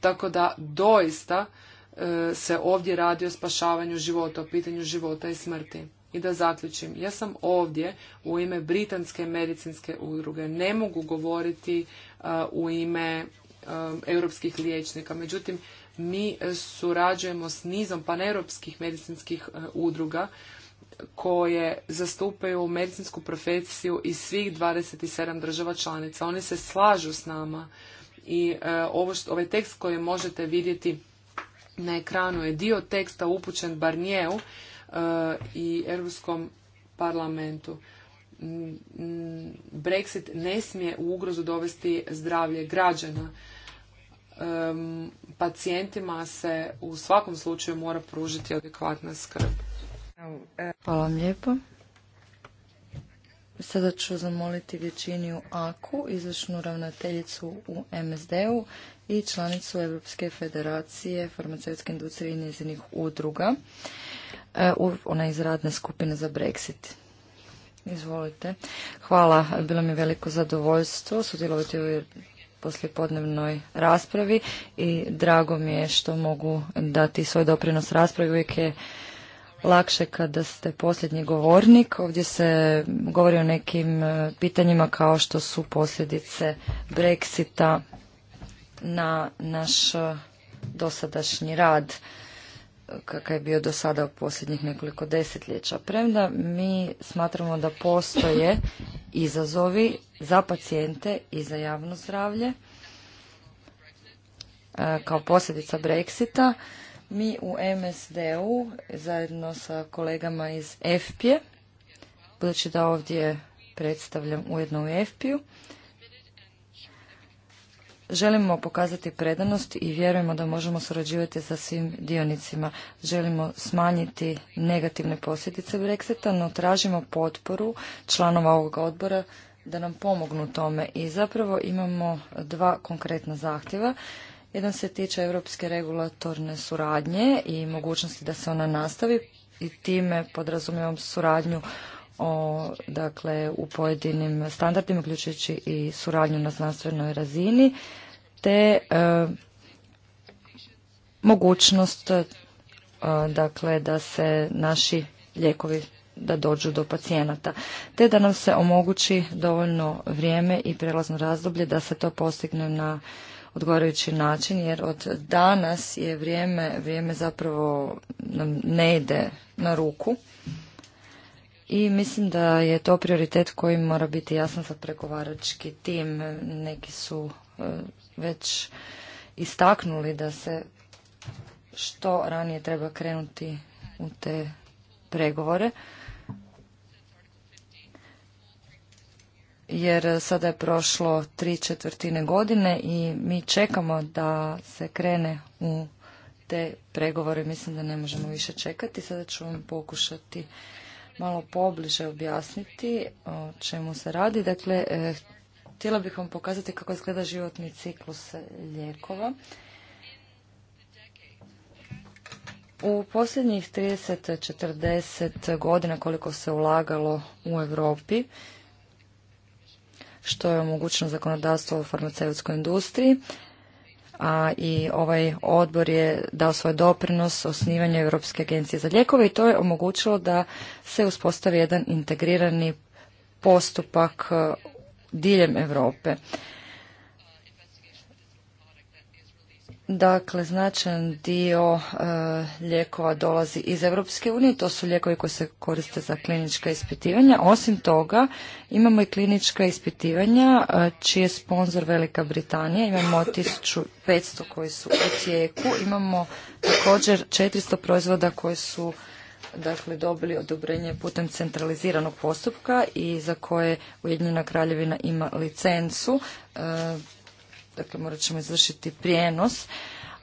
Tako da doista e, se ovdje radi o spašavanju života, o pitanju života i smrti. I da zaključim, ja sam ovdje u ime Britanske medicinske udruge, ne mogu govoriti e, u ime e, europskih liječnika. Međutim, mi surađujemo s nizom paneuropskih medicinskih udruga koje zastupaju medicinsku profesiju iz svih 27 država članica. Oni se slažu s nama i e, ovaj tekst koji možete vidjeti na ekranu je dio teksta upućen Barnijevu e, i Europskom parlamentu. Brexit ne smije u ugrozu dovesti zdravlje građana. pacijentima se u svakom slučaju mora pružiti adekvatna skrb. Hvala vam lijepo. Sada ću zamoliti Vječiniju Aku, izvršnu ravnateljicu u MSD-u i članicu Europske federacije farmaceutske industrije i njezinih udruga. E, ona je iz radne skupine za Brexit. Izvolite. Hvala, bilo mi veliko zadovoljstvo sudjelovati u ovoj poslijepodnevnoj raspravi i drago mi je što mogu dati svoj doprinos raspravi. Uvijek je lakše kada ste posljednji govornik. Ovdje se govori o nekim e, pitanjima kao što su posljedice Brexita na naš e, dosadašnji rad e, kakav je bio do sada u posljednjih nekoliko desetljeća. Premda mi smatramo da postoje izazovi za pacijente i za javno zdravlje kao posljedica Brexita. Mi u MSD-u zajedno sa kolegama iz FP-e, p-a, budući da ovdje predstavljam ujedno u FP-u, Želimo pokazati predanost i vjerujemo da možemo surađivati sa svim dionicima. Želimo smanjiti negativne posljedice Brexita, no tražimo potporu članova ovog odbora da nam pomognu tome. I zapravo imamo dva konkretna zahtjeva. Jedan se tiče europske regulatorne suradnje i mogućnosti da se ona nastavi i time podrazumijevam suradnju o, dakle, u pojedinim standardima, uključujući i suradnju na znanstvenoj razini, te e, mogućnost e, dakle, da se naši lijekovi da dođu do pacijenata, te da nam se omogući dovoljno vrijeme i prelazno razdoblje da se to postigne na odgovarajući način jer od danas je vrijeme, vrijeme zapravo nam ne ide na ruku i mislim da je to prioritet koji mora biti jasan za pregovarački tim. Neki su e, već istaknuli da se što ranije treba krenuti u te pregovore. jer sada je prošlo tri četvrtine godine i mi čekamo da se krene u te pregovore. Mislim da ne možemo više čekati. Sada ću vam pokušati malo pobliže objasniti o čemu se radi. Dakle, e, htjela bih vam pokazati kako izgleda životni ciklus lijekova. U posljednjih 30-40 godina koliko se ulagalo u Europi, što je omogućeno zakonodavstvo u farmaceutskoj industriji, a i ovaj odbor je dao svoj doprinos osnivanju Europske agencije za lijekove i to je omogućilo da se uspostavi jedan integrirani postupak e, diljem Europe. Dakle, značajan dio e, lijekova dolazi iz Europske unije, to su lijekovi koji se koriste za klinička ispitivanja. Osim toga, imamo i klinička ispitivanja e, čiji je sponsor Velika Britanija, imamo 1500 koji su u tijeku, imamo također 400 proizvoda koji su dakle dobili odobrenje putem centraliziranog postupka i za koje Ujedinjena kraljevina ima licencu. E, dakle morat ćemo izvršiti prijenos,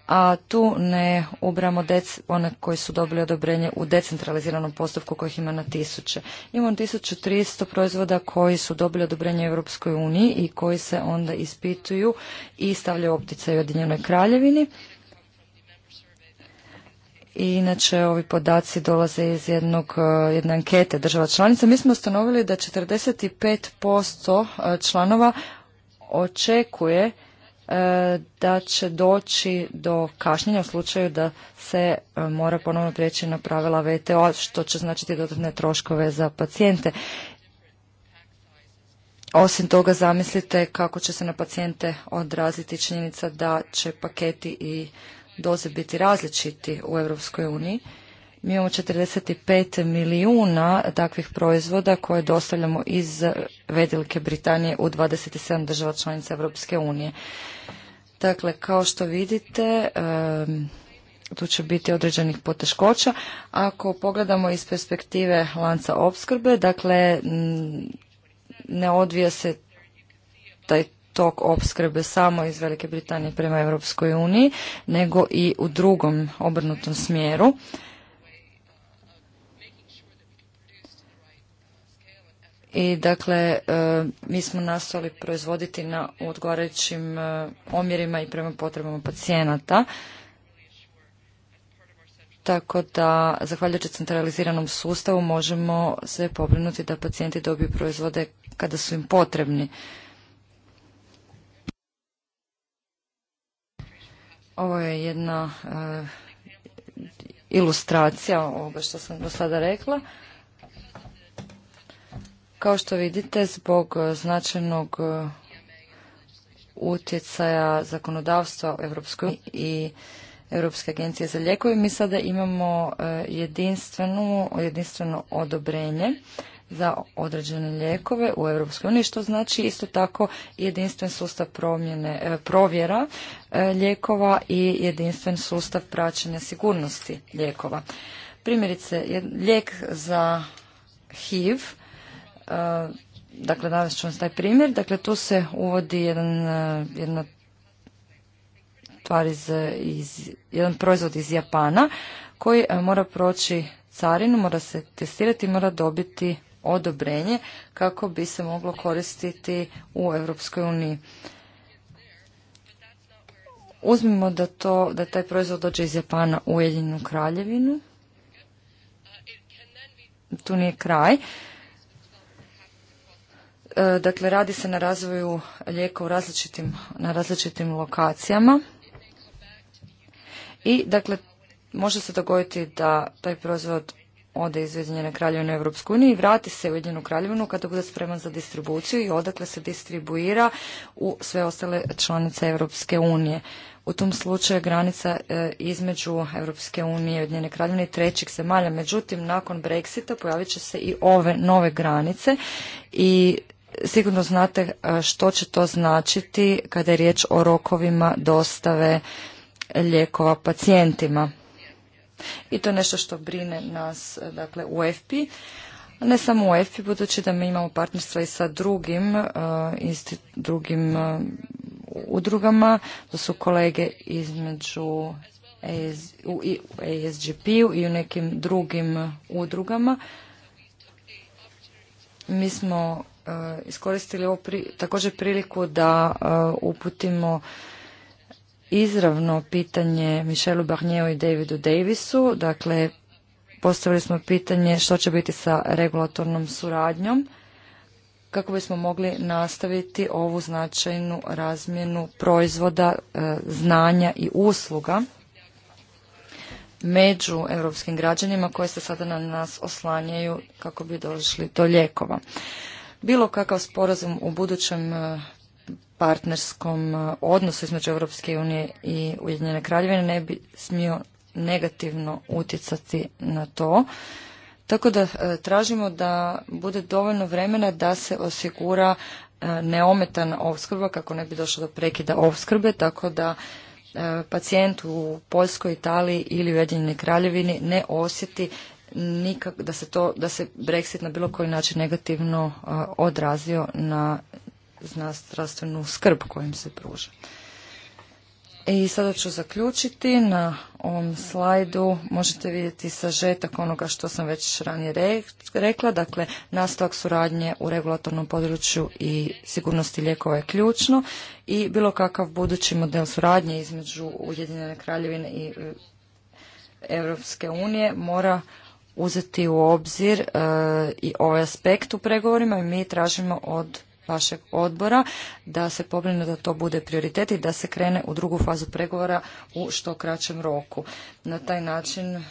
a tu ne ubramo one koji su dobili odobrenje u decentraliziranom postupku kojih ima na tisuće. Imamo 1300 proizvoda koji su dobili odobrenje u Europskoj uniji i koji se onda ispituju i stavljaju opticaj u Ujedinjenoj kraljevini. I inače ovi podaci dolaze iz jednog, e, jedne ankete država članica. Mi smo ustanovili da 45% e, članova očekuje E, da će doći do kašnjenja u slučaju da se e, mora ponovno prijeći na pravila VTO, što će značiti dodatne troškove za pacijente. Osim toga zamislite kako će se na pacijente odraziti činjenica da će paketi i doze biti različiti u Europskoj uniji. Mi imamo 45 milijuna takvih proizvoda koje dostavljamo iz Velike Britanije u 27 država članica Europske unije. Dakle, kao što vidite, tu će biti određenih poteškoća. Ako pogledamo iz perspektive lanca opskrbe, dakle, ne odvija se taj tok opskrbe samo iz Velike Britanije prema Europskoj uniji, nego i u drugom obrnutom smjeru. i dakle e, mi smo nastojali proizvoditi na odgovarajućim e, omjerima i prema potrebama pacijenata. Tako da, zahvaljujući centraliziranom sustavu, možemo se pobrinuti da pacijenti dobiju proizvode kada su im potrebni. Ovo je jedna e, ilustracija ovoga što sam do sada rekla. Kao što vidite, zbog e, značajnog e, utjecaja zakonodavstva u Europskoj i Europske agencije za lijekove mi sada imamo e, jedinstveno odobrenje za određene lijekove u Europskoj uniji, što znači isto tako jedinstven sustav promjene, provjera lijekova i jedinstven sustav praćenja sigurnosti lijekova. Primjerice, lijek za HIV dakle danas ću vam taj primjer, dakle tu se uvodi jedan, e, jedna tvar iz, jedan proizvod iz Japana koji e, mora proći carinu, mora se testirati, mora dobiti odobrenje kako bi se moglo koristiti u Europskoj uniji. Uzmimo da, to, da taj proizvod dođe iz Japana u Ujedinjenu kraljevinu. Tu nije kraj. E, dakle, radi se na razvoju lijeka u različitim, na različitim lokacijama. I, dakle, može se dogoditi da taj proizvod ode iz Ujedinjene kraljevine u Europsku uniju i vrati se u Ujedinjenu kraljevinu kada bude spreman za distribuciju i odakle se distribuira u sve ostale članice Europske unije. U tom slučaju granica e, između Europske unije, Ujedinjene kraljevine i trećih zemalja. Međutim, nakon Brexita pojavit će se i ove nove granice i sigurno znate e, što će to značiti kada je riječ o rokovima dostave lijekova pacijentima. I to je nešto što brine nas e, dakle, u EFPI. Ne samo u EFPI, budući da mi imamo partnerstva i sa drugim, e, drugim udrugama. To su kolege između AS, ASGP-u i u nekim drugim udrugama. Mi smo Eh, iskoristili ovu također priliku da eh, uputimo izravno pitanje Michelu Barnijevu i Davidu Davisu. Dakle, postavili smo pitanje što će biti sa regulatornom suradnjom kako bismo mogli nastaviti ovu značajnu razmjenu proizvoda, eh, znanja i usluga među europskim građanima koje se sada na nas oslanjaju kako bi došli do lijekova bilo kakav sporazum u budućem e, partnerskom e, odnosu između Europske unije i Ujedinjene kraljevine ne bi smio negativno utjecati na to. Tako da e, tražimo da bude dovoljno vremena da se osigura neometan opskrba kako ne bi došlo do prekida opskrbe, tako da pacijent u Poljskoj, Italiji ili Ujedinjenoj kraljevini ne osjeti nikak, da se to, da se Brexit na bilo koji način negativno odrazio na zdravstvenu skrb kojim se pruža. E, I sada ću zaključiti. Na ovom slajdu možete vidjeti sažetak onoga što sam već ranije rekla. Dakle, nastavak suradnje u regulatornom području i sigurnosti lijekova je ključno i bilo kakav budući model suradnje između Ujedinjene kraljevine i e, Europske unije mora uzeti u obzir e, i ovaj aspekt u pregovorima i mi tražimo od vašeg odbora da se pobrine da to bude prioritet i da se krene u drugu fazu pregovora u što kraćem roku. Na taj način e,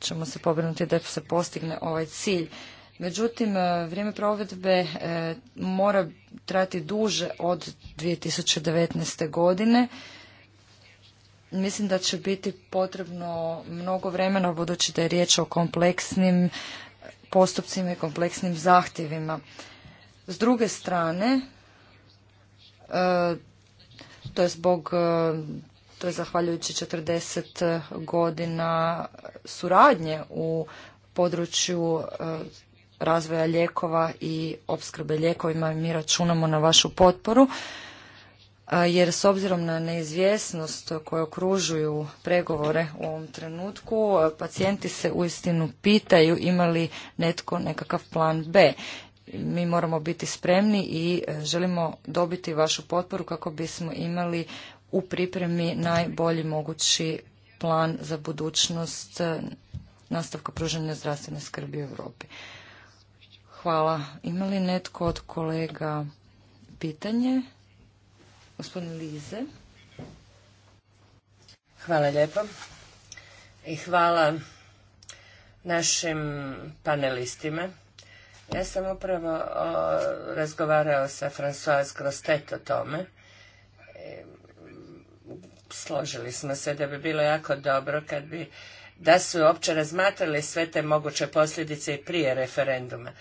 ćemo se pobrinuti da se postigne ovaj cilj. Međutim, e, vrijeme provedbe mora trajati duže od 2019. godine Mislim da će biti potrebno mnogo vremena budući da je riječ o kompleksnim postupcima i kompleksnim zahtjevima. S druge strane, e, to je zbog, e, to je zahvaljujući 40 godina suradnje u području e, razvoja lijekova i opskrbe lijekovima mi računamo na vašu potporu jer s obzirom na neizvjesnost koje okružuju pregovore u ovom trenutku, pacijenti se uistinu pitaju ima li netko nekakav plan B. Mi moramo biti spremni i e, želimo dobiti vašu potporu kako bismo imali u pripremi najbolji mogući plan za budućnost e, nastavka pružanja zdravstvene skrbi u Europi. Hvala. Ima li netko od kolega pitanje? Gospodin Lize. Hvala lijepo. I hvala našim panelistima. Ja sam upravo razgovarao sa Françoise Grostet o tome. E, složili smo se da bi bilo jako dobro kad bi da su uopće razmatrali sve te moguće posljedice i prije referenduma.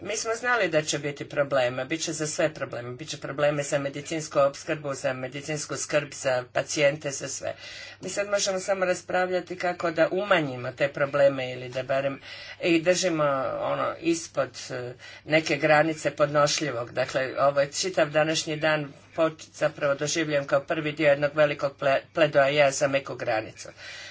Mi smo znali da će biti problema, bit će za sve probleme, bit će probleme za medicinsku opskrbu, za medicinsku skrb, za pacijente, za sve. Mi sad možemo samo raspravljati kako da umanjimo te probleme ili da barem i držimo ono ispod e, neke granice podnošljivog. Dakle, ovo je čitav današnji dan zapravo doživljujem kao prvi dio jednog velikog ja za meku granicu.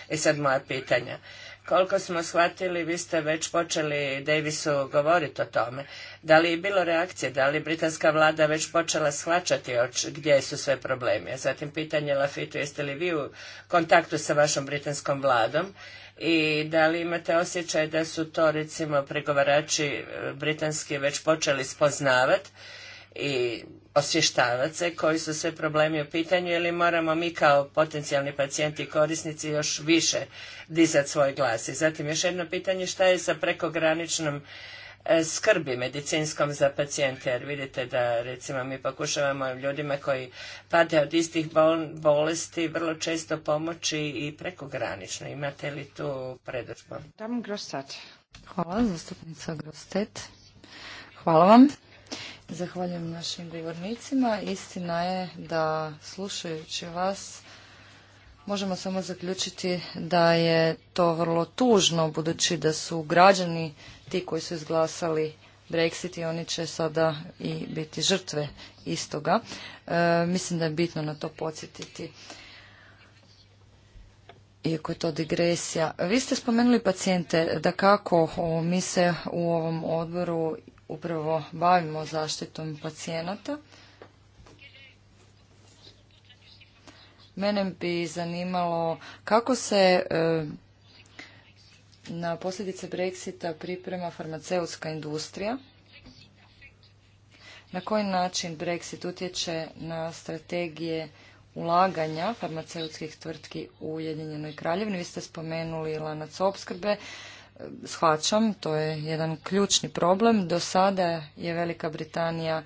E sad moja pitanja. Koliko smo shvatili, vi ste već počeli Davisu govoriti o tome. Da li je bilo reakcije, da li britanska vlada već počela shvaćati oč, gdje su sve problemi? A zatim pitanje Lafitu, jeste li vi u kontaktu sa vašom britanskom vladom i da li imate osjećaj da su to recimo pregovarači eh, britanski već počeli spoznavati i osvještavati koji su sve problemi u pitanju ili moramo mi kao potencijalni pacijenti i korisnici još više dizati svoj glas. I zatim još jedno pitanje šta je sa prekograničnom e, skrbi medicinskom za pacijente, jer vidite da recimo mi pokušavamo ljudima koji pade od istih bolesti vrlo često pomoći i prekogranično. Imate li tu predođbu? Hvala, zastupnica Grostet. Hvala vam. Zahvaljujem našim govornicima. Istina je da slušajući vas možemo samo zaključiti da je to vrlo tužno budući da su građani ti koji su izglasali Brexit i oni će sada i biti žrtve istoga. E, mislim da je bitno na to podsjetiti. Iako je to digresija. Vi ste spomenuli pacijente da kako mi se u ovom odboru upravo bavimo zaštitom pacijenata. Mene bi zanimalo kako se e, na posljedice Brexita priprema farmaceutska industrija, na koji način Brexit utječe na strategije ulaganja farmaceutskih tvrtki u Ujedinjenoj Kraljevini. Vi ste spomenuli lanac opskrbe, shvaćam, to je jedan ključni problem. Do sada je Velika Britanija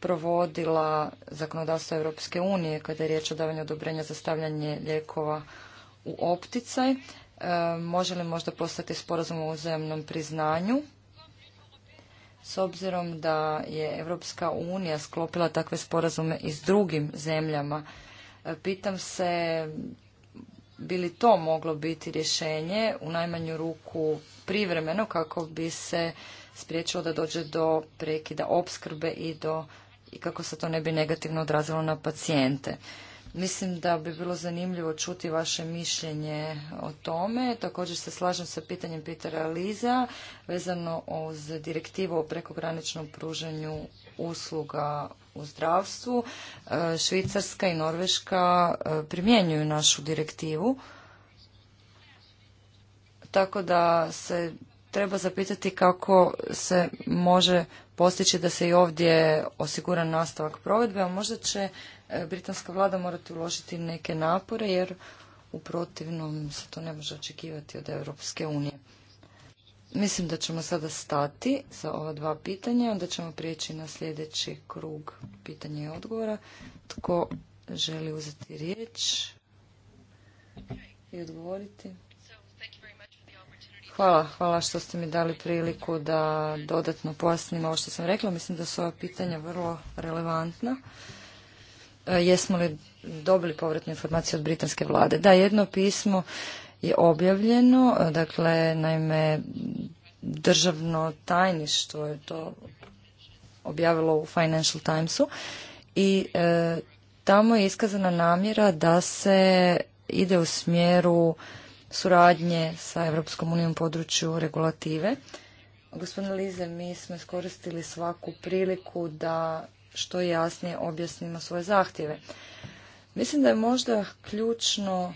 provodila zakonodavstvo Europske unije kada je riječ o davanju odobrenja za stavljanje lijekova u opticaj. E, može li možda postati sporazum o uzajamnom priznanju? S obzirom da je Europska unija sklopila takve sporazume i s drugim zemljama, e, pitam se bi li to moglo biti rješenje u najmanju ruku privremeno kako bi se spriječilo da dođe do prekida opskrbe i do i kako se to ne bi negativno odrazilo na pacijente. Mislim da bi bilo zanimljivo čuti vaše mišljenje o tome. Također se slažem sa pitanjem Pitera Liza vezano uz direktivu o prekograničnom pružanju usluga u zdravstvu. E, Švicarska i Norveška e, primjenjuju našu direktivu. Tako da se treba zapitati kako se može postići da se i ovdje osigura nastavak provedbe, a možda će e, britanska vlada morati uložiti neke napore jer u protivnom se to ne može očekivati od Europske unije. Mislim da ćemo sada stati sa ova dva pitanja, onda ćemo prijeći na sljedeći krug pitanja i odgovora. Tko želi uzeti riječ i odgovoriti? Hvala, hvala što ste mi dali priliku da dodatno pojasnim ovo što sam rekla. Mislim da su ova pitanja vrlo relevantna. E, jesmo li dobili povratnu informaciju od britanske vlade? Da, jedno pismo je objavljeno, dakle, naime, državno tajništvo je to objavilo u Financial Timesu i e, tamo je iskazana namjera da se ide u smjeru suradnje sa Europskom unijom području regulative. Gospodine Lize, mi smo iskoristili svaku priliku da što jasnije objasnimo svoje zahtjeve. Mislim da je možda ključno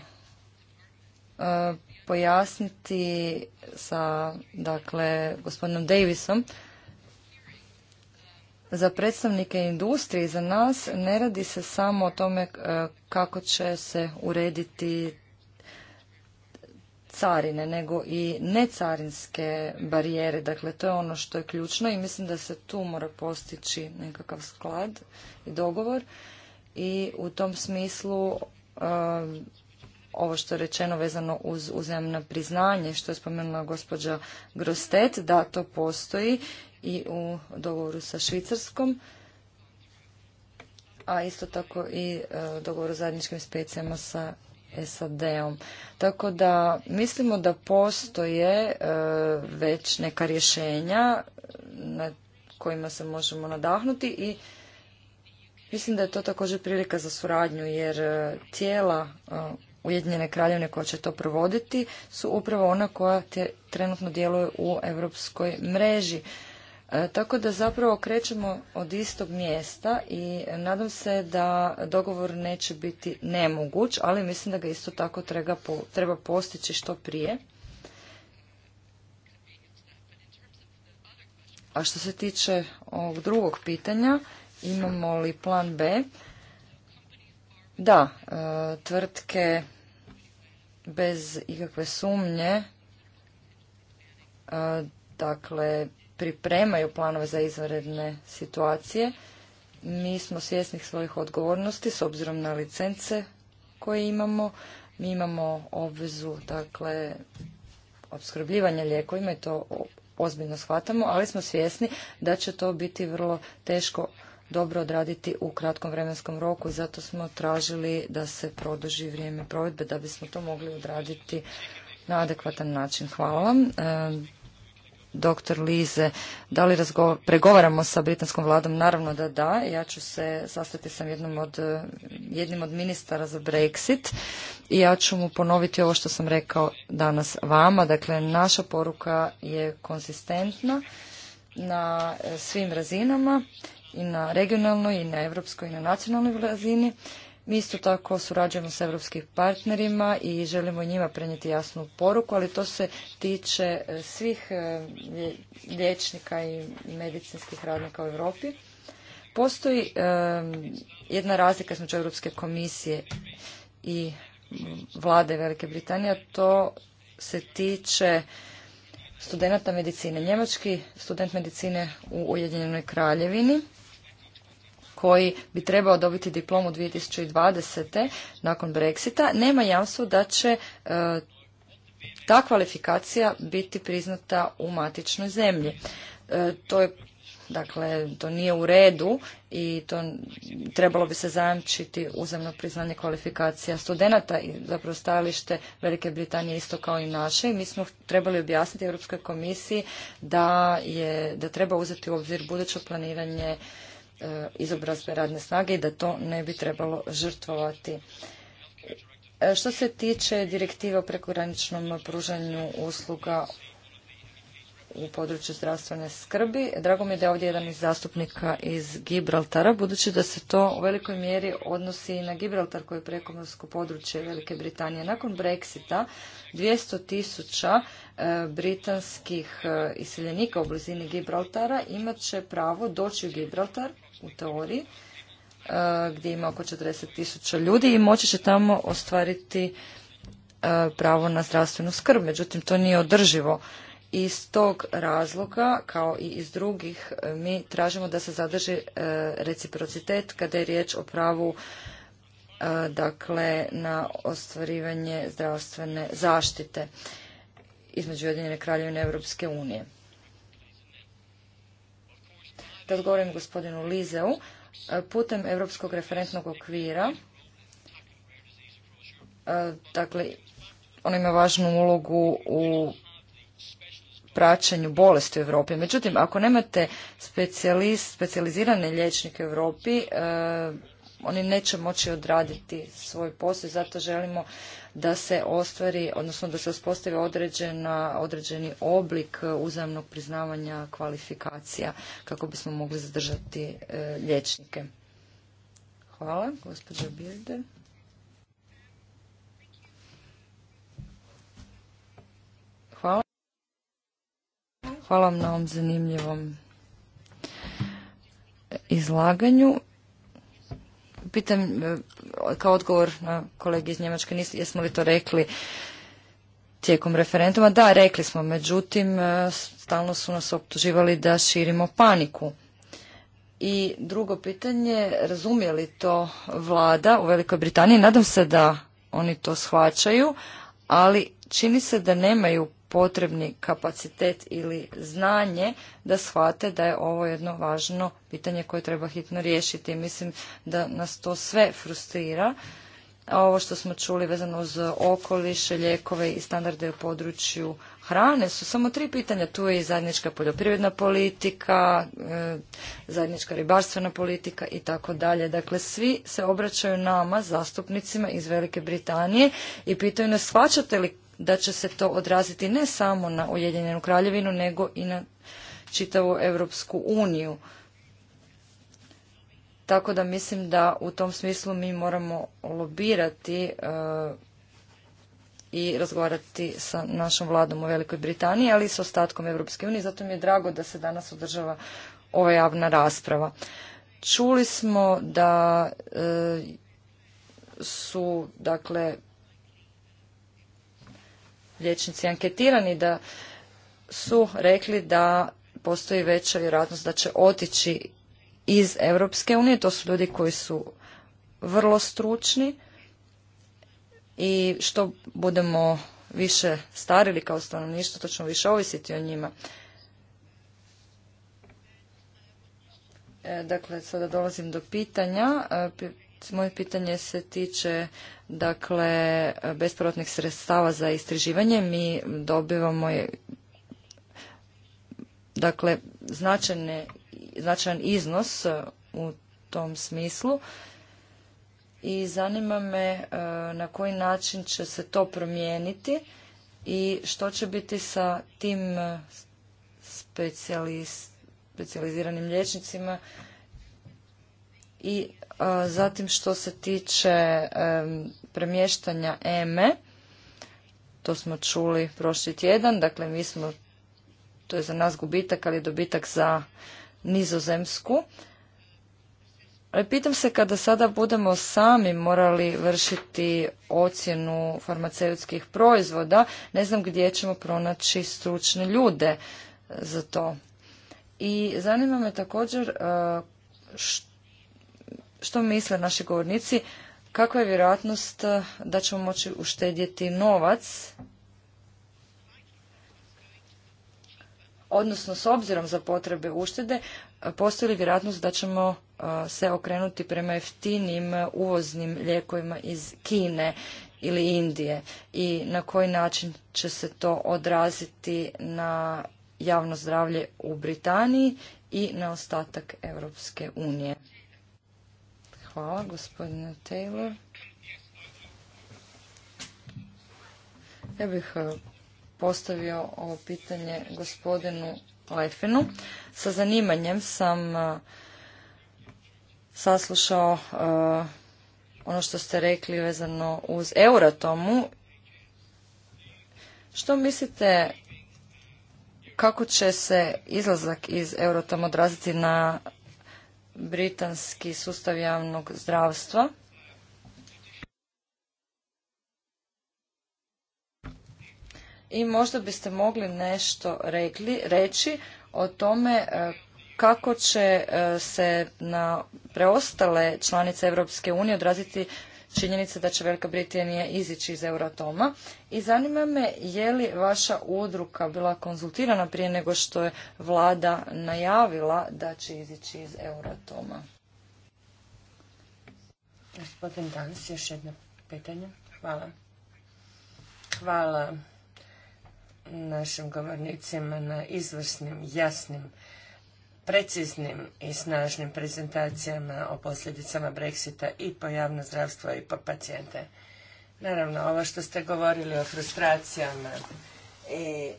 E, pojasniti sa dakle gospodinom Davisom za predstavnike industrije i za nas ne radi se samo o tome e, kako će se urediti carine, nego i necarinske barijere. Dakle, to je ono što je ključno i mislim da se tu mora postići nekakav sklad i dogovor. I u tom smislu e, ovo što je rečeno vezano uz uzajamno priznanje, što je spomenula gospođa Grostet, da to postoji i u dogovoru sa Švicarskom, a isto tako i e, dogovoru zajedničkim specijama sa SAD-om. Tako da mislimo da postoje e, već neka rješenja na kojima se možemo nadahnuti i mislim da je to također prilika za suradnju jer tijela e, Ujedinjene kraljevne koja će to provoditi su upravo ona koja te trenutno djeluje u europskoj mreži. E, tako da zapravo krećemo od istog mjesta i nadam se da dogovor neće biti nemoguć, ali mislim da ga isto tako treba, treba postići što prije. A što se tiče ovog drugog pitanja, imamo li plan B? Da, e, tvrtke bez ikakve sumnje e, dakle pripremaju planove za izvanredne situacije. Mi smo svjesni svojih odgovornosti s obzirom na licence koje imamo. Mi imamo obvezu dakle opskrbljivanja lijekovima i to ozbiljno shvatamo, ali smo svjesni da će to biti vrlo teško dobro odraditi u kratkom vremenskom roku i zato smo tražili da se produži vrijeme provedbe da bismo to mogli odraditi na adekvatan način. Hvala vam. E, doktor Lize, da li pregovaramo sa britanskom vladom? Naravno da da. Ja ću se sastati sa jednom od, jednim od ministara za Brexit i ja ću mu ponoviti ovo što sam rekao danas vama. Dakle, naša poruka je konsistentna na e, svim razinama i na regionalnoj i na europskoj i na nacionalnoj razini. Mi isto tako surađujemo s europskim partnerima i želimo njima prenijeti jasnu poruku, ali to se tiče e, svih e, liječnika i medicinskih radnika u Europi. Postoji e, jedna razlika između Europske komisije i vlade Velike Britanije, to se tiče studenata medicine. Njemački student medicine u Ujedinjenoj kraljevini koji bi trebao dobiti diplomu 2020. nakon Brexita, nema jamstvo da će e, ta kvalifikacija biti priznata u matičnoj zemlji. E, to je Dakle, to nije u redu i to trebalo bi se zajamčiti uzemno priznanje kvalifikacija studenata i zapravo stajalište Velike Britanije isto kao i naše. mi smo trebali objasniti Europskoj komisiji da, je, da treba uzeti u obzir buduće planiranje E, izobrazbe radne snage i da to ne bi trebalo žrtvovati. E, što se tiče direktive o prekograničnom pružanju usluga u području zdravstvene skrbi. Drago mi je da je ovdje jedan iz zastupnika iz Gibraltara, budući da se to u velikoj mjeri odnosi i na Gibraltar koji je prekomorsko područje Velike Britanije. Nakon Brexita 200 tisuća e, britanskih iseljenika u blizini Gibraltara imat će pravo doći u Gibraltar u teoriji, e, gdje ima oko 40 tisuća ljudi i moći će tamo ostvariti e, pravo na zdravstvenu skrb. Međutim, to nije održivo. Iz tog razloga, kao i iz drugih, e, mi tražimo da se zadrži reciprocitet kada je riječ o pravu dakle, na ostvarivanje zdravstvene zaštite između Ujedinjene kraljevine Europske unije. Da odgovorim gospodinu Lizeu, e, putem Europskog referentnog okvira, e, dakle, on ima važnu ulogu u praćenju bolesti u Europi. Međutim, ako nemate specijalizirane liječnike u Europi, e, oni neće moći odraditi svoj posao i zato želimo da se ostvari, odnosno da se uspostavi određena, određeni oblik uzajamnog priznavanja kvalifikacija kako bismo mogli zadržati e, liječnike. Hvala, gospođa Bilde. Hvala. Hvala vam na ovom zanimljivom izlaganju pitam e, kao odgovor na kolegi iz Njemačke, nis, jesmo li to rekli tijekom referenduma? Da, rekli smo, međutim, e, stalno su nas optuživali da širimo paniku. I drugo pitanje, razumije li to vlada u Velikoj Britaniji? Nadam se da oni to shvaćaju, ali čini se da nemaju potrebni kapacitet ili znanje da shvate da je ovo jedno važno pitanje koje treba hitno riješiti. Mislim da nas to sve frustrira. A ovo što smo čuli vezano uz okoliš, ljekove i standarde u području hrane su samo tri pitanja. Tu je i zajednička poljoprivredna politika, e, zajednička ribarstvena politika i tako dalje. Dakle, svi se obraćaju nama, zastupnicima iz Velike Britanije i pitaju nas shvaćate li da će se to odraziti ne samo na Ujedinjenu kraljevinu, nego i na čitavu Europsku uniju. Tako da mislim da u tom smislu mi moramo lobirati e, i razgovarati sa našom vladom u Velikoj Britaniji, ali i sa ostatkom Europske unije. Zato mi je drago da se danas održava ova javna rasprava. Čuli smo da e, su dakle liječnici anketirani da su rekli da postoji veća vjerojatnost da će otići iz Europske unije. To su ljudi koji su vrlo stručni i što budemo više starili kao stanovništvo, to ćemo više ovisiti o njima. E, dakle, sada dolazim do pitanja. E, moje pitanje se tiče dakle bespovratnih sredstava za istraživanje. Mi dobivamo dakle značajne, značajan iznos e, u tom smislu i zanima me e, na koji način će se to promijeniti i što će biti sa tim e, specijaliziranim liječnicima i e, zatim što se tiče e, premještanja EME, e, to smo čuli prošli tjedan, dakle mi smo, to je za nas gubitak, ali dobitak za nizozemsku. Ali pitam se kada sada budemo sami morali vršiti ocjenu farmaceutskih proizvoda, ne znam gdje ćemo pronaći stručne ljude za to. I zanima me također što što misle naši govornici, kakva je vjerojatnost eh, da ćemo moći uštedjeti novac, odnosno s obzirom za potrebe uštede, eh, postoji li vjerojatnost da ćemo eh, se okrenuti prema jeftinim uvoznim lijekovima iz Kine ili Indije i na koji način će se to odraziti na javno zdravlje u Britaniji i na ostatak Europske unije. Hvala, gospodine Taylor. Ja bih e, postavio ovo pitanje gospodinu Lefinu. Sa zanimanjem sam e, saslušao e, ono što ste rekli vezano uz Euratomu. Što mislite kako će se izlazak iz Euratoma odraziti na britanski sustav javnog zdravstva. I možda biste mogli nešto rekli, reći o tome e, kako će e, se na preostale članice Europske unije odraziti Činjenica da će Velika Britanija izići iz Euratoma. I zanima me je li vaša udruka bila konzultirana prije nego što je vlada najavila da će izići iz Euratoma? Gospodin danas još jedno pitanje. Hvala. Hvala našim govornicima na izvrsnim, jasnim preciznim i snažnim prezentacijama o posljedicama Brexita i po javno zdravstvo i po pacijente. Naravno, ovo što ste govorili o frustracijama i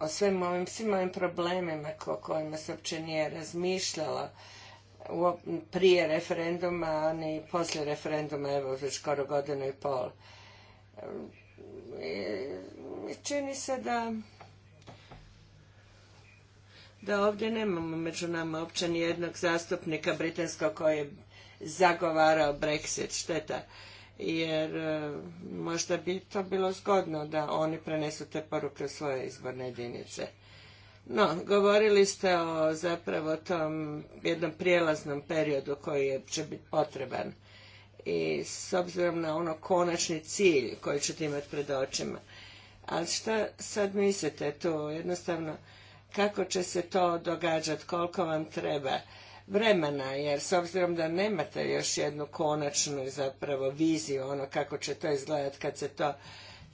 o svim ovim, svim ovim problemima o kojima se uopće nije razmišljalo prije referenduma, a ni poslije referenduma, evo, već skoro godinu i pol. Ehm, I, čini se da da ovdje nemamo među nama uopće ni jednog zastupnika britanskog koji je zagovarao Brexit, šteta. Jer e, možda bi to bilo zgodno da oni prenesu te poruke u svoje izborne jedinice. No, govorili ste o zapravo tom jednom prijelaznom periodu koji je, će biti potreban i s obzirom na ono konačni cilj koji ćete imati pred očima. Ali šta sad mislite tu? Jednostavno, kako će se to događati, koliko vam treba vremena, jer s obzirom da nemate još jednu konačnu zapravo viziju ono kako će to izgledati kad se to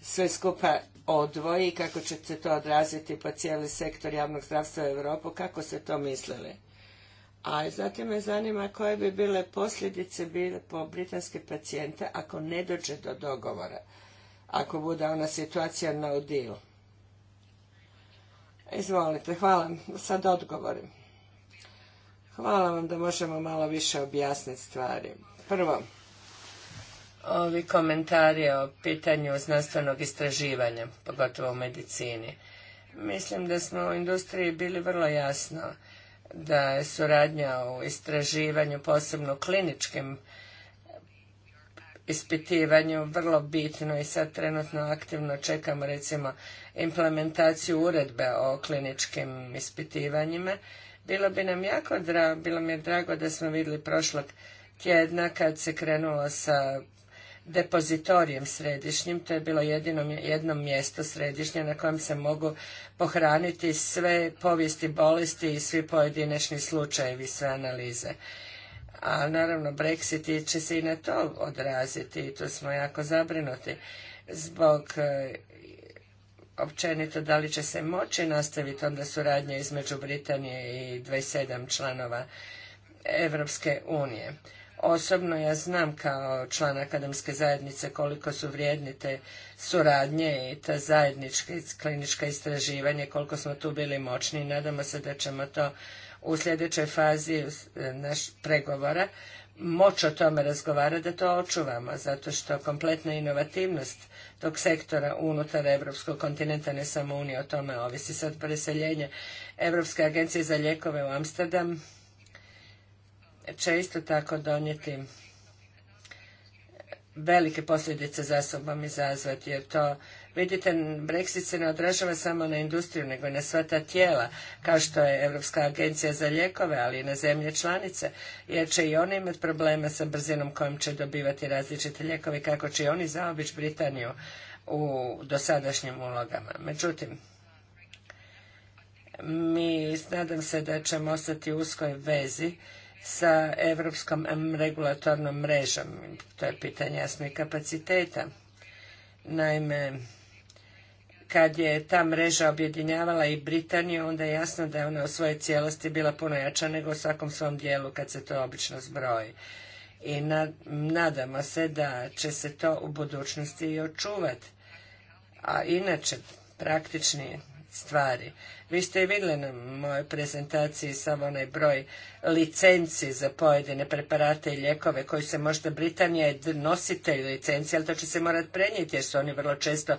sve skupa odvoji, kako će se to odraziti po cijeli sektor javnog zdravstva u Europu, kako ste to mislili. A zatim me zanima koje bi bile posljedice po britanske pacijente ako ne dođe do dogovora, ako bude ona situacija na no Izvolite, hvala. Sad odgovorim. Hvala vam da možemo malo više objasniti stvari. Prvo, ovi komentari o pitanju znanstvenog istraživanja, pogotovo u medicini. Mislim da smo u industriji bili vrlo jasno da je suradnja u istraživanju, posebno kliničkim ispitivanju vrlo bitno i sad trenutno aktivno čekamo recimo implementaciju uredbe o kliničkim ispitivanjima. Bilo bi nam jako drago, bilo mi je drago da smo vidjeli prošlog tjedna kad se krenulo sa depozitorijem središnjim, to je bilo jedino, jedno mjesto središnje na kojem se mogu pohraniti sve povijesti bolesti i svi pojedinačni slučajevi, sve analize a naravno Brexit će se i na to odraziti i to smo jako zabrinuti zbog e, općenito da li će se moći nastaviti onda suradnja između Britanije i 27 članova europske unije. Osobno ja znam kao član akademske zajednice koliko su vrijedni te suradnje i ta zajednička klinička istraživanja, koliko smo tu bili moćni i nadamo se da ćemo to u sljedećoj fazi e, naš pregovora moć o tome razgovarati da to očuvamo, zato što kompletna inovativnost tog sektora unutar Europskog kontinenta, ne samo Unije, o tome ovisi. Sad preseljenje Evropske agencije za lijekove u Amsterdam će isto tako donijeti velike posljedice za sobom izazvati, jer to, vidite, Brexit se ne odražava samo na industriju, nego i na sva ta tijela, kao što je Europska agencija za lijekove, ali i na zemlje članice, jer će i oni imati problema sa brzinom kojom će dobivati različite lijekove, kako će i oni zaobići Britaniju u dosadašnjim ulogama. Međutim, mi nadam se da ćemo ostati u uskoj vezi sa europskom regulatornom mrežom. To je pitanje jasno i kapaciteta. Naime, kad je ta mreža objedinjavala i Britaniju, onda je jasno da je ona u svojoj cijelosti bila puno jača nego u svakom svom dijelu kad se to obično zbroji. I nadamo se da će se to u budućnosti i očuvati. A inače, praktičnije stvari. Vi ste i vidjeli na mojoj prezentaciji samo onaj broj licenci za pojedine preparate i lijekove koji se možda Britanija je nositelj licenci, ali to će se morati prenijeti jer su oni vrlo često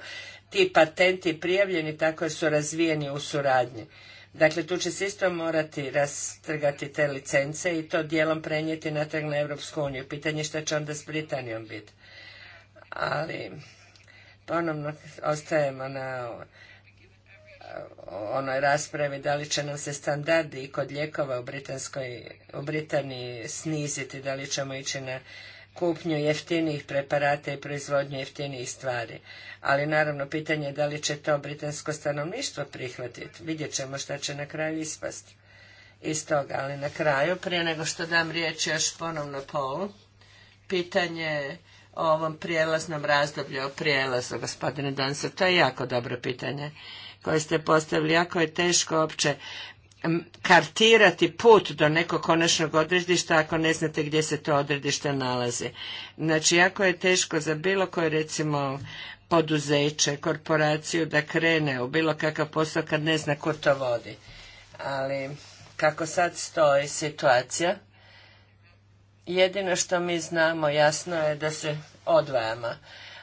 ti patenti prijavljeni tako jer su razvijeni u suradnji. Dakle, tu će se isto morati rastrgati te licence i to dijelom prenijeti natrag na Europsku uniju. Pitanje šta će onda s Britanijom biti. Ali, ponovno ostajemo na onoj raspravi da li će nam se standardi i kod lijekova u, Britanskoj, u Britaniji sniziti, da li ćemo ići na kupnju jeftinijih preparata i proizvodnju jeftinijih stvari. Ali naravno pitanje je da li će to britansko stanovništvo prihvatiti. Vidjet ćemo šta će na kraju ispasti iz toga. Ali na kraju, prije nego što dam riječ još ponovno polu, pitanje o ovom prijelaznom razdoblju, o prijelazu, gospodine Dansa, to je jako dobro pitanje koje ste postavili. Jako je teško opće kartirati put do nekog konačnog odredišta ako ne znate gdje se to odredište nalazi. Znači, jako je teško za bilo koje, recimo, poduzeće, korporaciju da krene u bilo kakav posao kad ne zna ko to vodi. Ali, kako sad stoji situacija, jedino što mi znamo jasno je da se odvajamo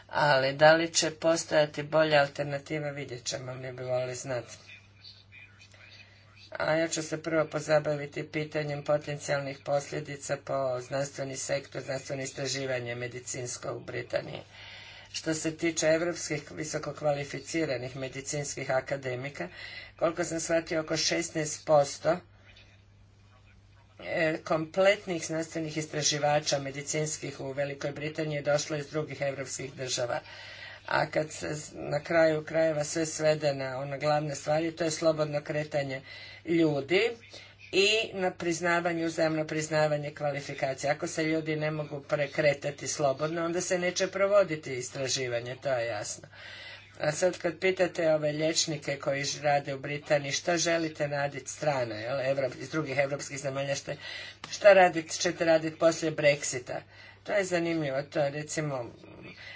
ali da li će postojati bolje alternativa, vidjet ćemo, mi bi volili znati. A ja ću se prvo pozabaviti pitanjem potencijalnih posljedica po znanstveni sektor, znanstveno istraživanje medicinsko u Britaniji. Što se tiče evropskih visokokvalificiranih medicinskih akademika, koliko sam shvatio, oko 16% E, kompletnih znanstvenih istraživača medicinskih u Velikoj Britaniji je došlo iz drugih europskih država. A kad se na kraju krajeva sve svede na ono glavne stvari, to je slobodno kretanje ljudi i na priznavanje uzajamno priznavanje kvalifikacija. Ako se ljudi ne mogu prekretati slobodno, onda se neće provoditi istraživanje, to je jasno. A sad kad pitate ove liječnike koji rade u Britaniji šta želite raditi strana, iz drugih evropskih zemalja, šta, šta radit, ćete raditi poslije Brexita? To je zanimljivo, to je recimo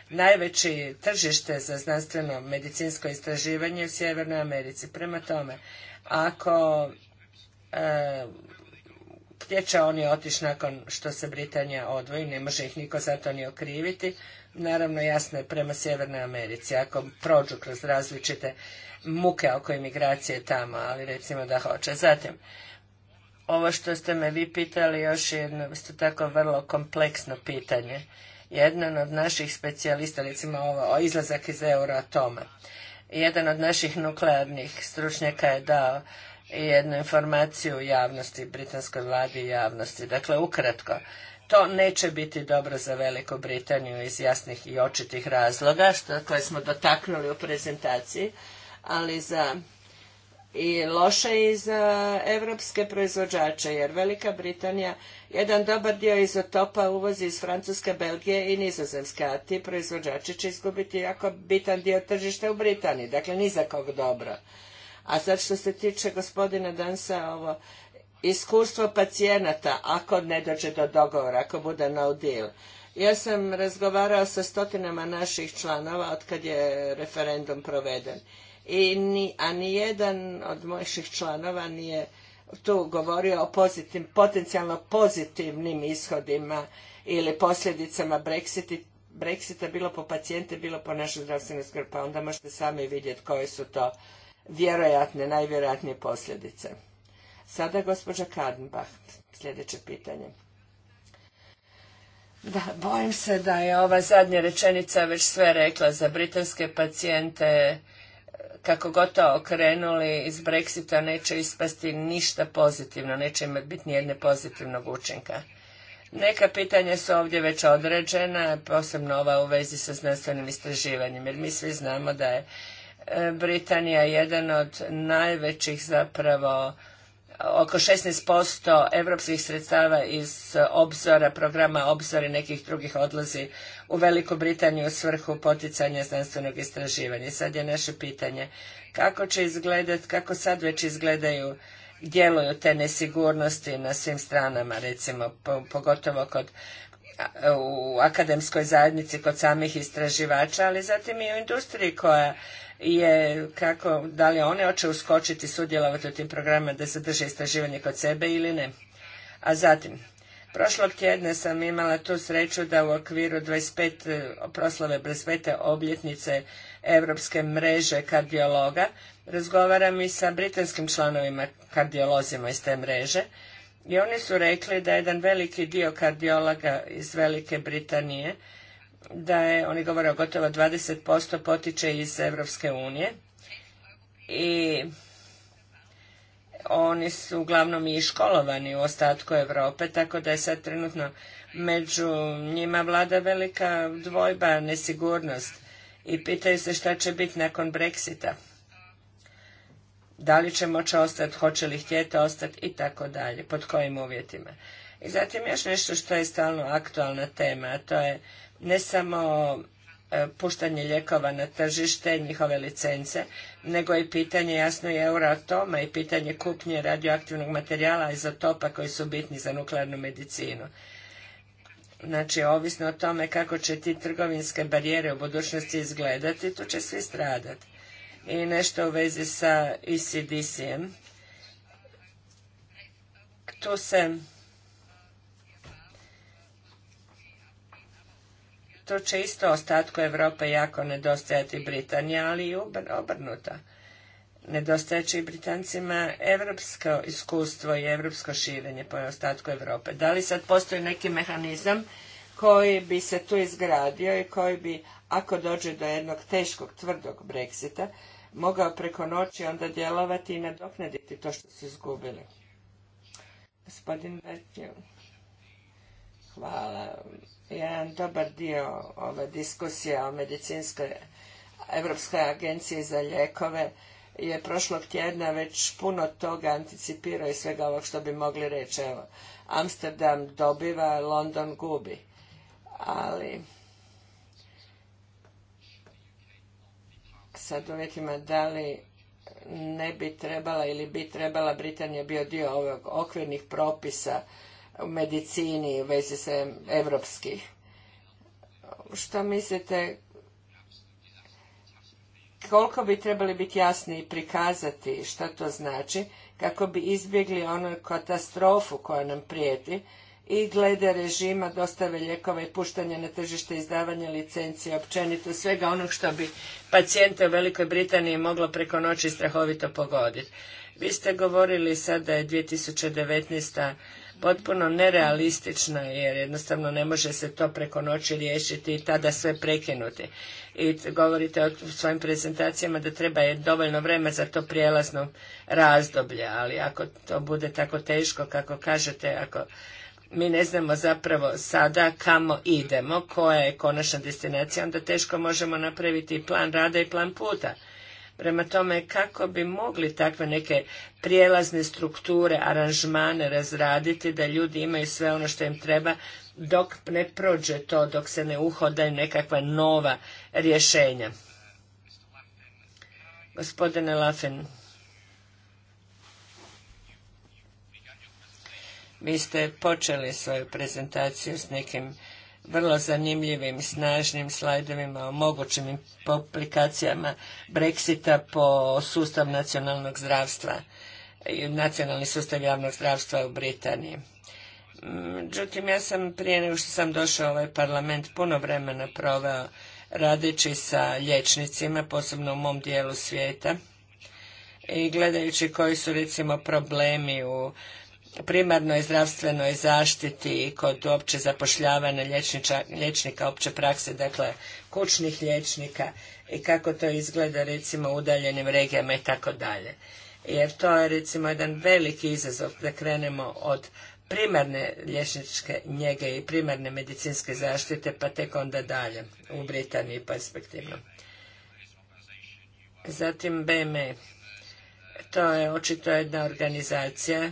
najveće tržište za znanstveno medicinsko istraživanje u Sjevernoj Americi. Prema tome, ako e, gdje će oni otići nakon što se Britanija odvoji, ne može ih niko to ni okriviti, naravno jasno je prema Sjevernoj Americi, ako prođu kroz različite muke oko imigracije tamo, ali recimo da hoće. Zatim, ovo što ste me vi pitali, još jedno isto tako vrlo kompleksno pitanje. Jedan od naših specijalista, recimo ovo, izlazak iz euroatoma, jedan od naših nuklearnih stručnjaka je dao jednu informaciju javnosti, britanskoj vladi i javnosti. Dakle, ukratko, to neće biti dobro za Veliku Britaniju iz jasnih i očitih razloga što, koje smo dotaknuli u prezentaciji, ali za i loše i za evropske proizvođače, jer Velika Britanija jedan dobar dio izotopa uvozi iz Francuske, Belgije i Nizozemske, a ti proizvođači će izgubiti jako bitan dio tržišta u Britaniji, dakle ni za kog dobro. A sad što se tiče gospodina Dansa, ovo iskustvo pacijenata ako ne dođe do dogovora, ako bude no deal. Ja sam razgovarao sa stotinama naših članova od kad je referendum proveden. I ni, a nijedan od mojih članova nije tu govorio o pozitiv, potencijalno pozitivnim ishodima ili posljedicama Brexiti, Brexita, bilo po pacijente, bilo po našu zdravstvenu skrpa. pa onda možete sami vidjeti koje su to vjerojatne, najvjerojatnije posljedice. Sada gospođa Kadenbach sljedeće pitanje. Da, bojim se da je ova zadnja rečenica već sve rekla za britanske pacijente. Kako gotovo okrenuli iz Brexita neće ispasti ništa pozitivno, neće imati biti nijedne pozitivnog učinka. Neka pitanja su ovdje već određena, posebno ova u vezi sa znanstvenim istraživanjem, jer mi svi znamo da je e, Britanija jedan od najvećih zapravo oko 16% europskih sredstava iz obzora, programa obzori i nekih drugih odlazi u Veliku Britaniju u svrhu poticanja znanstvenog istraživanja. Sad je naše pitanje kako će izgledati, kako sad već izgledaju djeluju te nesigurnosti na svim stranama, recimo, pogotovo kod u akademskoj zajednici kod samih istraživača, ali zatim i u industriji koja je kako, da li one hoće uskočiti, sudjelovati u tim programima da se drže istraživanje kod sebe ili ne. A zatim, prošlog tjedna sam imala tu sreću da u okviru 25, e, proslave 25. obljetnice Europske mreže kardiologa razgovaram i sa britanskim članovima kardiolozima iz te mreže i oni su rekli da jedan veliki dio kardiologa iz Velike Britanije da je, oni govore o gotovo 20% potiče iz europske unije i oni su uglavnom i školovani u ostatku Europe, tako da je sad trenutno među njima vlada velika dvojba, nesigurnost i pitaju se šta će biti nakon Brexita. Da li će moći ostati, hoće li htjeti ostati i tako dalje, pod kojim uvjetima. I zatim još nešto što je stalno aktualna tema, a to je ne samo e, puštanje lijekova na tržište, njihove licence, nego i pitanje jasno i euroatoma i pitanje kupnje radioaktivnog materijala i izotopa koji su bitni za nuklearnu medicinu. Znači, ovisno o tome kako će ti trgovinske barijere u budućnosti izgledati, tu će svi stradati. I nešto u vezi sa ECDC-em. Tu se će isto ostatku Europe jako nedostajati Britanija, ali i obrnuta. Nedostajeći i Britancima evropsko iskustvo i evropsko širenje po ostatku Europe. Da li sad postoji neki mehanizam koji bi se tu izgradio i koji bi, ako dođe do jednog teškog, tvrdog Brexita, mogao preko noći onda djelovati i nadoknaditi to što su izgubili. Gospodin Hvala jedan dobar dio ove diskusije o medicinskoj Europskoj agenciji za lijekove je prošlog tjedna već puno toga anticipirao i svega ovog što bi mogli reći. Evo, Amsterdam dobiva, London gubi. Ali sad uvjetima da li ne bi trebala ili bi trebala Britanija bio dio ovog okvirnih propisa u medicini u vezi se evropskih. Što mislite, koliko bi trebali biti jasni i prikazati što to znači, kako bi izbjegli onu katastrofu koja nam prijeti i glede režima dostave lijekova i puštanja na tržište, izdavanja licencije, općenito svega onog što bi pacijente u Velikoj Britaniji moglo preko noći strahovito pogoditi. Vi ste govorili sada je 2019 potpuno nerealistična jer jednostavno ne može se to preko noći riješiti i tada sve prekinuti. I govorite u svojim prezentacijama da treba je dovoljno vremena za to prijelazno razdoblje, ali ako to bude tako teško kako kažete, ako mi ne znamo zapravo sada kamo idemo, koja je konačna destinacija, onda teško možemo napraviti plan rada i plan puta. Prema tome, kako bi mogli takve neke prijelazne strukture, aranžmane razraditi da ljudi imaju sve ono što im treba dok ne prođe to, dok se ne uhodaju nekakva nova rješenja. Gospodine Lafen, vi ste počeli svoju prezentaciju s nekim vrlo zanimljivim, snažnim slajdovima o mogućim implikacijama Brexita po sustav nacionalnog zdravstva, i nacionalni sustav javnog zdravstva u Britaniji. Međutim, ja sam prije nego što sam došao u ovaj parlament puno vremena proveo radeći sa liječnicima, posebno u mom dijelu svijeta, i gledajući koji su recimo problemi u primarnoj zdravstvenoj zaštiti i kod opće zapošljavanja liječnika opće prakse, dakle kućnih liječnika i kako to izgleda recimo u udaljenim regijama i tako dalje. Jer to je recimo jedan veliki izazov da krenemo od primarne liječničke njege i primarne medicinske zaštite pa tek onda dalje u Britaniji perspektivno. Zatim BME. To je očito jedna organizacija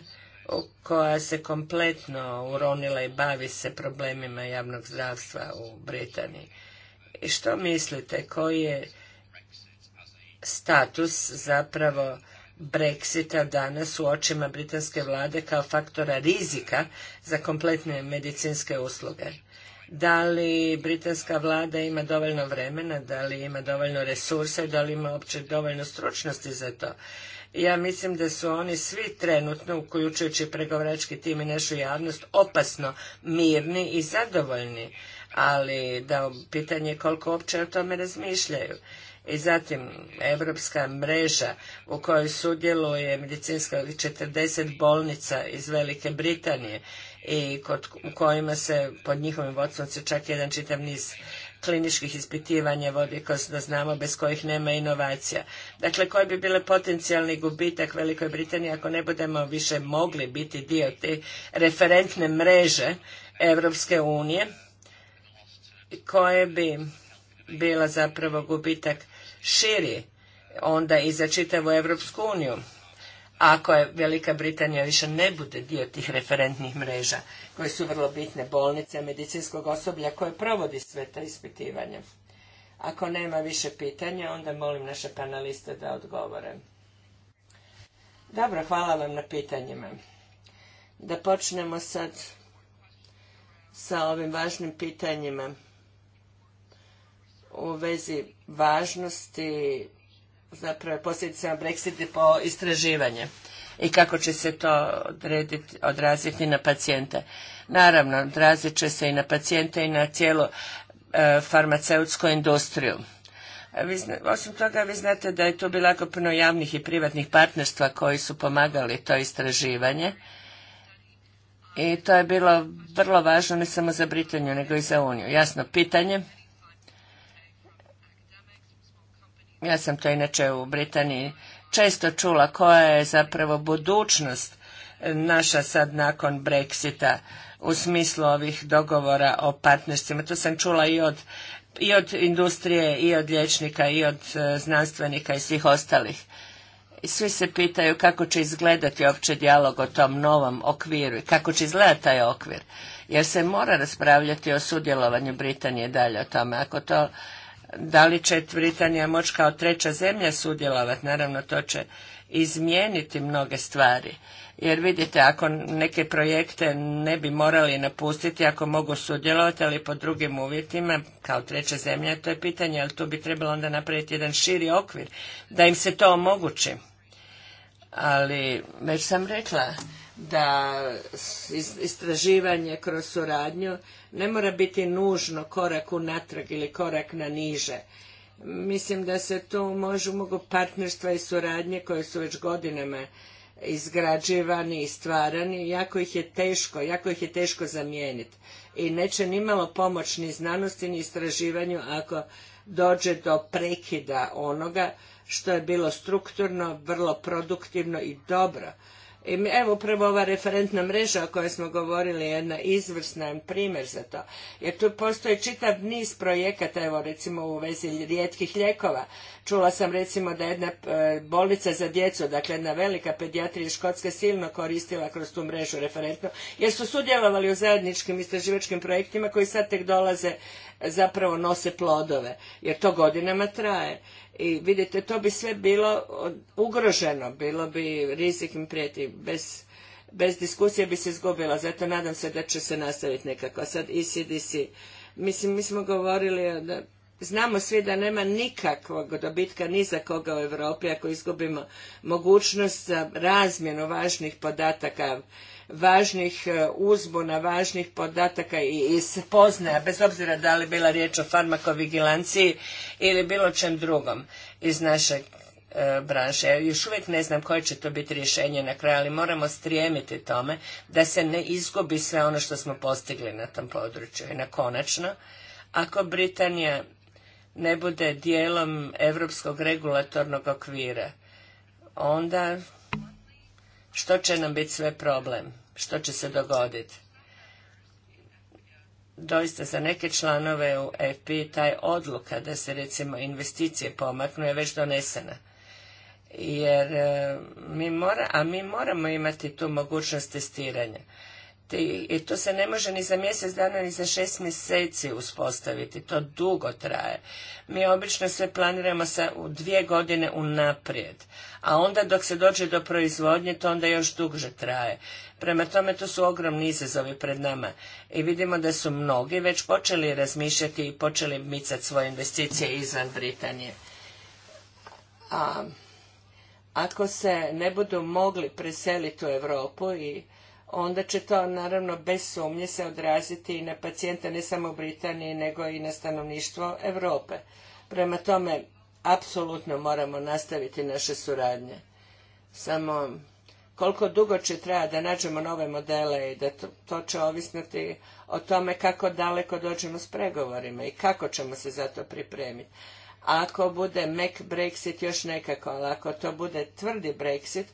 koja se kompletno uronila i bavi se problemima javnog zdravstva u Britaniji. I što mislite, koji je status zapravo Brexita danas u očima britanske vlade kao faktora rizika za kompletne medicinske usluge? Da li britanska vlada ima dovoljno vremena, da li ima dovoljno resursa i da li ima uopće dovoljno stručnosti za to? Ja mislim da su oni svi trenutno, uključujući pregovarački tim i našu javnost, opasno mirni i zadovoljni, ali da pitanje koliko uopće o tome razmišljaju. I zatim Europska mreža u kojoj sudjeluje medicinska 40 bolnica iz Velike Britanije i u kojima se pod njihovim vodstvom se čak jedan čitav niz kliničkih ispitivanja vodika, da znamo, bez kojih nema inovacija. Dakle, koji bi bile potencijalni gubitak Velikoj Britaniji ako ne budemo više mogli biti dio te referentne mreže Evropske unije, koje bi bila zapravo gubitak širi onda i za čitavu Evropsku uniju ako je Velika Britanija više ne bude dio tih referentnih mreža koje su vrlo bitne bolnice, medicinskog osoblja koje provodi sve ta ispitivanja. Ako nema više pitanja, onda molim naše paneliste da odgovore. Dobro, hvala vam na pitanjima. Da počnemo sad sa ovim važnim pitanjima u vezi važnosti zapravo posljedicama Brexita po istraživanje i kako će se to odrediti, odraziti na pacijente. Naravno, odrazit će se i na pacijente i na cijelu e, farmaceutsku industriju. E, vi osim toga, vi znate da je tu bilo jako puno javnih i privatnih partnerstva koji su pomagali to istraživanje. I to je bilo vrlo važno ne samo za Britaniju, nego i za Uniju. Jasno, pitanje ja sam to inače u Britaniji često čula koja je zapravo budućnost eh, naša sad nakon Brexita u smislu ovih dogovora o partnerstvima. To sam čula i od, i od industrije, i od liječnika, i od eh, znanstvenika i svih ostalih. svi se pitaju kako će izgledati uopće dijalog o tom novom okviru i kako će izgledati taj okvir. Jer se mora raspravljati o sudjelovanju Britanije dalje o tome. Ako to da li će Britanija moći kao treća zemlja sudjelovati, naravno to će izmijeniti mnoge stvari. Jer vidite, ako neke projekte ne bi morali napustiti, ako mogu sudjelovati, ali pod drugim uvjetima, kao treća zemlja, to je pitanje, ali tu bi trebalo onda napraviti jedan širi okvir, da im se to omogući. Ali, već sam rekla, da istraživanje kroz suradnju ne mora biti nužno korak unatrag ili korak na niže. Mislim da se tu možu, mogu partnerstva i suradnje koje su već godinama izgrađivani i stvarani, jako ih je teško, jako ih je teško zamijeniti. I neće nimalo pomoć ni znanosti ni istraživanju ako dođe do prekida onoga što je bilo strukturno, vrlo produktivno i dobro i evo upravo ova referentna mreža o kojoj smo govorili je jedna izvrsna primjer za to. Jer tu postoji čitav niz projekata, evo recimo u vezi rijetkih lijekova. Čula sam recimo da jedna e, bolnica za djecu, dakle jedna velika pedijatrija iz Škotske silno koristila kroz tu mrežu referentno, jer su sudjelovali u zajedničkim istraživačkim projektima koji sad tek dolaze zapravo nose plodove, jer to godinama traje. I vidite, to bi sve bilo ugroženo, bilo bi rizik im prijeti, bez, bez diskusije bi se izgubila, zato nadam se da će se nastaviti nekako. A sad ECDC, mislim, mi smo govorili da Znamo svi da nema nikakvog dobitka ni za koga u Europi ako izgubimo mogućnost za razmjenu važnih podataka, važnih e, uzbuna, važnih podataka i, spoznaja, bez obzira da li bila riječ o farmakovigilanciji ili bilo čem drugom iz naše e, branše. Ja još uvijek ne znam koje će to biti rješenje na kraju, ali moramo strijemiti tome da se ne izgubi sve ono što smo postigli na tom području. I na konačno, ako Britanija ne bude dijelom europskog regulatornog okvira, onda što će nam biti sve problem? Što će se dogoditi? Doista za neke članove u EP taj odluka da se recimo investicije pomaknu je već donesena. Jer eh, mi a mi moramo imati tu mogućnost testiranja i to se ne može ni za mjesec dana ni za šest mjeseci uspostaviti, to dugo traje. Mi obično sve planiramo sa u dvije godine unaprijed, a onda dok se dođe do proizvodnje to onda još duže traje. Prema tome to su ogromni izazovi pred nama i vidimo da su mnogi već počeli razmišljati i počeli micati svoje investicije izvan Britanije. A ako se ne budu mogli preseliti u Europu i onda će to naravno bez sumnje se odraziti i na pacijente ne samo u Britaniji nego i na stanovništvo Europe. Prema tome, apsolutno moramo nastaviti naše suradnje. Samo koliko dugo će trajati da nađemo nove modele i da to, to će ovisniti o tome kako daleko dođemo s pregovorima i kako ćemo se za to pripremiti. Ako bude mek Brexit još nekako, ali ako to bude tvrdi Brexit,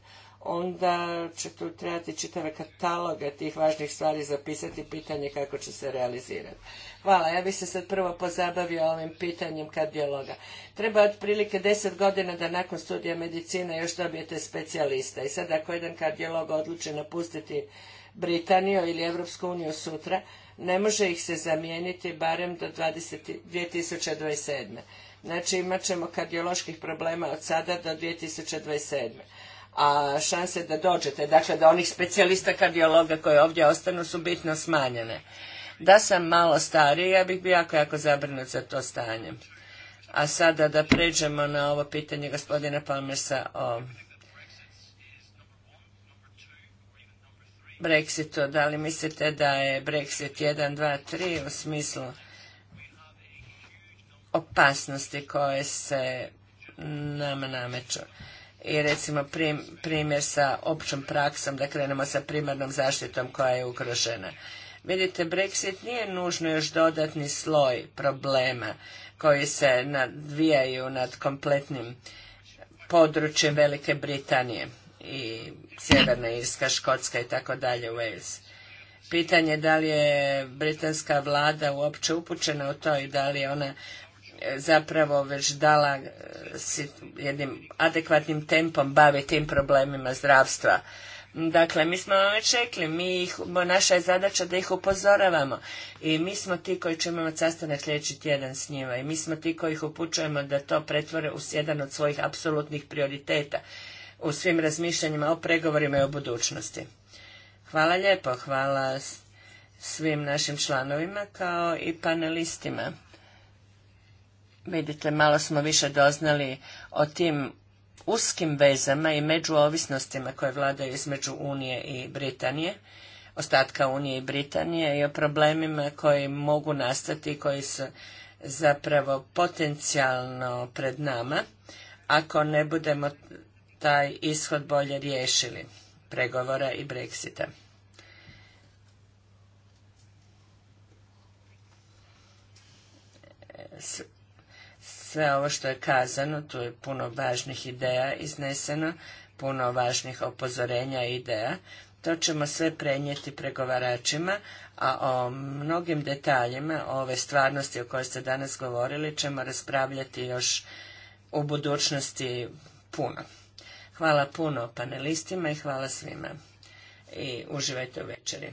onda će tu trebati čitave kataloge tih važnih stvari zapisati, pitanje kako će se realizirati. Hvala, ja bih se sad prvo pozabavio ovim pitanjem kardiologa. Treba otprilike deset godina da nakon studija medicine još dobijete specijalista i sad ako jedan kardiolog odluči napustiti Britaniju ili Europsku uniju sutra, ne može ih se zamijeniti barem do 20, 2027. Znači imat ćemo kardioloških problema od sada do 2027 a šanse da dođete, dakle da onih specijalista kardiologa koji ovdje ostanu su bitno smanjene. Da sam malo stariji, ja bih bio jako, jako zabrinut za to stanje. A sada da pređemo na ovo pitanje gospodina Palmersa o Brexitu. Da li mislite da je Brexit 1, 2, 3 u smislu opasnosti koje se nama nameću? i recimo primjer sa općom praksom da krenemo sa primarnom zaštitom koja je ugrožena. Vidite, Brexit nije nužno još dodatni sloj problema koji se nadvijaju nad kompletnim područjem Velike Britanije i Sjeverna Irska, Škotska i tako dalje, Wales. Pitanje je da li je britanska vlada uopće upućena u to i da li je ona zapravo već dala e, jednim adekvatnim tempom bavi tim problemima zdravstva. Dakle, mi smo već rekli, mi ih, naša je zadaća da ih upozoravamo i mi smo ti koji ćemo imati sastanak sljedeći tjedan s njima i mi smo ti koji ih upućujemo da to pretvore u jedan od svojih apsolutnih prioriteta u svim razmišljanjima o pregovorima i o budućnosti. Hvala lijepo, hvala svim našim članovima kao i panelistima. Vidite, malo smo više doznali o tim uskim vezama i ovisnostima koje vladaju između Unije i Britanije, ostatka Unije i Britanije i o problemima koji mogu nastati i koji su zapravo potencijalno pred nama ako ne budemo taj ishod bolje riješili pregovora i Brexita sve ovo što je kazano, tu je puno važnih ideja izneseno, puno važnih opozorenja i ideja. To ćemo sve prenijeti pregovaračima, a o mnogim detaljima ove stvarnosti o kojoj ste danas govorili ćemo raspravljati još u budućnosti puno. Hvala puno panelistima i hvala svima. I uživajte u večeri.